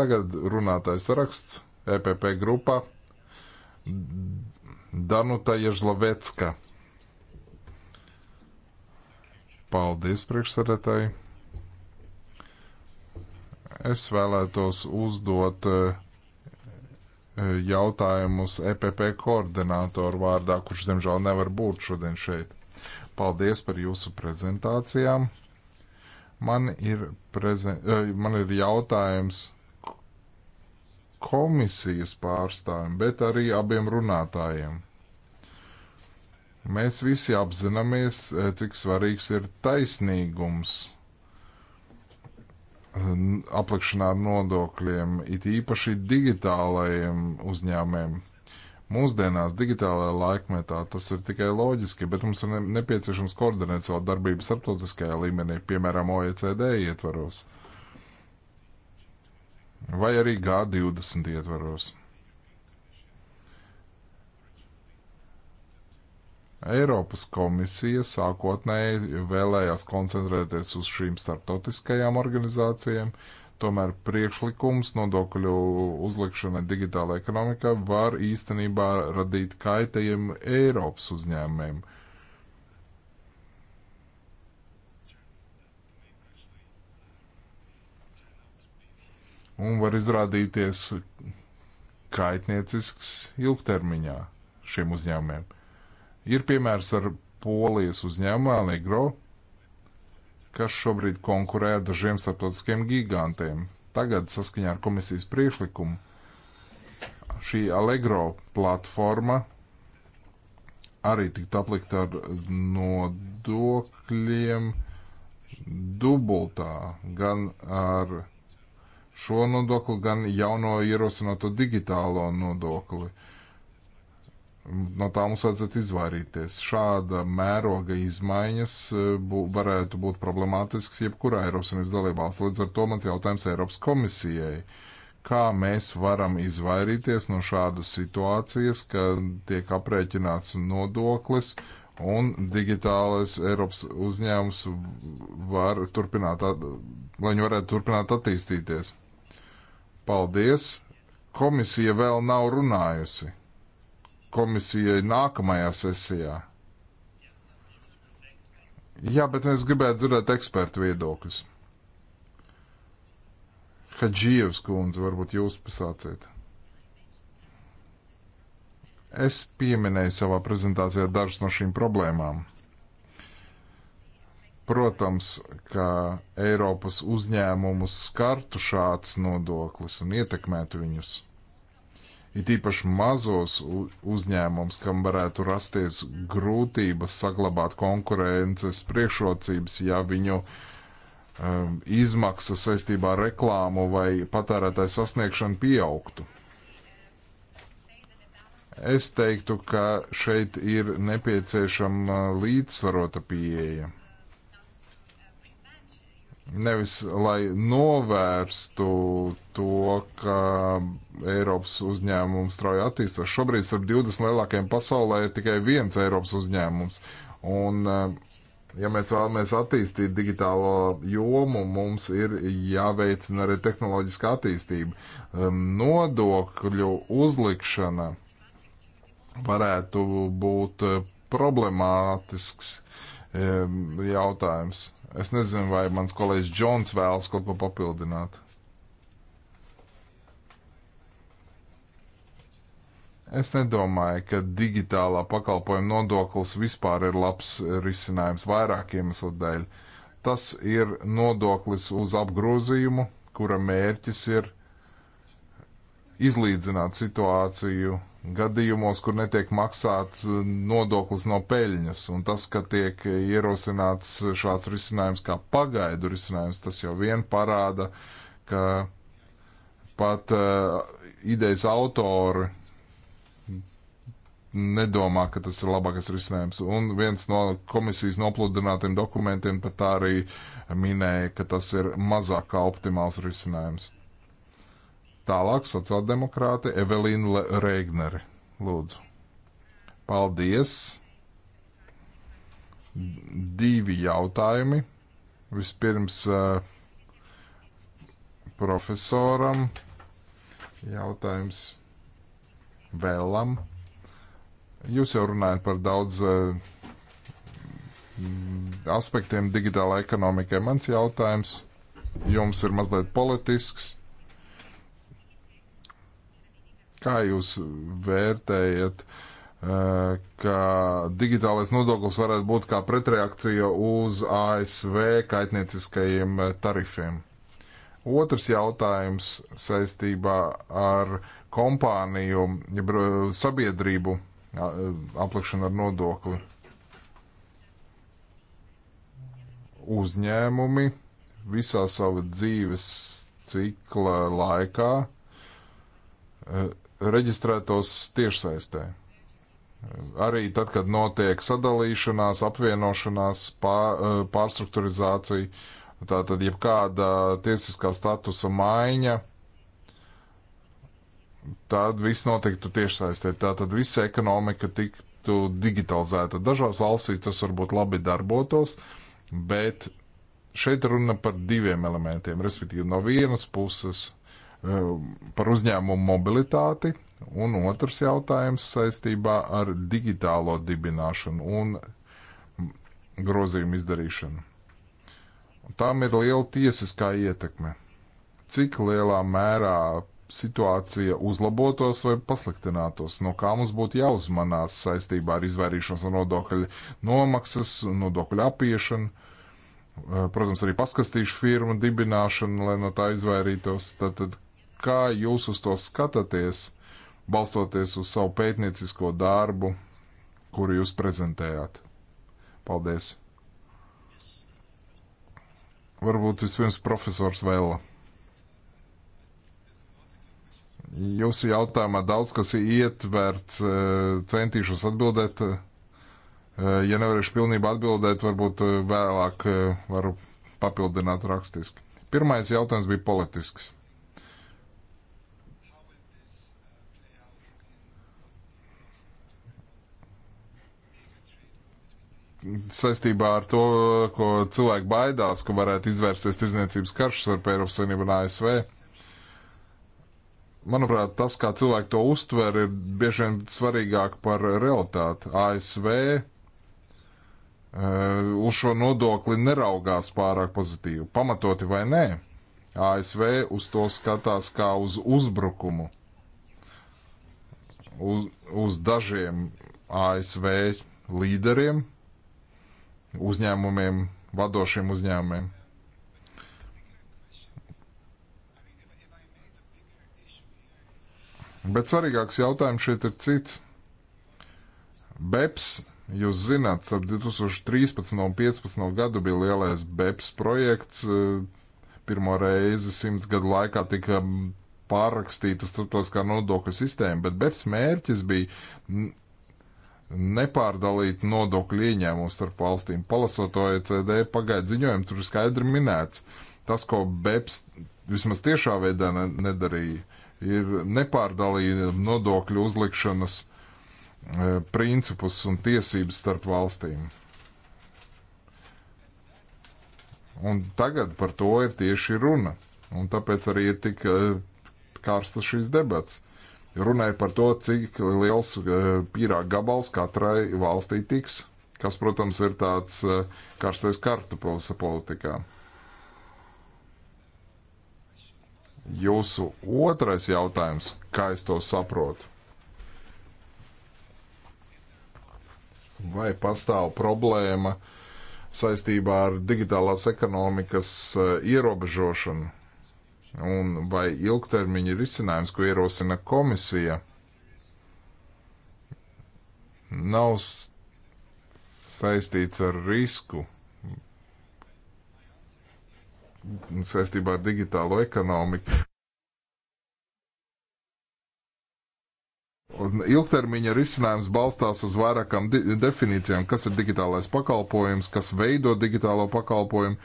S3: Tagad runātais raksts EPP grupā Danuta Ježlavecka. Paldies priekšsarētāji! Es vēlētos uzdot uh, jautājumus EPP koordinātoru vārdā, kurš, diemžēl, nevar būt šodien šeit. Paldies par jūsu prezentācijām. Man ir, prezen... Man ir jautājums komisijas pārstāvjiem, bet arī abiem runātājiem. Mēs visi apzināmies, cik svarīgs ir taisnīgums aplikšanā ar nodokļiem, it īpaši digitālajiem uzņēmēm. Mūsdienās digitālajā laikmetā tas ir tikai loģiski, bet mums ir nepieciešams koordinēt savu darbību starptautiskajā līmenī, piemēram, OECD ietvaros vai arī G20 ietvaros. Eiropas komisija sākotnēji vēlējās koncentrēties uz šīm starptautiskajām organizācijām, tomēr priekšlikums nodokļu uzlikšanai digitālajā ekonomikā var īstenībā radīt kaitējumu Eiropas uzņēmumiem. Un var izrādīties kaitniecisks ilgtermiņā šiem uzņēmumiem. Ir piemērs ar polijas uzņēmumu Allegro, kas šobrīd konkurē ar dažiem starptautiskiem gigantiem. Tagad, saskaņā ar komisijas priekšlikumu, šī Allegro platforma arī tiktu aplikta ar nodokļiem dubultā, gan ar šo nodokli, gan jauno ierosināto digitālo nodokli. Uh, no tā mums vajadzētu izvairīties. Šāda mēroga izmaiņas e, bū, varētu būt problemātisks jebkurā Eiropas Savienības dalībvalstī. Līdz ar to mans jautājums Eiropas komisijai. Kā mēs varam izvairīties no šādas situācijas, ka tiek aprēķināts nodoklis un digitālais Eiropas uzņēmums var turpināt, lai viņi varētu turpināt attīstīties? Paldies! Komisija vēl nav runājusi komisijai nākamajā sesijā. Jā, bet es gribētu dzirdēt ekspertu viedokļus. Hadžīvs kundze, varbūt jūs pasāciet. Es pieminēju savā prezentācijā dažas no šīm problēmām. Protams, ka Eiropas uzņēmumus skartu šāds nodoklis un ietekmētu viņus. It īpaši mazos uzņēmums, kam varētu rasties grūtības saglabāt konkurences priekšrocības, ja viņu um, izmaksas saistībā ar reklāmu vai patērētāju sasniegšanu pieaugtu. Es teiktu, ka šeit ir nepieciešama līdzsvarota pieeja. Nevis, lai novērstu to, ka Eiropas uzņēmums strauji attīstās. Šobrīd ar 20 lielākajiem pasaulē ir tikai viens Eiropas uzņēmums. Un, eh, ja mēs vēlamies attīstīt digitālo jomu, mums ir jāveicina arī tehnoloģiska attīstība. Ehm, nodokļu uzlikšana varētu būt eh, problemātisks ehm, jautājums. Es nezinu, vai mans kolēģis Džons vēlas kaut ko papildināt. Es nedomāju, ka digitālā pakalpojuma nodoklis vispār ir labs risinājums vairāk iemeslu dēļ. Tas ir nodoklis uz apgrozījumu, kura mērķis ir izlīdzināt situāciju gadījumos, kur netiek maksāt eh, nodoklis no peļņas, un tas, ka tiek ierosināts šāds risinājums kā pagaidu risinājums, tas jau vien parāda, ka pat uh, idejas autori nedomā, ka tas ir labākais risinājums. Un viens no komisijas nopludinātiem dokumentiem pat arī minēja, ka tas ir mazāk kā optimāls risinājums. Tālāk sociāldemokrāte Evelīna Reignere. Lūdzu. Paldies. Divi jautājumi. Vispirms uh, profesoram jautājums vēlam. Jūs jau runājat par daudz uh, aspektiem digitālajai ekonomikai. Mans jautājums jums ir mazliet politisks. Kā jūs vērtējat, eh, ka digitālais nodoklis varētu būt kā pretreakcija uz ASV kaitnieciskajiem eh, tarifiem? Otrs jautājums saistībā ar kompāniju, jeb eh, sabiedrību aplikšanu ar nodokli. Uzņēmumi visā sava dzīves cikla laikā reģistrētos tiešsaistē. Arī tad, kad notiek sadalīšanās, apvienošanās, pār, eh, pārstrukturizācija, tātad jebkāda tiesiskā statusa maiņa, tad viss notiktu tiešsaistē. Tātad visa ekonomika tiktu digitalizēta. Dažās valstīs tas varbūt labi darbotos, bet šeit runa par diviem elementiem, respektīvi no vienas puses – Eh, par uzņēmumu mobilitāti, un otrs jautājums saistībā ar digitālo dibināšanu un grozījumu izdarīšanu. Tām ir liela tiesiskā ietekme. Cik lielā mērā situācija uzlabotos vai pasliktinātos, no kā mums būtu jāuzmanās saistībā ar izvairīšanos no nodokļa nomaksas, nodokļu apiešanu, eh, protams, arī paskastīšu firmu dibināšanu, lai no tā izvairītos. Tad, tad Kā jūs uz to skatāties, balstoties uz savu pētniecisko darbu, kuru jūs prezentējāt? Paldies! Varbūt vispirms profesors Vēla. Jūsu jautājumā daudz kas ir ietverts, e, centīšos atbildēt. E, ja nevarēšu pilnībā atbildēt, varbūt e, vēlāk varu papildināt rakstiski. Pirmais jautājums bija politisks. saistībā ar to, ko cilvēki baidās, ka varētu izvērsties tirdzniecības karš starp Eiropas Savienību un ASV. Manuprāt, tas, kā cilvēki to uztver, ir bieži vien svarīgāk par realitāti. ASV eh, uz šo nodokli neraugās pārāk pozitīvi, pamatoti vai nē. ASV uz to skatās kā uz uzbrukumu, uz, uz dažiem ASV līderiem, uzņēmumiem, vadošiem uzņēmumiem. Bet svarīgāks jautājums šeit ir cits. BEPS, jūs zināt, ap 2013 un 2015 gadu bija lielais BEPS projekts. Pirmo reizi simts gadu laikā tika pārrakstīta starptautiskā nodokļu sistēma, bet BEPS mērķis bija nepārdalīt nodokļu ieņēmumu starp valstīm. Palasot to ECD pagaidu ziņojumu, tur ir skaidri minēts, tas, ko BEPS vismaz tiešā veidā nedarīja, ir nepārdalīja nodokļu uzlikšanas e, principus un tiesības starp valstīm. Un tagad par to ir tieši runa. Un tāpēc arī ir tik e, kārstas šīs debats runāja par to, cik liels eh, pīrāga gabals katrai valstī tiks, kas, protams, ir tāds eh, karstais kartupils politikā. Jūsu otrais jautājums, kā es to saprotu? Vai pastāv problēma saistībā ar digitālās ekonomikas eh, ierobežošanu? un vai ilgtermiņa risinājums, ko ierosina komisija, nav saistīts ar risku saistībā ar digitālo ekonomiku. Un ilgtermiņa risinājums balstās uz vairākām definīcijām, kas ir digitālais pakalpojums, kas veido digitālo pakalpojumu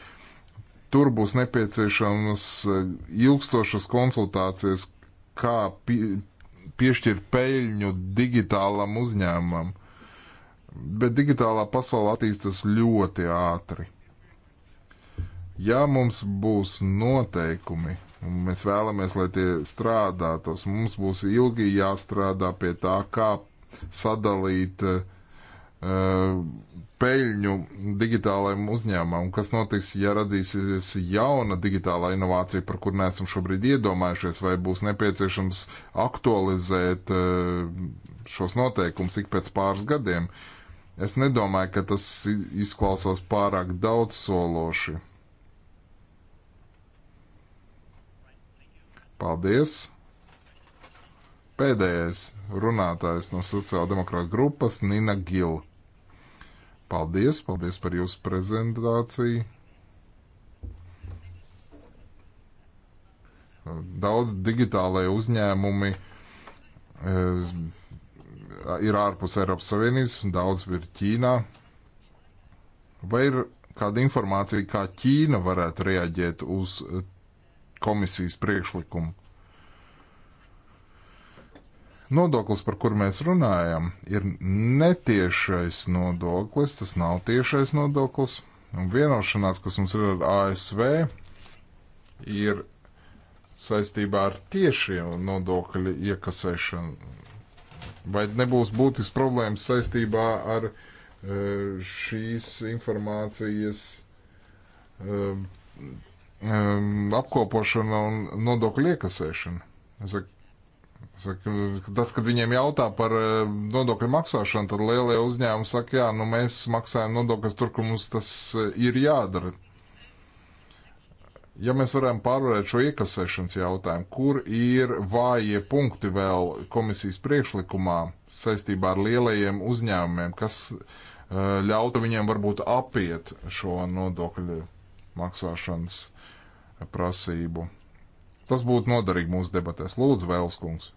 S3: Tur būs nepieciešamas eh, ilgstošas konsultācijas, kā piešķirt peļņu digitālam uzņēmumam. Bet digitālā pasaule attīstās ļoti ātri. Ja mums būs noteikumi, un mēs vēlamies, lai tie strādātos, mums būs ilgi jāstrādā pie tā, kā sadalīt uh, peļņu digitālajiem uzņēmumam, kas notiks, ja radīsies jauna digitālā inovācija, par kur neesam šobrīd iedomājušies, vai būs nepieciešams aktualizēt eh, šos noteikumus ik pēc pāris gadiem. Es nedomāju, ka tas izklausās pārāk daudz sološi. Paldies! Pēdējais runātājs no sociāldemokrāta grupas Nina Gila. Paldies, paldies par jūsu prezentāciju. Daudz digitālai uzņēmumi eh, ir ārpus Eiropas Savienības, daudz ir Ķīnā. Vai ir kāda informācija, kā Ķīna varētu reaģēt uz komisijas priekšlikumu? Nodoklis, par kur mēs runājam, ir netiešais nodoklis, tas nav tiešais nodoklis. Un vienošanās, kas mums ir ar ASV, ir saistībā ar tiešiem nodokļu iekasēšanu. Vai nebūs būtisks problēmas saistībā ar e, šīs informācijas e, e, apkopošana un nodokļu iekasēšana. Es saku, Saka, tad, kad viņiem jautā par e, nodokļu maksāšanu, tad lielie uzņēmumi saka, jā, nu mēs maksājam nodokļus tur, kur mums tas e, ir jādara. Ja mēs varam pārvarēt šo iekasēšanas jautājumu, kur ir vājie punkti vēl komisijas priekšlikumā saistībā ar lielajiem uzņēmumiem, kas e, ļautu viņiem varbūt apiet šo nodokļu maksāšanas prasību? Tas būtu noderīgi mūsu debatēs. Lūdzu, Vēlskungs.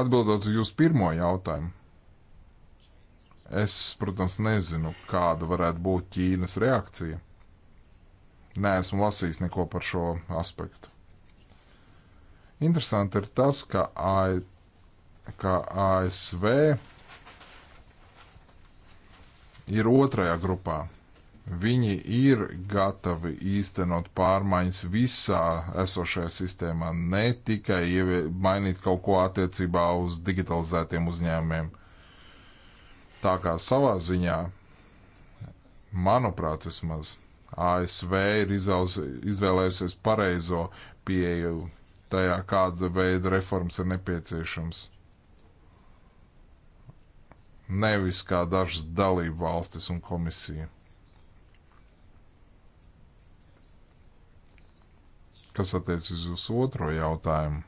S3: Atbildot uz jūsu pirmo jautājumu, es, protams, nezinu, kāda varētu būt Ķīnas reakcija. Nē, esmu lasījis neko par šo aspektu. Interesanti ir tas, ka, A, ka ASV ir otrajā grupā Viņi ir gatavi īstenot pārmaiņas visā esošajā sistēmā, ne tikai mainīt kaut ko attiecībā uz digitalizētiem uzņēmumiem. Tā kā savā ziņā, manuprāt, vismaz ASV ir izvēlējusies pareizo pieeju tajā, kāda veida reformas ir nepieciešams nevis kā dažas dalību valstis un komisija. Kas attiec uz jūsu otro jautājumu?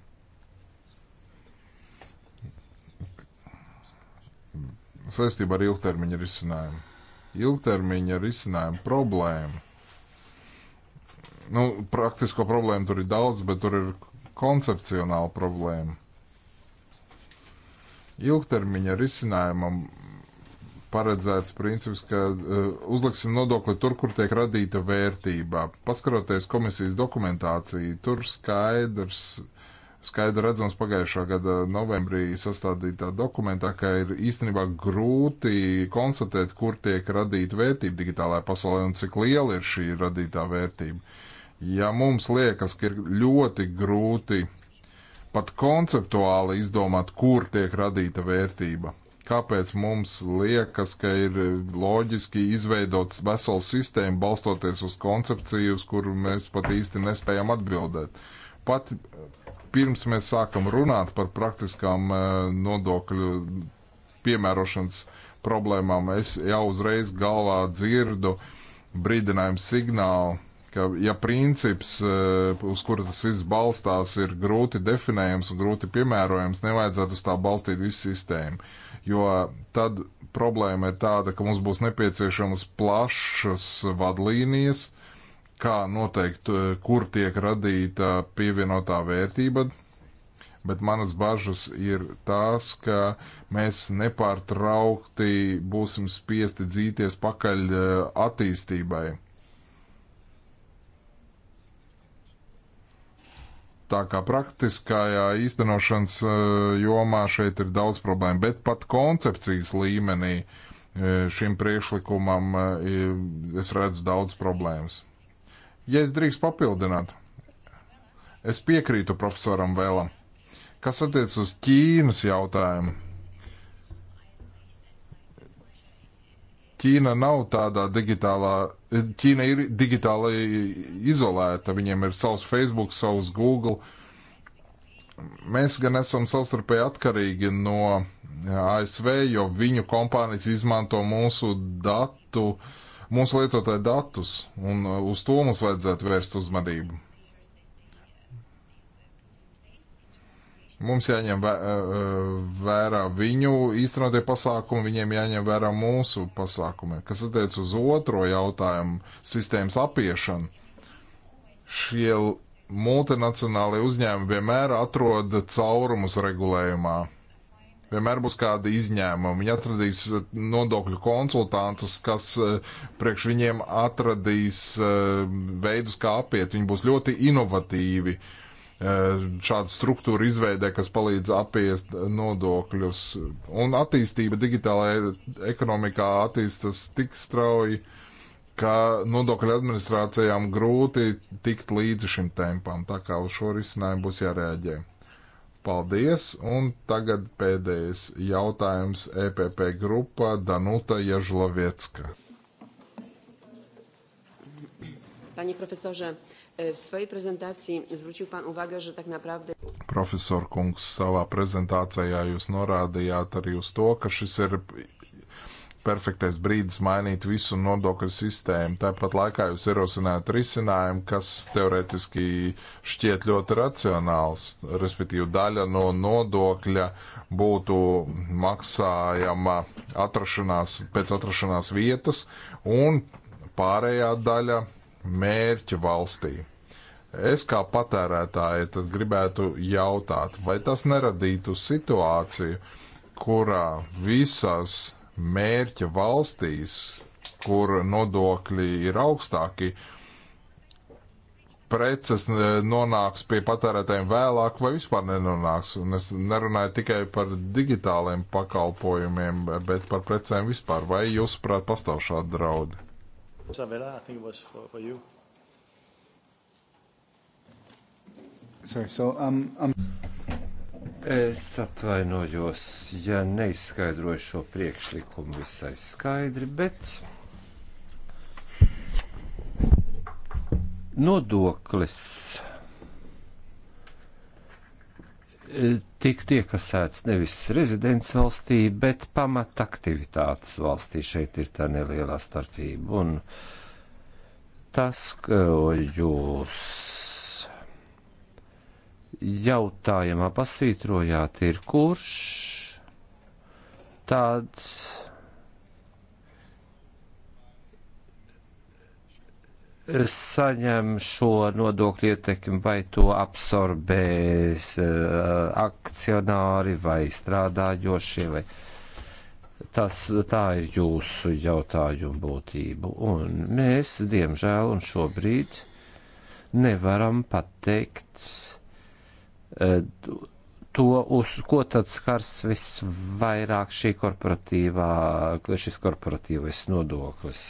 S3: Saistībā ar ilgtermiņa risinājumu. Ilgtermiņa risinājumu problēmu. Nu, praktisko problēmu tur ir daudz, bet tur ir koncepcionāla problēma ilgtermiņa risinājumam paredzēts princips, ka uh, uzliksim nodokli tur, kur tiek radīta vērtība. Paskaroties komisijas dokumentāciju, tur skaidrs, skaidri redzams pagājušā gada novembrī sastādītā dokumentā, ka ir īstenībā grūti konstatēt, kur tiek radīta vērtība digitālajā pasaulē un cik liela ir šī radītā vērtība. Ja mums liekas, ka ir ļoti grūti pat konceptuāli izdomāt, kur tiek radīta vērtība, kāpēc mums liekas, ka ir loģiski izveidot veselu sistēmu, balstoties uz koncepciju, uz kuru mēs pat īsti nespējam atbildēt. Pat pirms mēs sākam runāt par praktiskām eh, nodokļu piemērošanas problēmām, es jau uzreiz galvā dzirdu brīdinājumu signālu, ka ja princips, eh, uz kura tas viss balstās, ir grūti definējams un grūti piemērojams, nevajadzētu uz tā balstīt visu sistēmu. Uh, jo tad problēma ir tāda, ka mums būs nepieciešamas plašas vadlīnijas, kā noteikt, kur tiek radīta pievienotā vērtība, bet manas bažas ir tās, ka mēs nepārtraukti būsim spiesti dzīties pakaļ eh, attīstībai Tā kā praktiskajā īstenošanas e, jomā šeit ir daudz problēmu, bet pat koncepcijas līmenī e, šim priekšlikumam e, es redzu daudz problēmas. Ja es drīkst papildināt, es piekrītu profesoram Vēlam. Kas attiec uz Ķīnas jautājumu, Ķīna nav tādā digitālā, Ķīna ir digitāli izolēta, viņiem ir savs Facebook, savs Google. Mēs gan esam savstarpēji atkarīgi no ASV, jo viņu kompānijas izmanto mūsu datu, mūsu lietotāju datus, un uh, uz to mums vajadzētu vērst uzmanību. Mums jāņem vērā viņu īstenotie pasākumi, viņiem jāņem vērā mūsu pasākumi. Kas attiec uz otro jautājumu - sistēmas apiešanu. Šie multinacionālie uzņēmumi vienmēr atrod caurumus regulējumā. Vienmēr būs kāda izņēmuma. Viņi atradīs nodokļu konsultantus, kas priekš viņiem atradīs veidus, kā apiet. Viņi būs ļoti inovatīvi. Uh, Eh, šādu struktūru izveidē, kas palīdz apiest nodokļus. Un attīstība digitālajā ekonomikā attīstas tik strauji, ka nodokļu administrācijām grūti tikt līdzi šim tempam. Tā kā uz šo risinājumu būs jārēģē. Paldies! Un tagad pēdējais jautājums EPP grupa Danuta Jažloviecka.
S2: Panie profesorze, uh, E, w swojej prezentacji zwrócił Pan uwagę, że tak naprawdę.
S3: Profesor Kungs savā prezentācijā jūs norādījāt arī uz to, ka šis ir perfektais brīdis mainīt visu nodokļu sistēmu. Tāpat laikā jūs ierosināt risinājumu, kas teoretiski šķiet ļoti racionāls, respektīvi daļa no nodokļa būtu maksājama atrašanās, pēc atrašanās vietas un pārējā daļa mērķa valstī. Es kā patērētāja tad gribētu jautāt, vai tas neradītu situāciju, kurā visās mērķa valstīs, kur nodokļi ir augstāki, preces e, nonāks pie patērētājiem vēlāk vai vispār nenonāks. Un es nerunāju tikai par digitāliem pakalpojumiem, bet par precēm vispār. Vai jūs, prāt, pastāv šādi draudi?
S1: Savella, I think it was for, for you.
S3: Sorry, so, um, um...
S4: Es atvainojos, ja neizskaidroju šo priekšlikumu visai skaidri, bet nodoklis eh, tiktu iekasēts nevis rezidents valstī, bet pamata aktivitātes valstī. Šeit ir tā nelielā starpība. Un tas, ko jūs jautājumā pasvītrojāt, ir kurš tāds saņem šo nodokļu ietekmi, vai to absorbēs eh, akcionāri vai strādājošie. Vai Tas, tā ir jūsu jautājuma būtība. Un mēs, diemžēl, un šobrīd nevaram pateikt eh, to, uz ko tad skars visvairāk šī korporatīvā, šis korporatīvais nodoklis.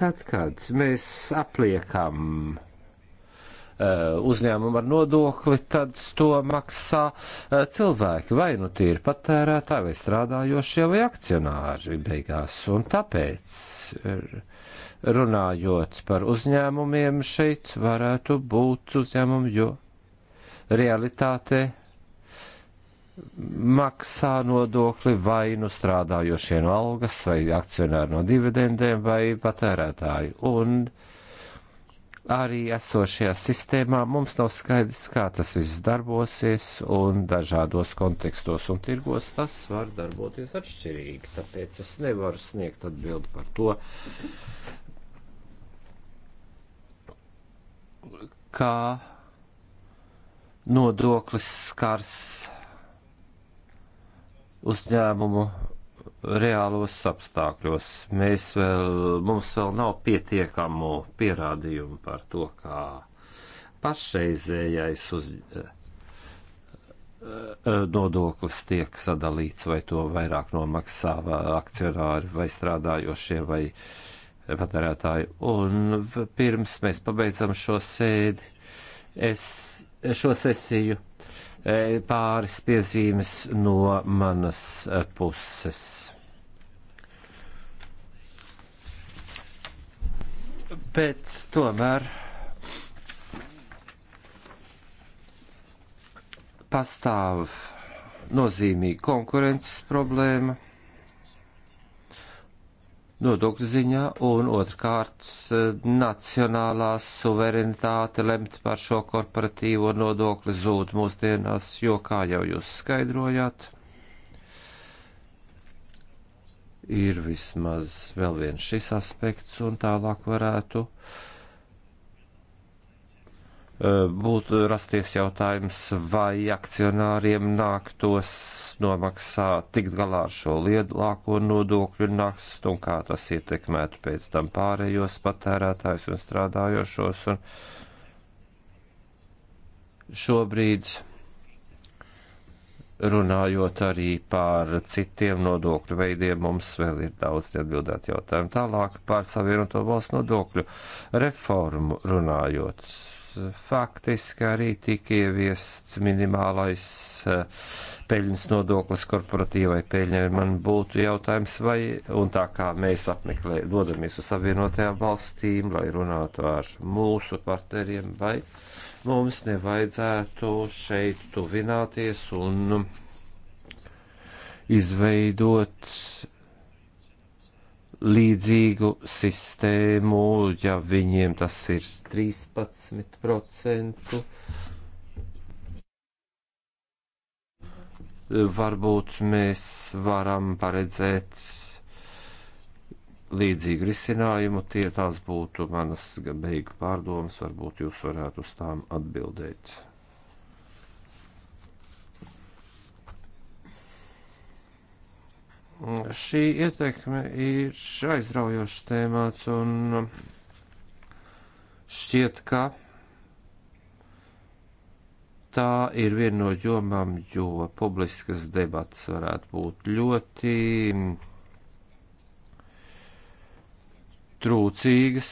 S4: Tad, kad mēs apliekam eh, uzņēmumu ar nodokli, tad to maksā eh, cilvēki, vai nu tie ir patērētāji, vai strādājošie, vai akcionāri beigās. Un tāpēc, eh, runājot par uzņēmumiem, šeit varētu būt uzņēmumi, jo realitāte maksā nodokli vai nu strādājošie no algas, vai akcionāri no dividendēm, vai patērētāji. Un arī esošajā sistēmā mums nav skaidrs, kā tas viss darbosies, un dažādos kontekstos un tirgos tas var darboties atšķirīgi. Tāpēc es nevaru sniegt atbildi par to, kā nodoklis skars uzņēmumu reālos apstākļos. Mēs vēl, mums vēl nav pietiekamu pierādījumu par to, kā pašreizējais uz, eh, eh, nodoklis tiek sadalīts, vai to vairāk nomaksā vai akcionāri vai strādājošie vai patērētāji. Un pirms mēs pabeidzam šo sēdi, es šo sesiju E, pāris piezīmes no manas e, puses. Pēc tomēr pastāv nozīmīga konkurences problēma nodokļu ziņā, un otrkārt eh, nacionālā suverenitāte lemt par šo korporatīvo nodokli zūd mūsdienās, jo, kā jau jūs skaidrojāt, ir vismaz vēl viens šis aspekts, un tālāk varētu būtu rasties jautājums, vai akcionāriem nāktos nomaksā tikt galā ar šo lielāko nodokļu nakstu un kā tas ietekmētu pēc tam pārējos patērētājus un strādājošos. Un šobrīd runājot arī par citiem nodokļu veidiem, mums vēl ir daudz neatbildēt jautājumu. Tālāk par savienoto valsts nodokļu reformu runājot faktiski arī tika ieviests minimālais eh, peļņas nodoklis korporatīvai peļņai. Man būtu jautājums, vai un tā kā mēs apmeklē, dodamies uz savienotajām valstīm, lai runātu ar mūsu partneriem, vai mums nevajadzētu šeit tuvināties un izveidot līdzīgu sistēmu, ja viņiem tas ir 13%. Varbūt mēs varam paredzēt līdzīgu risinājumu, tie tās būtu manas beigu pārdomas, varbūt jūs varētu uz tām atbildēt. Šī ietekme ir aizraujošs tēmāts un šķiet, ka tā ir viena no jomām, jo publiskas debats varētu būt ļoti trūcīgas.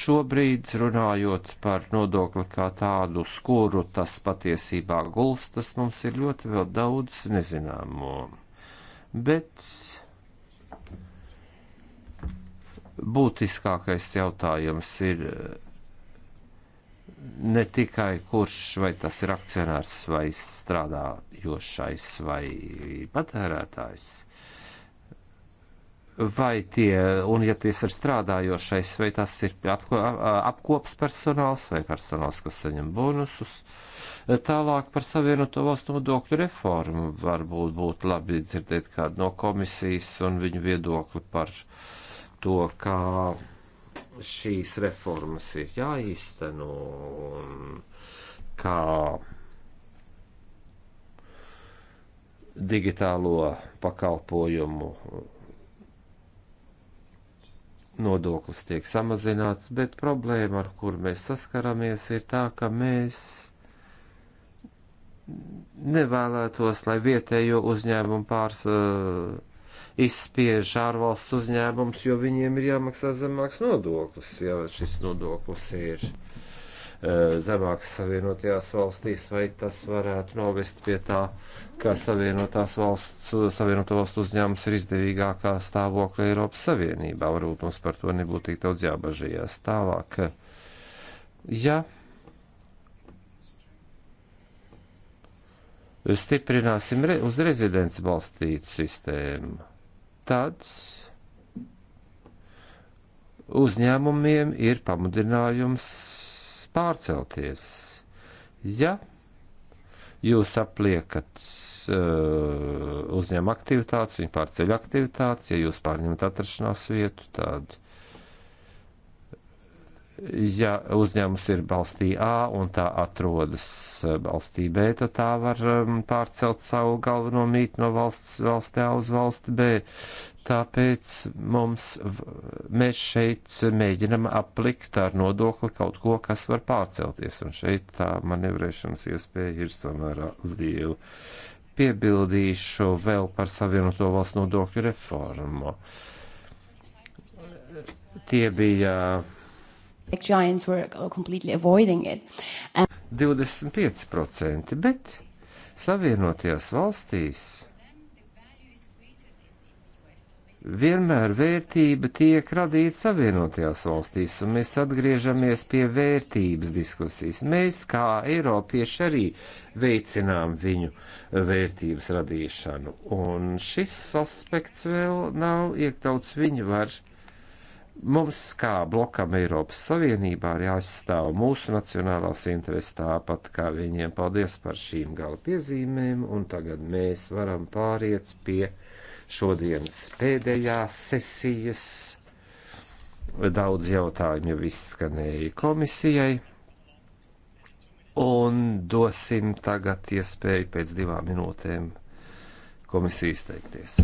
S4: Šobrīd runājot par nodokli kā tādu, uz kuru tas patiesībā gulstas, mums ir ļoti vēl daudz nezināmo bet būtiskākais jautājums ir eh, ne tikai kurš vai tas ir akcionārs vai strādājošais vai patērētājs. Vai tie, un ja tas ir strādājošais, vai tas ir apko, apkops personāls vai personāls, kas saņem bonusus, uh, Tālāk par savienoto valstu nodokļu reformu varbūt būtu labi dzirdēt kādu no komisijas un viņu viedokli par to, kā šīs reformas ir jāīsteno un kā digitālo pakalpojumu nodoklis tiek samazināts, bet problēma, ar kur mēs saskaramies, ir tā, ka mēs nevēlētos, lai vietējo uzņēmumu pārs uh, izspiež ārvalsts uzņēmums, jo viņiem ir jāmaksā zemāks nodoklis, ja šis nodoklis ir uh, zemāks savienotajās valstīs, vai tas varētu novest pie tā, ka savienotās valsts, savienoto valstu uzņēmums ir izdevīgākā stāvokļa Eiropas Savienībā. Varbūt mums par to nebūtu tik daudz jābažījās. Tālāk, uh, ja stiprināsim re, uz rezidents balstītu sistēmu. Tad uzņēmumiem ir pamudinājums pārcelties. Ja jūs apliekat uh, uzņēmuma aktivitātes, viņa pārceļ aktivitātes, ja jūs pārņemat atrašanās vietu, tad ja uzņēmums ir balstī A un tā atrodas eh, balstī B, tad tā var um, pārcelt savu galveno mītni no valsts, valsts A uz valsti B. Tāpēc mums, mēs šeit mēģinam aplikt ar nodokli kaut ko, kas var pārcelties, un šeit tā manevrēšanas iespēja ir samērā liela. Piebildīšu vēl par savienoto valsts nodokļu reformu. Tie bija uh,
S1: Giants were completely avoiding it.
S4: And 25%, bet Savienotajās valstīs vienmēr vērtība tiek radīta Savienotajās valstīs, un mēs atgriežamies pie vērtības diskusijas. Mēs, kā Eiropieši, arī veicinām viņu vērtības radīšanu, un šis aspekts vēl nav iekļauts viņu varu Mums, kā blokam Eiropas Savienībā, ir jāizstāv mūsu nacionālās intereses tāpat kā viņiem. Paldies par šīm gala piezīmēm, un tagad mēs varam pāriet pie šodienas pēdējās sesijas. Daudz jautājumu jau izskanēja komisijai, un dosim tagad iespēju pēc divām minūtēm komisijas teikties.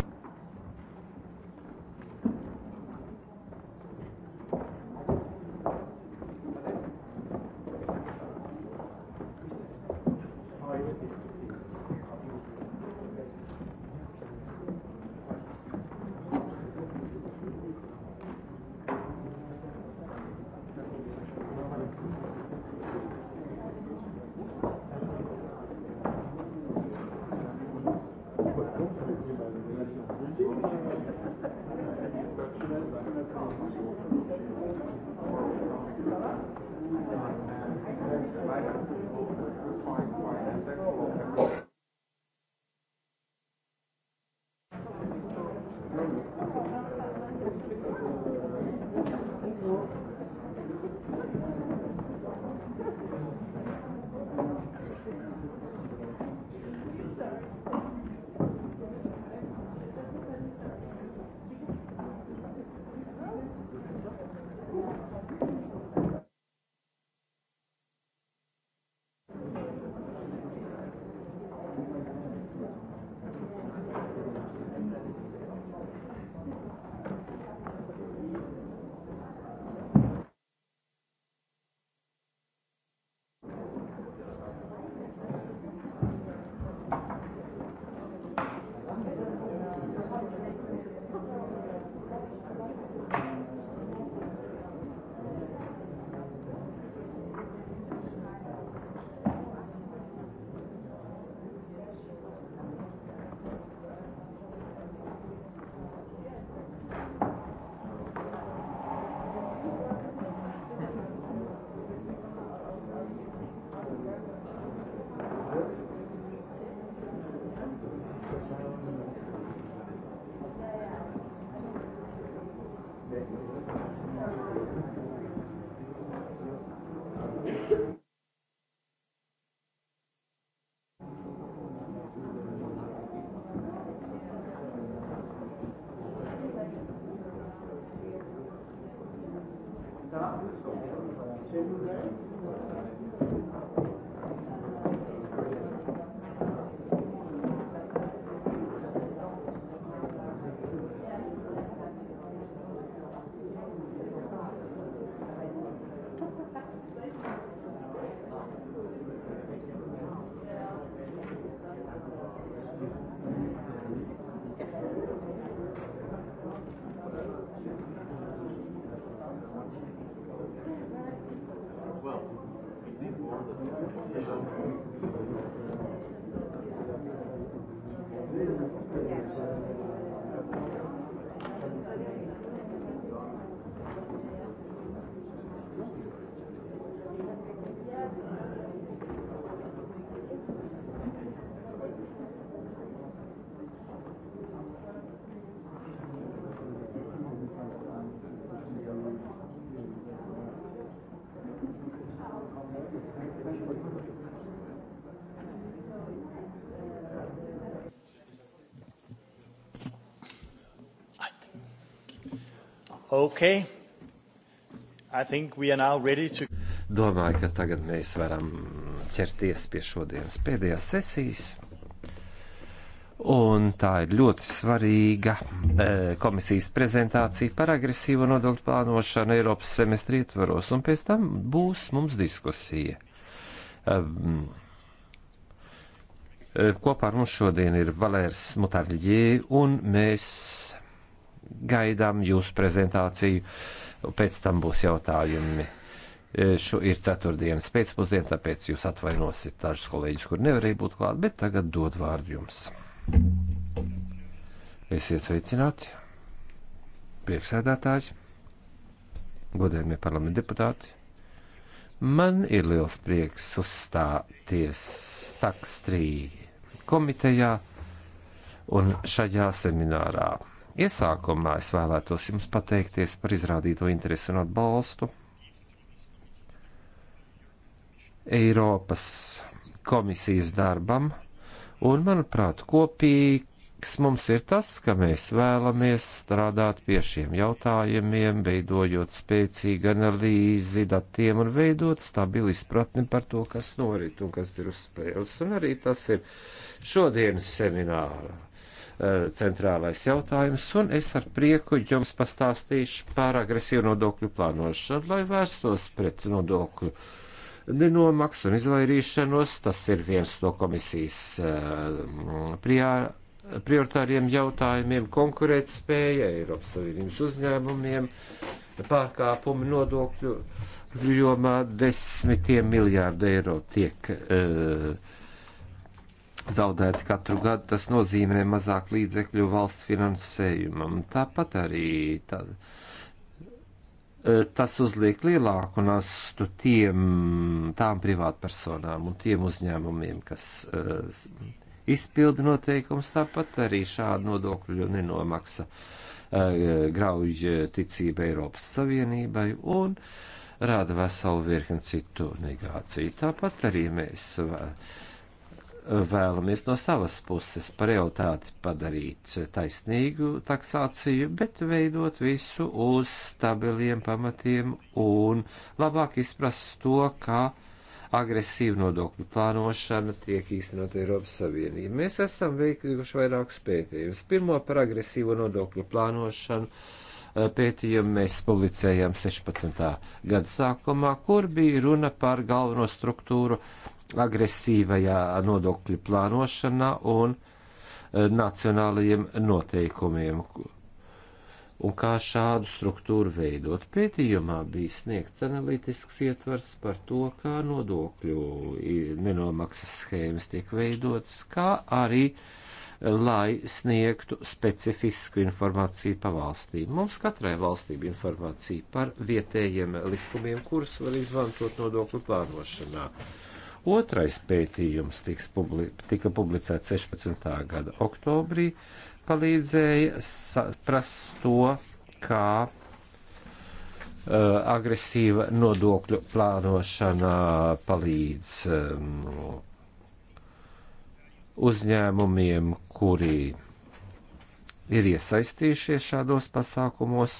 S1: Okay. To...
S4: Domāju, ka tagad mēs varam ķerties pie šodienas pēdējās sesijas. Un tā ir ļoti svarīga e, komisijas prezentācija par agresīvo nodokļu plānošanu Eiropas semestri ietvaros, un pēc tam būs mums diskusija. E, e, kopā ar mums šodien ir Valērs Mutāļģī, un mēs gaidām jūsu prezentāciju, pēc tam būs jautājumi. E, šo ir ceturtdienas pēcpusdiena, tāpēc jūs atvainosiet dažus kolēģus, kur nevarēja būt klāt, bet tagad dod vārdu jums. Esiet sveicināti, priekšsēdētāji, godējumie parlamenta deputāti. Man ir liels prieks uzstāties takstrī komitejā un šajā seminārā. Iesākumā es vēlētos jums pateikties par izrādīto interesi un atbalstu. Eiropas komisijas darbam, un, manuprāt, kopīgs mums ir tas, ka mēs vēlamies strādāt pie šiem jautājumiem, veidojot spēcīgu analīzi datiem un veidot stabilu izpratni par to, kas norit un kas ir uz spēles, un arī tas ir šodienas semināra Eh, centrālais jautājums, un es ar prieku jums pastāstīšu par agresīvu nodokļu plānošanu, lai vērstos pret nodokļu nenomaks un izvairīšanos. Tas ir viens no komisijas eh, prijā, prioritāriem jautājumiem - konkurētspēja Eiropas Savienības uzņēmumiem, pārkāpumi nodokļu jomā desmitiem miljārdu eiro tiek. Uh, zaudēti katru gadu, tas nozīmē mazāk līdzekļu valsts finansējumam. Tāpat arī tā, eh, tas uzliek lielāku nastu tiem, tām privātpersonām un tiem uzņēmumiem, kas eh, izpildi noteikums, tāpat arī šādu nodokļu nenomaksa eh, grauj ticība Eiropas Savienībai un rāda veselu virkni citu negāciju. Tāpat arī mēs. Uh, vēlamies no savas puses par realitāti padarīt taisnīgu taksāciju, bet veidot visu uz stabiliem pamatiem un labāk izprast to, kā agresīva nodokļu plānošana tiek īstenot Eiropas Savienība. Mēs esam veikuši vairākus pētījumus. Pirmo par agresīvo nodokļu plānošanu eh, pētījumu mēs publicējām 16. gada sākumā, kur bija runa par galveno struktūru agresīvajā nodokļu plānošanā un eh, nacionālajiem noteikumiem un kā šādu struktūru veidot. Pētījumā bija sniegts analītisks ietvars par to, kā nodokļu nenomaksas schēmas tiek veidotas, kā arī eh, lai sniegtu specifisku informāciju pa valstīm. Mums katrai valstī bija informācija par vietējiem likumiem, kurus var izmantot nodokļu plānošanā. Uh, Otrais pētījums publi tika publicēts 16. gada oktobrī, palīdzēja saprast to, kā uh, agresīva nodokļu plānošana palīdz um, uzņēmumiem, kuri ir iesaistījušies šādos pasākumos,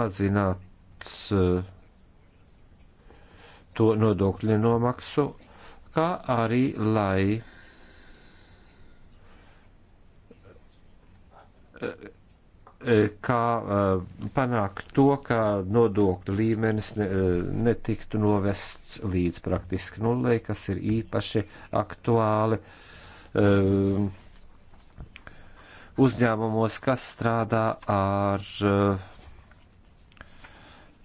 S4: mazināt uh, to nodokļu nomaksu, kā arī lai eh, eh, kā eh, panākt to, ka nodokļu līmenis netiktu novests līdz praktiski nullei, kas ir īpaši aktuāli uzņēmumos, kas strādā ar uh,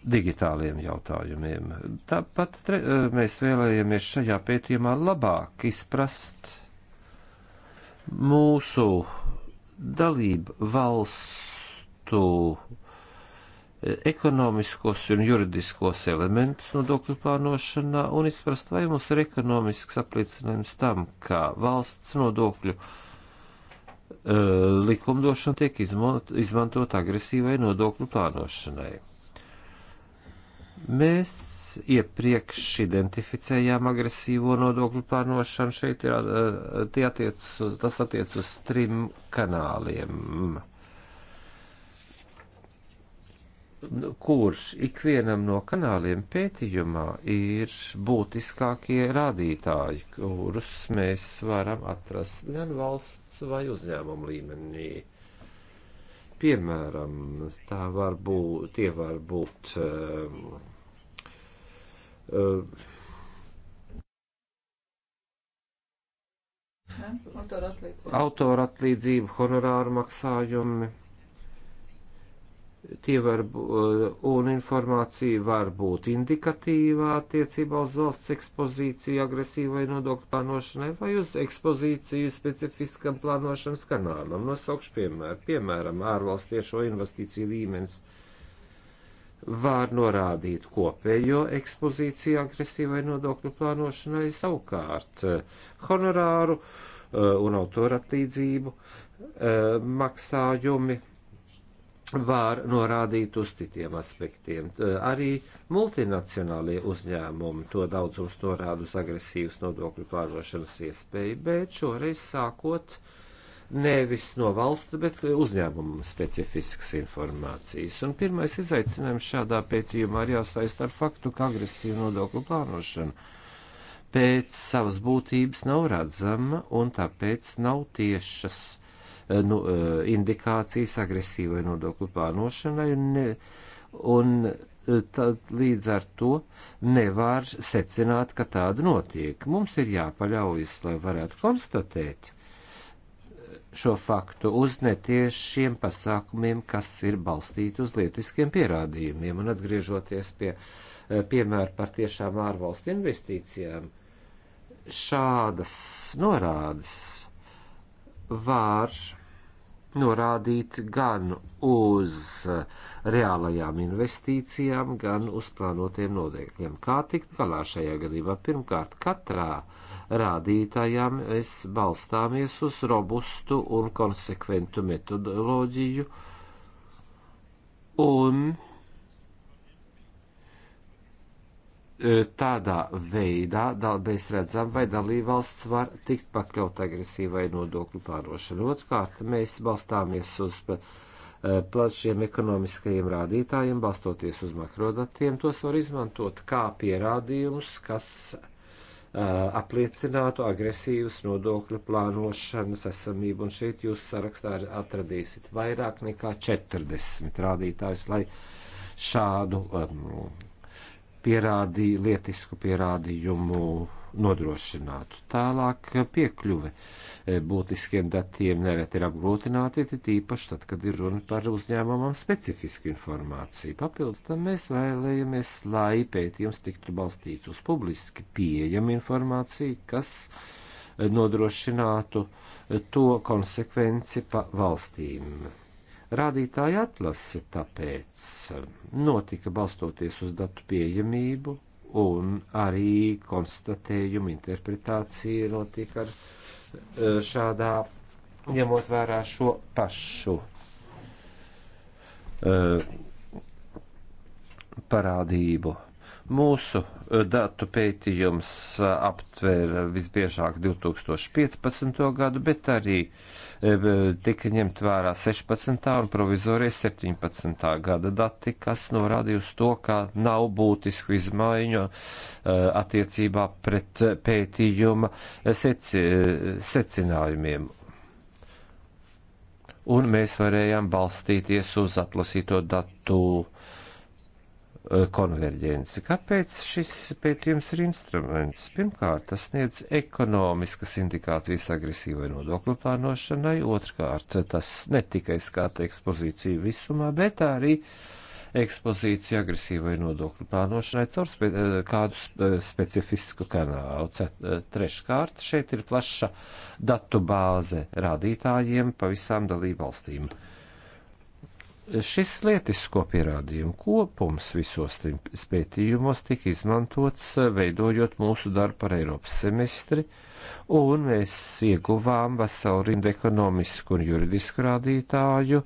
S4: digitāliem jautājumiem. Tāpat tre, eh, mēs vēlējamies šajā pētījumā labāk izprast mūsu dalību valstu eh, ekonomiskos un juridiskos elementus nodokļu plānošanā un izprast, vai mums ir ekonomisks apliecinājums tam, ka valsts nodokļu uh, likumdošana tiek izmantota agresīvai nodokļu plānošanai. Mēs iepriekš identificējām agresīvo nodokļu plānošanu. Šeit ir, uh, attiec uz, tas attiec uz trim kanāliem, kurš ikvienam no kanāliem pētījumā ir būtiskākie rādītāji, kurus mēs varam atrast gan valsts vai uzņēmumu līmenī piemēram, tā var būt, tie var būt um, Uh, Autora atlīdzība, honorāru maksājumi, tie var, uh, un informācija var būt indikatīvā attiecībā uz valsts ekspozīciju agresīvai nodokļu plānošanai vai uz ekspozīciju specifiskam plānošanas kanālam. Nosaukšu piemēru, piemēram, ārvalstiešo investīciju līmenis 0,5% var norādīt kopējo ekspozīciju agresīvai nodokļu plānošanai savukārt eh, honorāru eh, un autora atlīdzību eh, maksājumi var norādīt uz citiem aspektiem. Arī multinacionālie uzņēmumi to daudzums norāda uz agresīvas nodokļu plānošanas iespēju, bet šoreiz sākot uh, nevis no valsts, bet uzņēmuma specifiskas informācijas. Un pirmais izaicinājums šādā pētījumā ir jāsaist ar faktu, ka agresīva nodokļu plānošana pēc savas būtības nav redzama un tāpēc nav tiešas eh, nu, eh, indikācijas agresīvai nodokļu plānošanai. Un ne, un eh, tad līdz ar to nevar secināt, ka tāda notiek. Mums ir jāpaļaujas, lai varētu konstatēt, šo faktu uz netiešiem pasākumiem, kas ir balstīti uz lietiskiem pierādījumiem. Un atgriežoties pie e, piemēra par tiešām ārvalstu investīcijām, šādas norādes var norādīt gan uz reālajām investīcijām, gan uz plānotiem nodēļiem. Kā tikt galā šajā gadījumā? Pirmkārt, katrā uh, rādītājām mēs balstāmies uz robustu un konsekventu metodoloģiju un e, tādā veidā mēs redzam, vai dalībvalsts var tikt pakļaut agresīvai nodokļu pārošanai. Otkārt, mēs balstāmies uz e, plašiem ekonomiskajiem rādītājiem, balstoties uz makrodatiem. Tos var izmantot kā pierādījumus, kas uh, apliecinātu agresīvas nodokļu plānošanas esamību, un šeit jūs sarakstā atradīsiet vairāk nekā 40 rādītājus, lai šādu um, pierādī, lietisku pierādījumu nodrošinātu. Tālāk piekļuve e, būtiskiem datiem nereti ir apgrūtināti, tīpaši tad, kad ir runa par uzņēmumam specifisku informāciju. Papildus tam mēs vēlējamies, lai pētījums tiktu balstīts uz publiski pieejamu informāciju, kas e, nodrošinātu e, to konsekvenci pa valstīm. Rādītāja atlase tāpēc notika balstoties uz datu pieejamību, un arī konstatējumu interpretācija notika ar e, šādā, ņemot vērā šo pašu e, parādību. Mūsu e, datu pētījums aptvēra visbiežāk 2015. gadu, bet arī uh, E, tika ņemt vērā 16. un provizorie 17. gada dati, kas norādīja uz to, ka nav būtisku izmaiņu e, attiecībā pret pētījuma seci, e, secinājumiem un mēs varējām balstīties uz atlasīto datu konverģenci. Kāpēc šis pētījums ir instruments? Pirmkārt, tas sniedz ekonomiskas indikācijas agresīvai nodokļu plānošanai, otrkārt, tas ne tikai skata ekspozīciju visumā, bet arī ekspozīciju agresīvai nodokļu plānošanai caur spe kādu spe specifisku kanālu. Cet treškārt, šeit ir plaša datu bāze rādītājiem pa visām dalībvalstīm. valstīm šis lietisko pierādījumu kopums visos pētījumos tika izmantots, veidojot mūsu darbu par Eiropas semestri, un mēs ieguvām veselu rindu ekonomisku un juridisku rādītāju,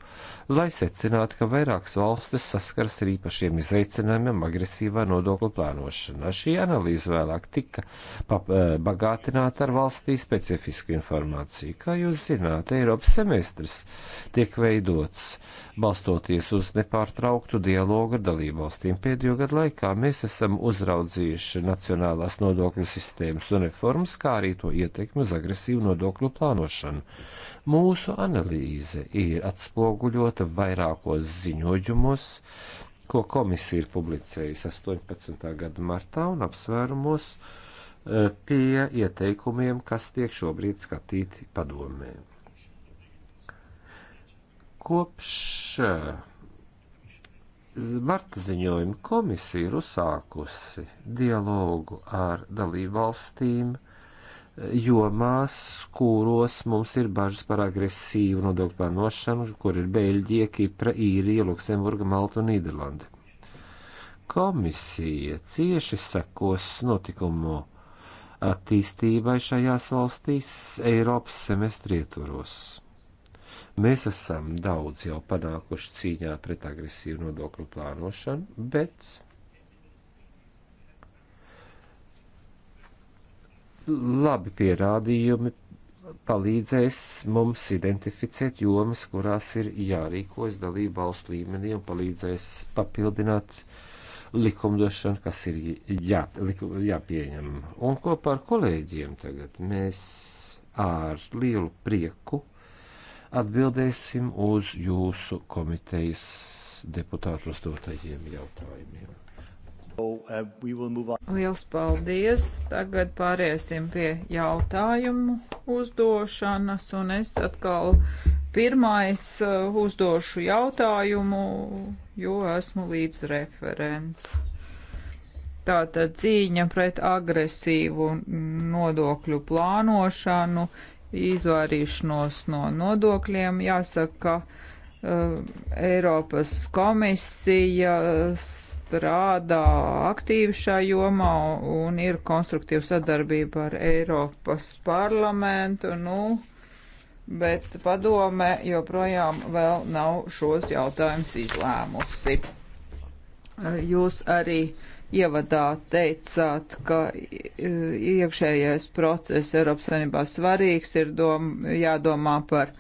S4: lai secinātu, ka vairākas valstis saskars ar īpašiem izaicinājumiem agresīvā nodokļu plānošanā. Šī analīze vēlāk tika eh, bagātināta ar valstī specifisku informāciju. Kā jūs zināt, Eiropas semestris tiek veidots balstoties uz nepārtrauktu dialogu ar dalībvalstīm. Pēdējo gadu laikā mēs esam uzraudzījuši nacionālās nodokļu sistēmas un reformas, kā arī to ietekmi uz agresīvu nodokļu plānošanu. Mūsu analīze ir atspoguļota vairākos ziņojumos, ko komisija ir publicējusi 18. gada martā un apsvērumos eh, pie ieteikumiem, kas tiek šobrīd skatīti padomēm. Kopš eh, marta ziņojuma komisija ir uzsākusi dialogu ar dalībvalstīm eh, jomās, kuros mums ir bažas par agresīvu nodokļu pārnošanu, kur ir Beļģija, Kipra, Īrija, Luksemburga, Malta un Nīderlanda. Komisija cieši sekos notikumu attīstībai šajās valstīs Eiropas semestri ietvaros Mēs esam daudz jau panākuši cīņā pret agresīvu nodokļu plānošanu, bet labi pierādījumi palīdzēs mums identificēt jomas, kurās ir jārīkojas dalību valstu līmenī un palīdzēs papildināt likumdošanu, kas ir jā, likum, jāpieņem. Un kopā ar kolēģiem tagad mēs ar lielu prieku atbildēsim uz jūsu komitejas deputātu uzdotajiem jautājumiem.
S1: Uh,
S2: Liels paldies! Tagad pāriesim pie jautājumu uzdošanas, un es atkal pirmais uh, uzdošu jautājumu, jo esmu līdz referents. Tātad cīņa pret agresīvu nodokļu plānošanu izvairīšanos no nodokļiem. Jāsaka, ka eh, Eiropas komisija strādā aktīvi šajā jomā un ir konstruktīva sadarbība ar Eiropas parlamentu. Nu, bet padome joprojām vēl nav šos jautājumus izlēmusi. Eh, jūs arī uh, ievadā teicāt, ka e, iekšējais process Eiropas Savienībā svarīgs, ir dom, jādomā par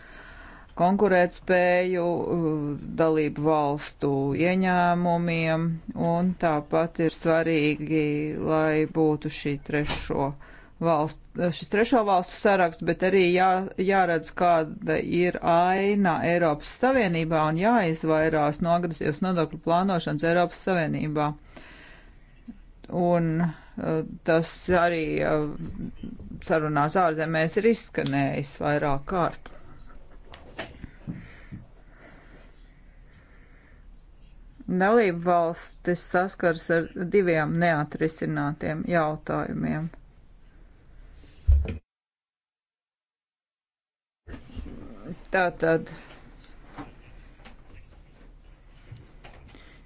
S2: konkurētspēju, e, dalību valstu ieņēmumiem, un tāpat ir svarīgi, lai būtu šī trešo valstu, šis trešo valstu saraksts, bet arī jā, jāredz, kāda ir aina Eiropas Savienībā un jāizvairās nograsies nodokļu plānošanas Eiropas Savienībā. Uh, un uh, tas arī uh, sarunās ārzemēs ir izskanējis vairāk kārt. Dalību valstis saskars ar diviem neatrisinātiem jautājumiem. Tātad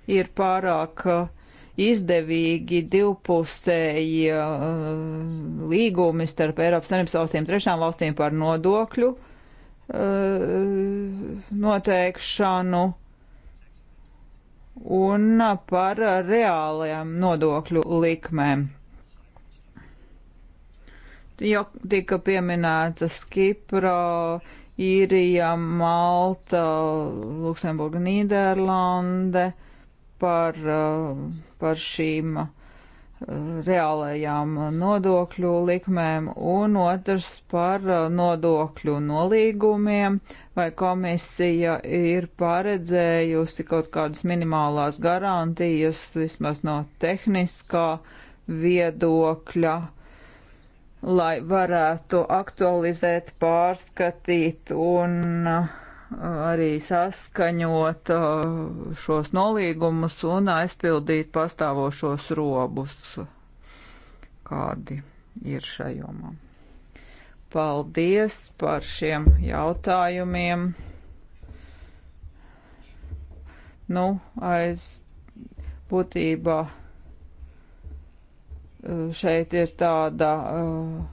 S2: ir pārāk uh, izdevīgi divpusēji uh, līgumi starp Eiropas Savienības valstīm trešām valstīm par nodokļu uh, noteikšanu un par reālajām nodokļu likmēm. Jau tika pieminētas Kipra, Īrija, Malta, Luksemburga, Nīderlande. Uh, par, uh, par šīm uh, reālajām nodokļu likmēm un otrs par uh, nodokļu nolīgumiem, vai komisija ir paredzējusi kaut kādas minimālās garantijas vismaz no tehniskā viedokļa, lai varētu aktualizēt, pārskatīt un uh, arī saskaņot uh, šos nolīgumus un aizpildīt pastāvošos robus, kādi ir šajomā. Paldies par šiem jautājumiem. Nu, aiz būtībā uh, šeit ir tāda uh,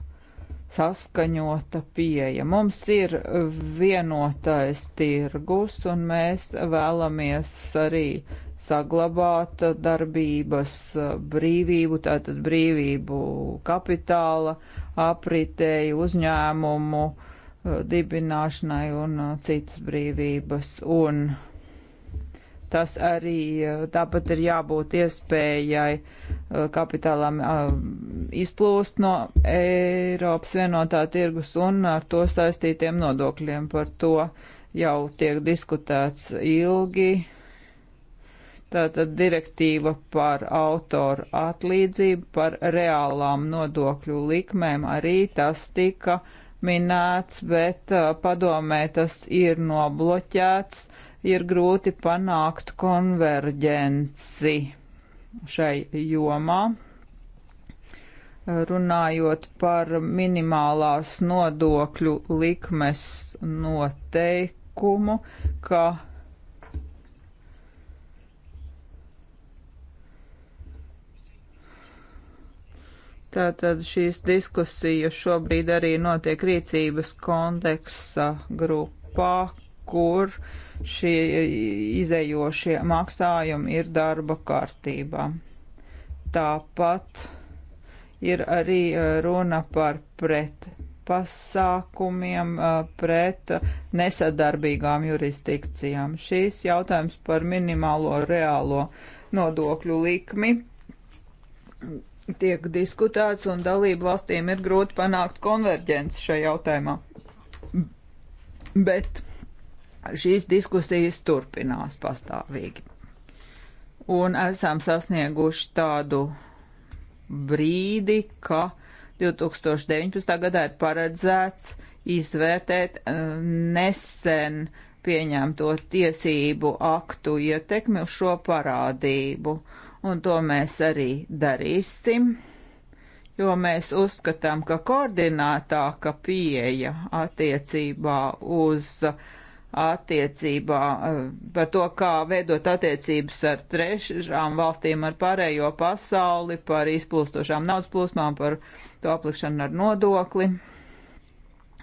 S2: saskaņota pieeja. Mums ir vienotais tirgus, un mēs vēlamies arī saglabāt darbības brīvību, tātad brīvību kapitāla apritēju uzņēmumu dibināšanai un citas brīvības. Un Tas arī eh, tāpat ir jābūt iespējai eh, kapitālam eh, izplūst no Eiropas vienotā tirgus un ar to saistītiem nodokļiem. Par to jau tiek diskutēts ilgi. Tātad direktīva par autoru atlīdzību, par reālām nodokļu likmēm arī tas tika minēts, bet padomē tas ir nobloķēts ir grūti panākt konverģenci šai jomā. Runājot par minimālās nodokļu likmes noteikumu, ka Tātad šīs diskusijas šobrīd arī notiek rīcības konteksta grupā, kur šie izējošie maksājumi ir darba kārtībā. Tāpat ir arī eh, runa par pret pasākumiem eh, pret nesadarbīgām jurisdikcijām. Šīs jautājums par minimālo reālo nodokļu likmi tiek diskutēts, un dalību valstīm ir grūti panākt konverģenci šajā jautājumā. Bet šīs diskusijas turpinās pastāvīgi. Un esam sasnieguši tādu brīdi, ka 2019. gadā ir paredzēts izvērtēt eh, nesen pieņemto tiesību aktu ietekmi uz šo parādību. Un to mēs arī darīsim, jo mēs uzskatām, ka koordinātāka pieeja attiecībā uz uh, attiecībā eh, par to, kā veidot attiecības ar trešām valstīm, ar pārējo pasauli, par izplūstošām naudas plūsmām, par to aplikšanu ar nodokli.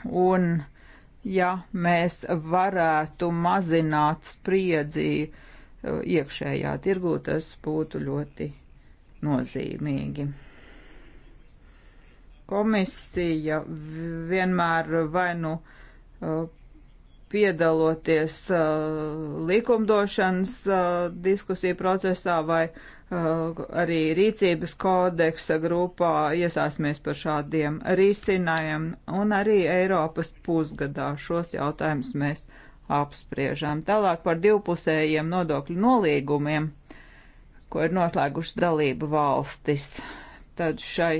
S2: Un, ja mēs varētu mazināt spriedzi eh, iekšējā tirgū, tas būtu ļoti nozīmīgi. Komisija vienmēr vai nu eh, piedaloties uh, likumdošanas uh, diskusiju procesā vai uh, arī rīcības kodeksa grupā iesāsmies par šādiem risinājumiem un arī Eiropas pusgadā šos jautājumus mēs apspriežām. Tālāk par divpusējiem nodokļu nolīgumiem, ko ir noslēgušas dalību valstis. Tad šai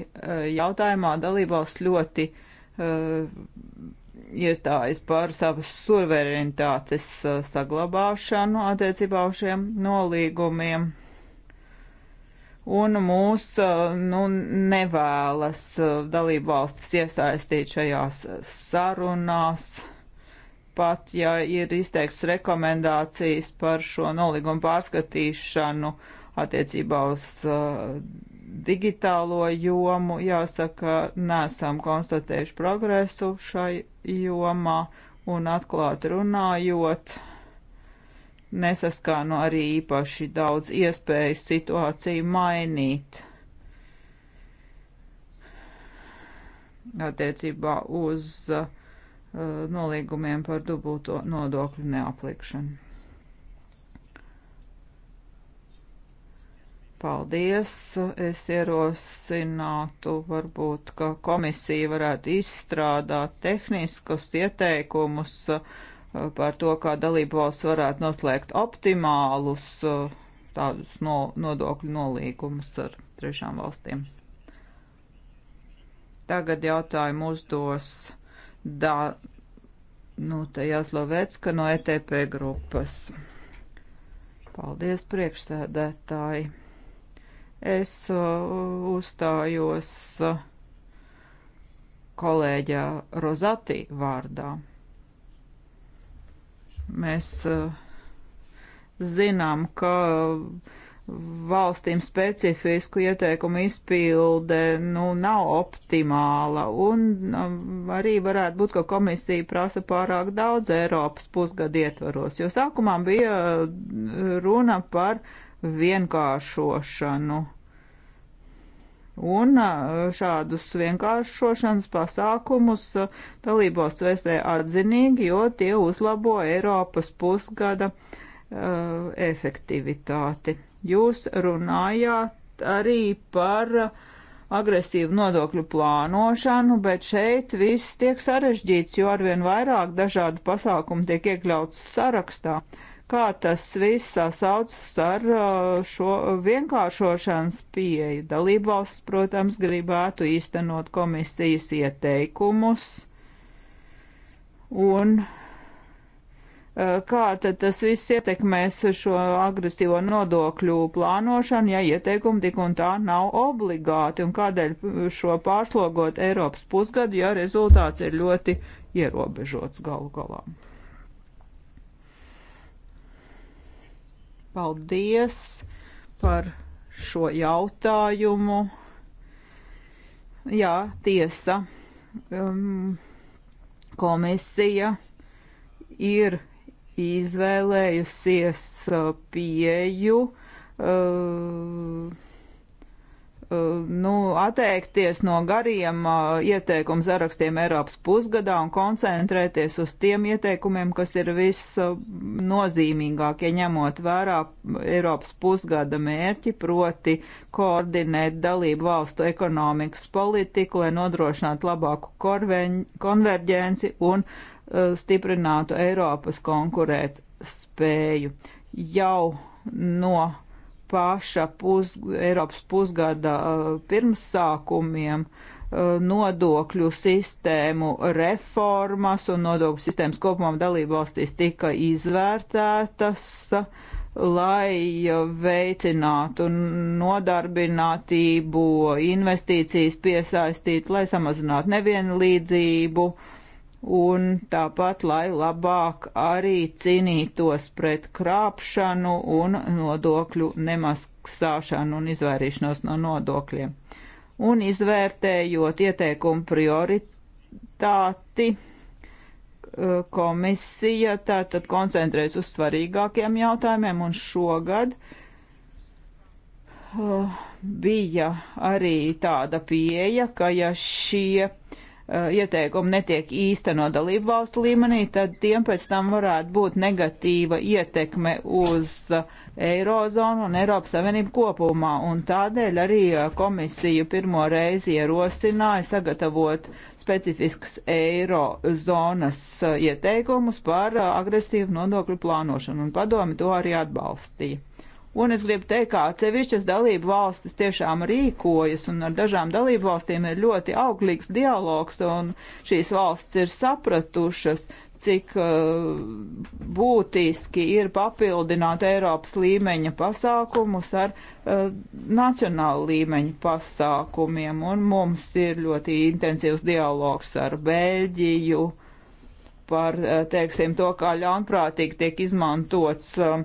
S2: jautājumā dalību valsts ļoti uh, iestājas par savas suverenitātes uh, saglabāšanu attiecībā uz šiem nolīgumiem. Un mūs uh, nu, nevēlas uh, dalību valstis iesaistīt šajās sarunās, pat ja ir izteikts rekomendācijas par šo nolīgumu pārskatīšanu attiecībā uz uh, digitālo jomu. Jāsaka, nesam konstatējuši progresu šai jomā un atklāt runājot nesaskānu arī īpaši daudz iespēju situāciju mainīt attiecībā uz uh, nolīgumiem par dubulto nodokļu neaplikšanu. Paldies! Es ierosinātu, varbūt, ka komisija varētu izstrādāt tehniskus ieteikumus uh, par to, kā dalību valsts varētu noslēgt optimālus uh, tādus no, nodokļu nolīgumus ar trešām valstīm. Tagad jautājumu uzdos da, nu, Jāslovecka no ETP grupas. Paldies, priekšsēdētāji! Es uzstājos kolēģa Rozati vārdā. Mēs zinām, ka valstīm specifisku ieteikumu izpilde nu, nav optimāla. Un arī varētu būt, ka komisija prasa pārāk daudz Eiropas pusgadu ietvaros, jo sākumā bija runa par vienkāršošanu. Un šādus vienkāršošanas pasākumus dalībos vēstē atzinīgi, jo tie uzlabo Eiropas pusgada uh, efektivitāti. Jūs runājāt arī par agresīvu nodokļu plānošanu, bet šeit viss tiek sarežģīts, jo arvien vairāk dažādu pasākumu tiek iekļauts sarakstā. Uh, kā tas viss sasaucas ar uh, šo vienkāršošanas pieeju. Dalībvalsts, protams, gribētu īstenot komisijas ieteikumus un uh, kā tad tas viss ietekmēs šo agresīvo nodokļu plānošanu, ja ieteikumi tik un tā nav obligāti, un kādēļ šo pārslogot Eiropas pusgadu, ja rezultāts ir ļoti ierobežots galu galā. Paldies par šo jautājumu. Jā, tiesa. Um, komisija ir izvēlējusies uh, pieju. Uh, Eh, nu, atteikties no gariem eh, ieteikumu zarakstiem Eiropas pusgadā un koncentrēties uz tiem ieteikumiem, kas ir visnozīmīgākie, ja ņemot vērā Eiropas pusgada mērķi, proti koordinēt dalību valstu ekonomikas politiku, lai nodrošinātu labāku konverģenci un eh, stiprinātu Eiropas konkurēt spēju. Jau no paša pus, Eiropas pusgada uh, pirmsākumiem uh, nodokļu sistēmu reformas un nodokļu sistēmas kopumā dalībvalstīs tika izvērtētas, lai veicinātu nodarbinātību, investīcijas piesaistītu, lai samazinātu nevienlīdzību un tāpat, lai labāk arī cīnītos pret krāpšanu un nodokļu nemaksāšanu un izvairīšanos no nodokļiem. Un izvērtējot ieteikumu prioritāti, eh, komisija tātad koncentrēs uz svarīgākiem jautājumiem, un šogad uh, bija arī tāda pieeja, ka ja šie uh, Uh, ieteikumi netiek īstenot dalību valstu līmenī, tad tiem pēc tam varētu būt negatīva ietekme uz uh, Eirozonu un Eiropas Savienību kopumā. Un tādēļ arī uh, komisija pirmo reizi ierosināja sagatavot specifisks Eirozonas ieteikumus par agresīvu nodokļu plānošanu, un padomi to arī atbalstīja. Un es gribu teikt, ka atsevišķas dalību valstis tiešām rīkojas, un ar dažām dalību valstīm ir ļoti auglīgs dialogs, un šīs valsts ir sapratušas, cik uh, būtiski ir papildināt Eiropas līmeņa pasākumus ar uh, nacionālu līmeņa pasākumiem, un mums ir ļoti intensīvs dialogs ar Beļģiju par, uh, teiksim, to, kā ļaunprātīgi tiek izmantots. Uh,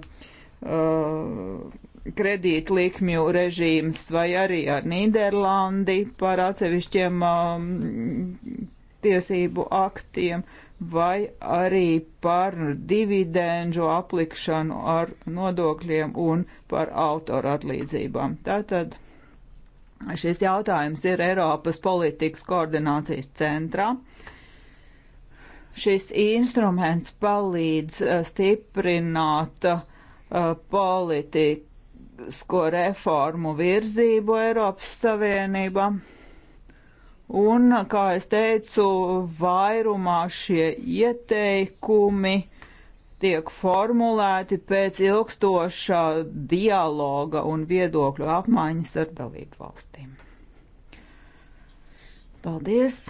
S2: Uh, kredītlikmju režīms vai arī ar Nīderlandi par atsevišķiem um, tiesību aktiem vai arī par dividendžu aplikšanu ar nodokļiem un par autoru atlīdzībām. Tātad šis jautājums ir Eiropas politikas koordinācijas centrā. Šis instruments palīdz uh, stiprināt uh, Uh, politisko reformu virzību Eiropas Savienībā. Un, kā es teicu, vairumā šie ieteikumi tiek formulēti pēc ilgstošā dialoga un viedokļu apmaiņas ar dalību valstīm. Paldies!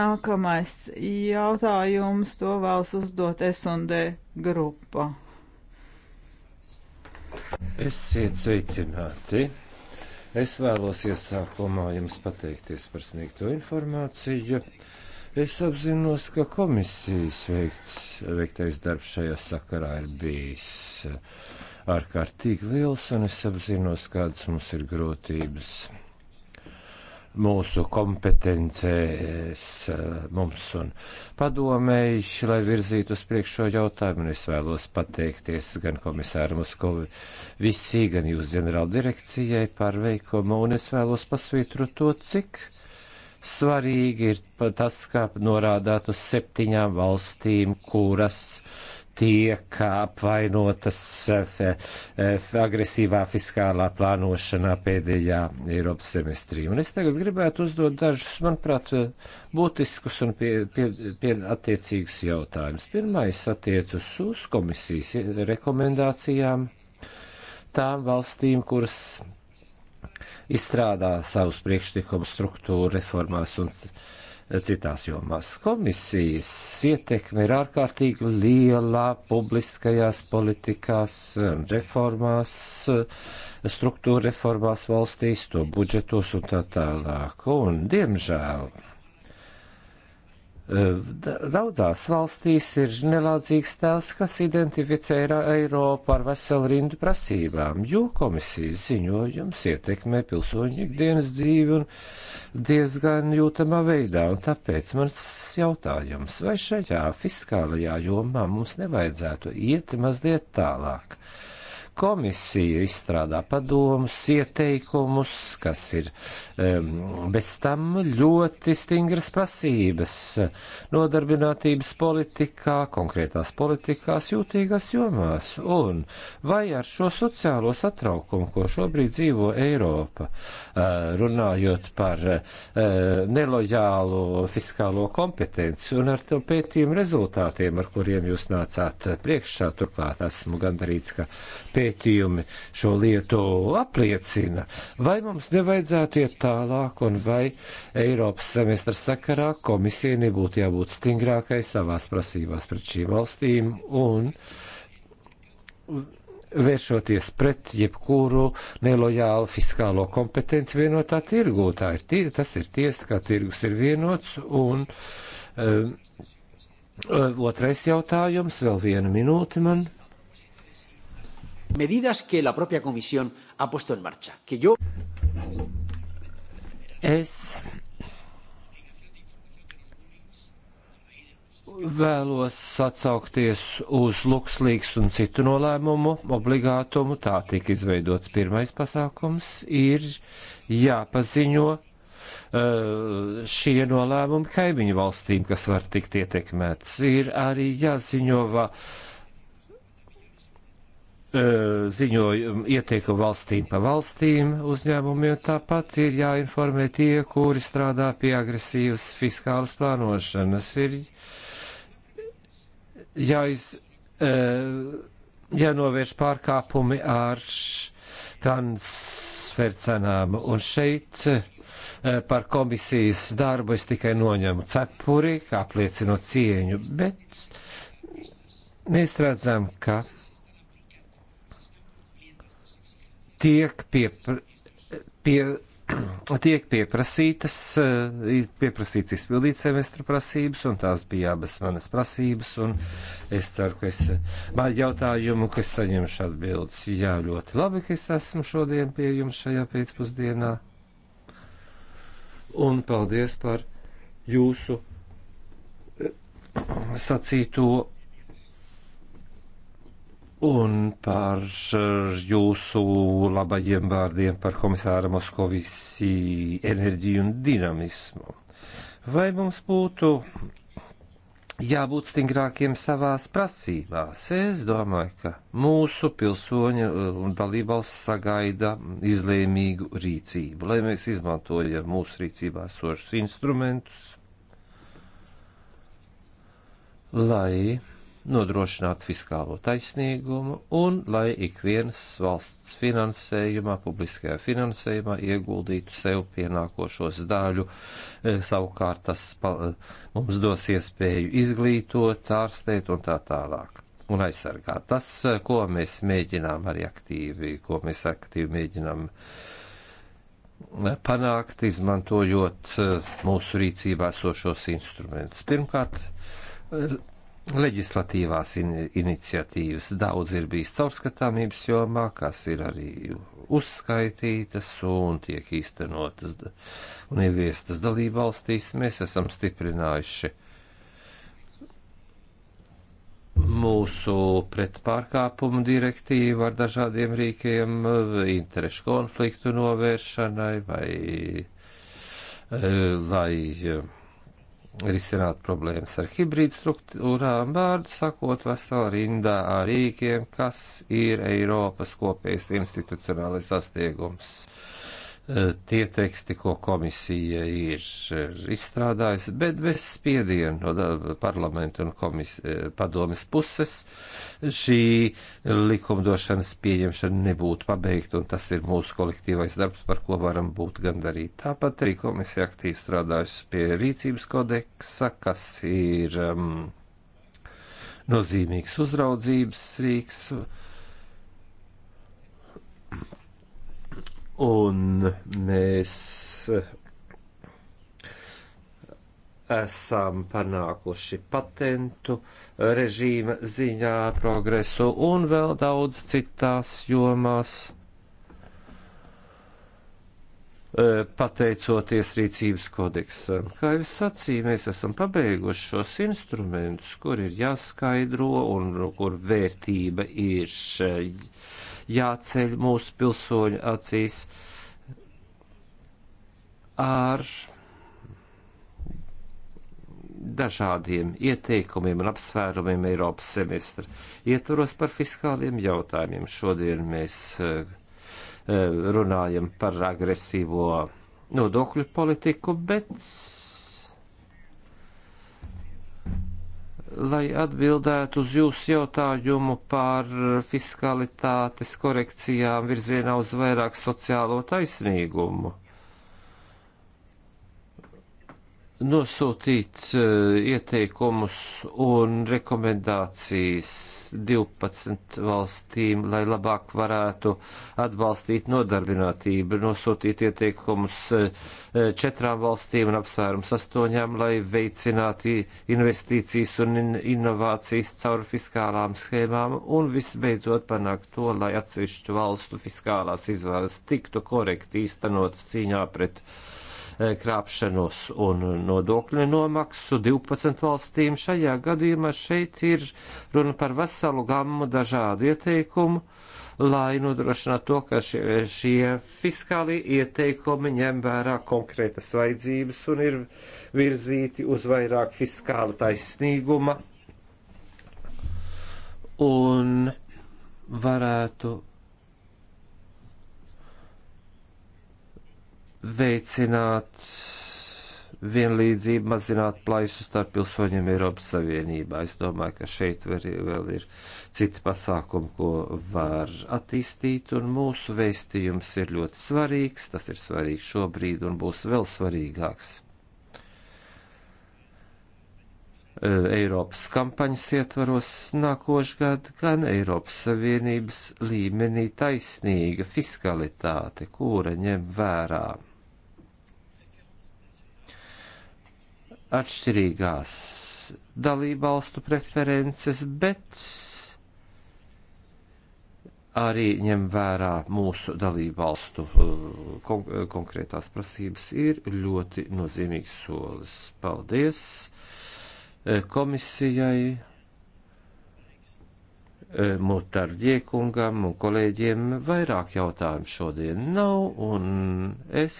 S2: Nākamais jautājums to vēlas uzdot S&D grupa.
S4: Esiet sveicināti! Es vēlos iesākumā jums pateikties par sniegto informāciju. Es apzinos, ka komisijas veikts, veiktais darbs šajā sakarā ir bijis ārkārtīgi liels, un es apzinos, kādas mums ir grūtības mūsu kompetencēs eh, mums un padomēji, lai virzītu uz priekšu šo jautājumu. Un es vēlos pateikties gan komisāram Uskovi visī, gan jūs ģenerāla direkcijai par veikumu, un es vēlos pasvītrot to, cik svarīgi ir tas, kā norādāt uz septiņām valstīm, kuras tiek apvainotas eh, eh, agresīvā fiskālā plānošanā pēdējā Eiropas semestrī. Un es tagad gribētu uzdot dažus, manuprāt, eh, būtiskus un pie, pie, pie attiecīgus jautājumus. Pirmais attiecas uz komisijas rekomendācijām tām valstīm, kuras izstrādā savus priekšlikumu struktūru reformās un uh, citās jomās. Komisijas ietekme ir ārkārtīgi liela publiskajās politikās, reformās, struktūra reformās valstīs, to budžetos un tā tālāk. Un, diemžēl, Eh, daudzās valstīs ir nelaudzīgs tēls, kas identificē Eiropu ar veselu rindu prasībām, jo komisijas ziņojums ietekmē pilsoņu ikdienas dzīvi un diezgan jūtamā veidā, un tāpēc mans jautājums, vai šajā fiskālajā jomā mums nevajadzētu iet mazliet tālāk? Uh, Komisija izstrādā padomus, ieteikumus, kas ir um, bez tam ļoti stingras prasības nodarbinātības politikā, konkrētās politikās, jūtīgās jomās. Un vai ar šo sociālo satraukumu, ko šobrīd dzīvo Eiropa, eh, runājot par eh, nelojālu fiskālo kompetenci un ar to pētījumu rezultātiem, ar kuriem jūs nācāt priekšā, turklāt esmu gandarīts, ka pētījums pētījumi šo lietu apliecina, vai mums nevajadzētu iet tālāk un vai Eiropas semestra sakarā komisija nebūtu jābūt stingrākai savās prasībās pret šīm valstīm un vēršoties pret jebkuru nelojālu fiskālo kompetenci vienotā tirgū. Tā ir tie, tas ir tiesa, ka tirgus ir vienots un um, otrais jautājums, vēl viena minūte man
S2: medidas que la propia Comisión ha puesto en marcha. Que yo...
S4: Es vēlos atsaukties uz Luxlīks un citu nolēmumu, obligātumu, tā tika izveidots pirmais pasākums, ir jāpaziņo eh, šie nolēmumi kaimiņu valstīm, kas var tikt ietekmēts. Ir arī jāziņo, va, uh, ziņojumu ieteikumu valstīm pa valstīm uzņēmumiem. Tāpat ir jāinformē tie, kuri strādā pie agresīvas fiskālas plānošanas. Ir jāiz, jānovērš pārkāpumi ar transfercenām. Un šeit par komisijas darbu es tikai noņemu cepuri, kā apliecinot cieņu, bet mēs redzam, ka tiek piepr pie tiek pieprasītas, eh, pieprasīts izpildīt semestra prasības, un tās bija abas manas prasības, un es ceru, ka es jautājumu, ka es saņemšu atbildes. Jā, ļoti labi, ka es esmu šodien pie jums šajā pēcpusdienā, un paldies par jūsu eh, sacīto un par jūsu labajiem vārdiem par komisāra Moskovisi enerģiju un dinamismu. Vai mums būtu jābūt stingrākiem savās prasībās? Es domāju, ka mūsu pilsoņi uh, un dalībvalsts sagaida izlēmīgu rīcību, lai mēs izmantojam mūsu rīcībā sošus instrumentus, lai nodrošināt fiskālo taisnīgumu un lai ik viens valsts finansējumā, publiskajā finansējumā ieguldītu sev pienākošos daļu. E, savukārt tas mums dos iespēju izglītot, ārstēt un tā tālāk. Un aizsargāt tas, e, ko mēs mēģinām arī aktīvi, ko mēs aktīvi mēģinām e, panākt, izmantojot mūsu rīcībā esošos instrumentus. Pirmkārt, leģislatīvās in iniciatīvas. Daudz ir bijis caurskatāmības jomā, kas ir arī uzskaitītas un tiek īstenotas un ieviestas dalībvalstīs. Mēs esam stiprinājuši mūsu pretpārkāpumu direktīvu ar dažādiem rīkiem, interešu konfliktu novēršanai vai eh, lai risināt problēmas ar hibrīd struktūrām, vārdu sakot, vesela rindā ar rīkiem, kas ir Eiropas kopējas institucionālais sastiegums. Uh, Eh, tie teksti, ko komisija ir eh, izstrādājusi, bet bez spiediena no parlamenta un komis, eh, padomes puses šī likumdošanas pieņemšana nebūtu pabeigta, un tas ir mūsu kolektīvais darbs, par ko varam būt gandarīt. Tāpat arī komisija aktīvi strādājusi pie rīcības kodeksa, kas ir um, nozīmīgs uzraudzības rīks. Uh, Un mēs esam panākuši patentu režīma ziņā progresu un vēl daudz citās jomās e, pateicoties rīcības kodeksam. Kā jau es sacīju, mēs esam pabeiguši šos instrumentus, kur ir jāskaidro un kur vērtība ir e, jāceļ mūsu pilsoņu acīs ar dažādiem ieteikumiem un apsvērumiem Eiropas semestra ietvaros par fiskāliem jautājumiem. Šodien mēs eh, runājam par agresīvo nodokļu politiku, bet lai atbildētu uz jūsu jautājumu par fiskalitātes korekcijām virzienā uz vairāk sociālo taisnīgumu. nosūtīt eh, ieteikumus un rekomendācijas 12 valstīm, lai labāk varētu atbalstīt nodarbinātību, nosūtīt ieteikumus eh, četrām valstīm un apsvērums astoņām, lai veicinātu investīcijas un in inovācijas caur fiskālām schēmām un visbeidzot panākt to, lai atsevišķu valstu fiskālās izvēles tiktu korekti īstenotas cīņā pret uh, Eh, krāpšanos un nodokļu nomaksu 12 valstīm. Šajā gadījumā šeit ir runa par veselu gammu dažādu ieteikumu, lai nodrošinātu to, ka šie, šie fiskāli ieteikumi ņem vērā konkrētas vajadzības un ir virzīti uz vairāk fiskāla taisnīguma. Un varētu veicināt vienlīdzību, mazināt plaisu starp pilsoņiem Eiropas Savienībā. Es domāju, ka šeit var, vēl ir citi pasākumi, ko var attīstīt, un mūsu vēstījums ir ļoti svarīgs. Tas ir svarīgs šobrīd un būs vēl svarīgāks. E, Eiropas kampaņas ietvaros nākošgad gan Eiropas Savienības līmenī taisnīga fiskalitāte, kura ņem vērā atšķirīgās dalībvalstu preferences, bet arī ņem vērā mūsu dalībvalstu uh, kon konkrētās prasības, ir ļoti nozīmīgs solis. Paldies uh, komisijai, uh, Mutardjiekungam un kolēģiem. Vairāk jautājumu šodien nav, un es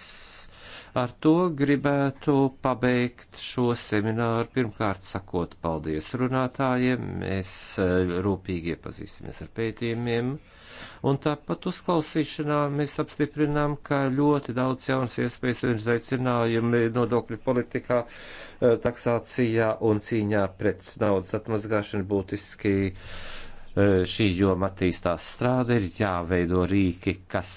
S4: Ar to gribētu pabeigt šo semināru. Pirmkārt, sakot paldies runātājiem, mēs eh, rūpīgi iepazīsimies ar pētījumiem. Un tāpat uzklausīšanā mēs apstiprinām, ka ļoti daudz jaunas iespējas un izaicinājumi nodokļu politikā, eh, taksācijā un cīņā pret naudas atmazgāšanu būtiski eh, šī joma attīstās strāda, ir jāveido rīki, kas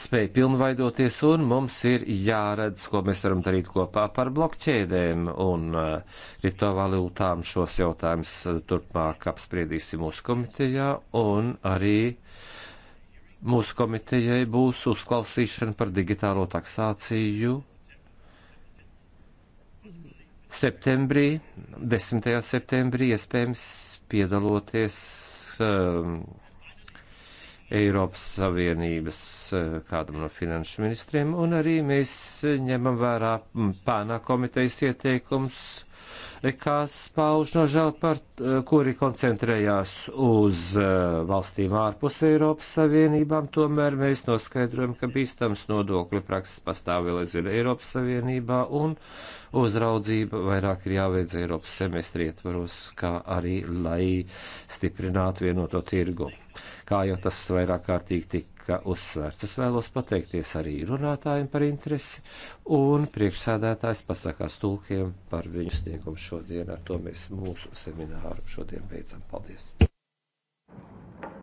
S4: spēj pilnveidoties, un mums ir jāredz, ko mēs varam darīt kopā par blokķēdēm un eh, kriptovalūtām. Šos jautājumus eh, turpmāk apspriedīsim mūsu komitejā, un arī mūsu komitejai būs uzklausīšana par digitālo taksāciju septembrī, 10. septembrī, iespējams piedaloties. Um, Eiropas Savienības eh, kādam no finanšu ministriem, un arī mēs ņemam vērā pānā komitejas ieteikums kas pauž nožēlu par, eh, kuri koncentrējās uz eh, valstīm ārpus Eiropas Savienībām, tomēr mēs noskaidrojam, ka bīstams nodokļu prakses pastāv vēl aizvien Eiropas Savienībā un uzraudzība vairāk ir jāveic Eiropas semestri ietvaros, kā arī, lai stiprinātu vienoto tirgu. Kā jau tas vairāk kārtīgi tika tika uzsvērts. Es vēlos pateikties arī runātājiem par interesi, un priekšsēdētājs pasakās tulkiem par viņu sniegumu šodien. Ar to mēs mūsu semināru šodien beidzam. Paldies!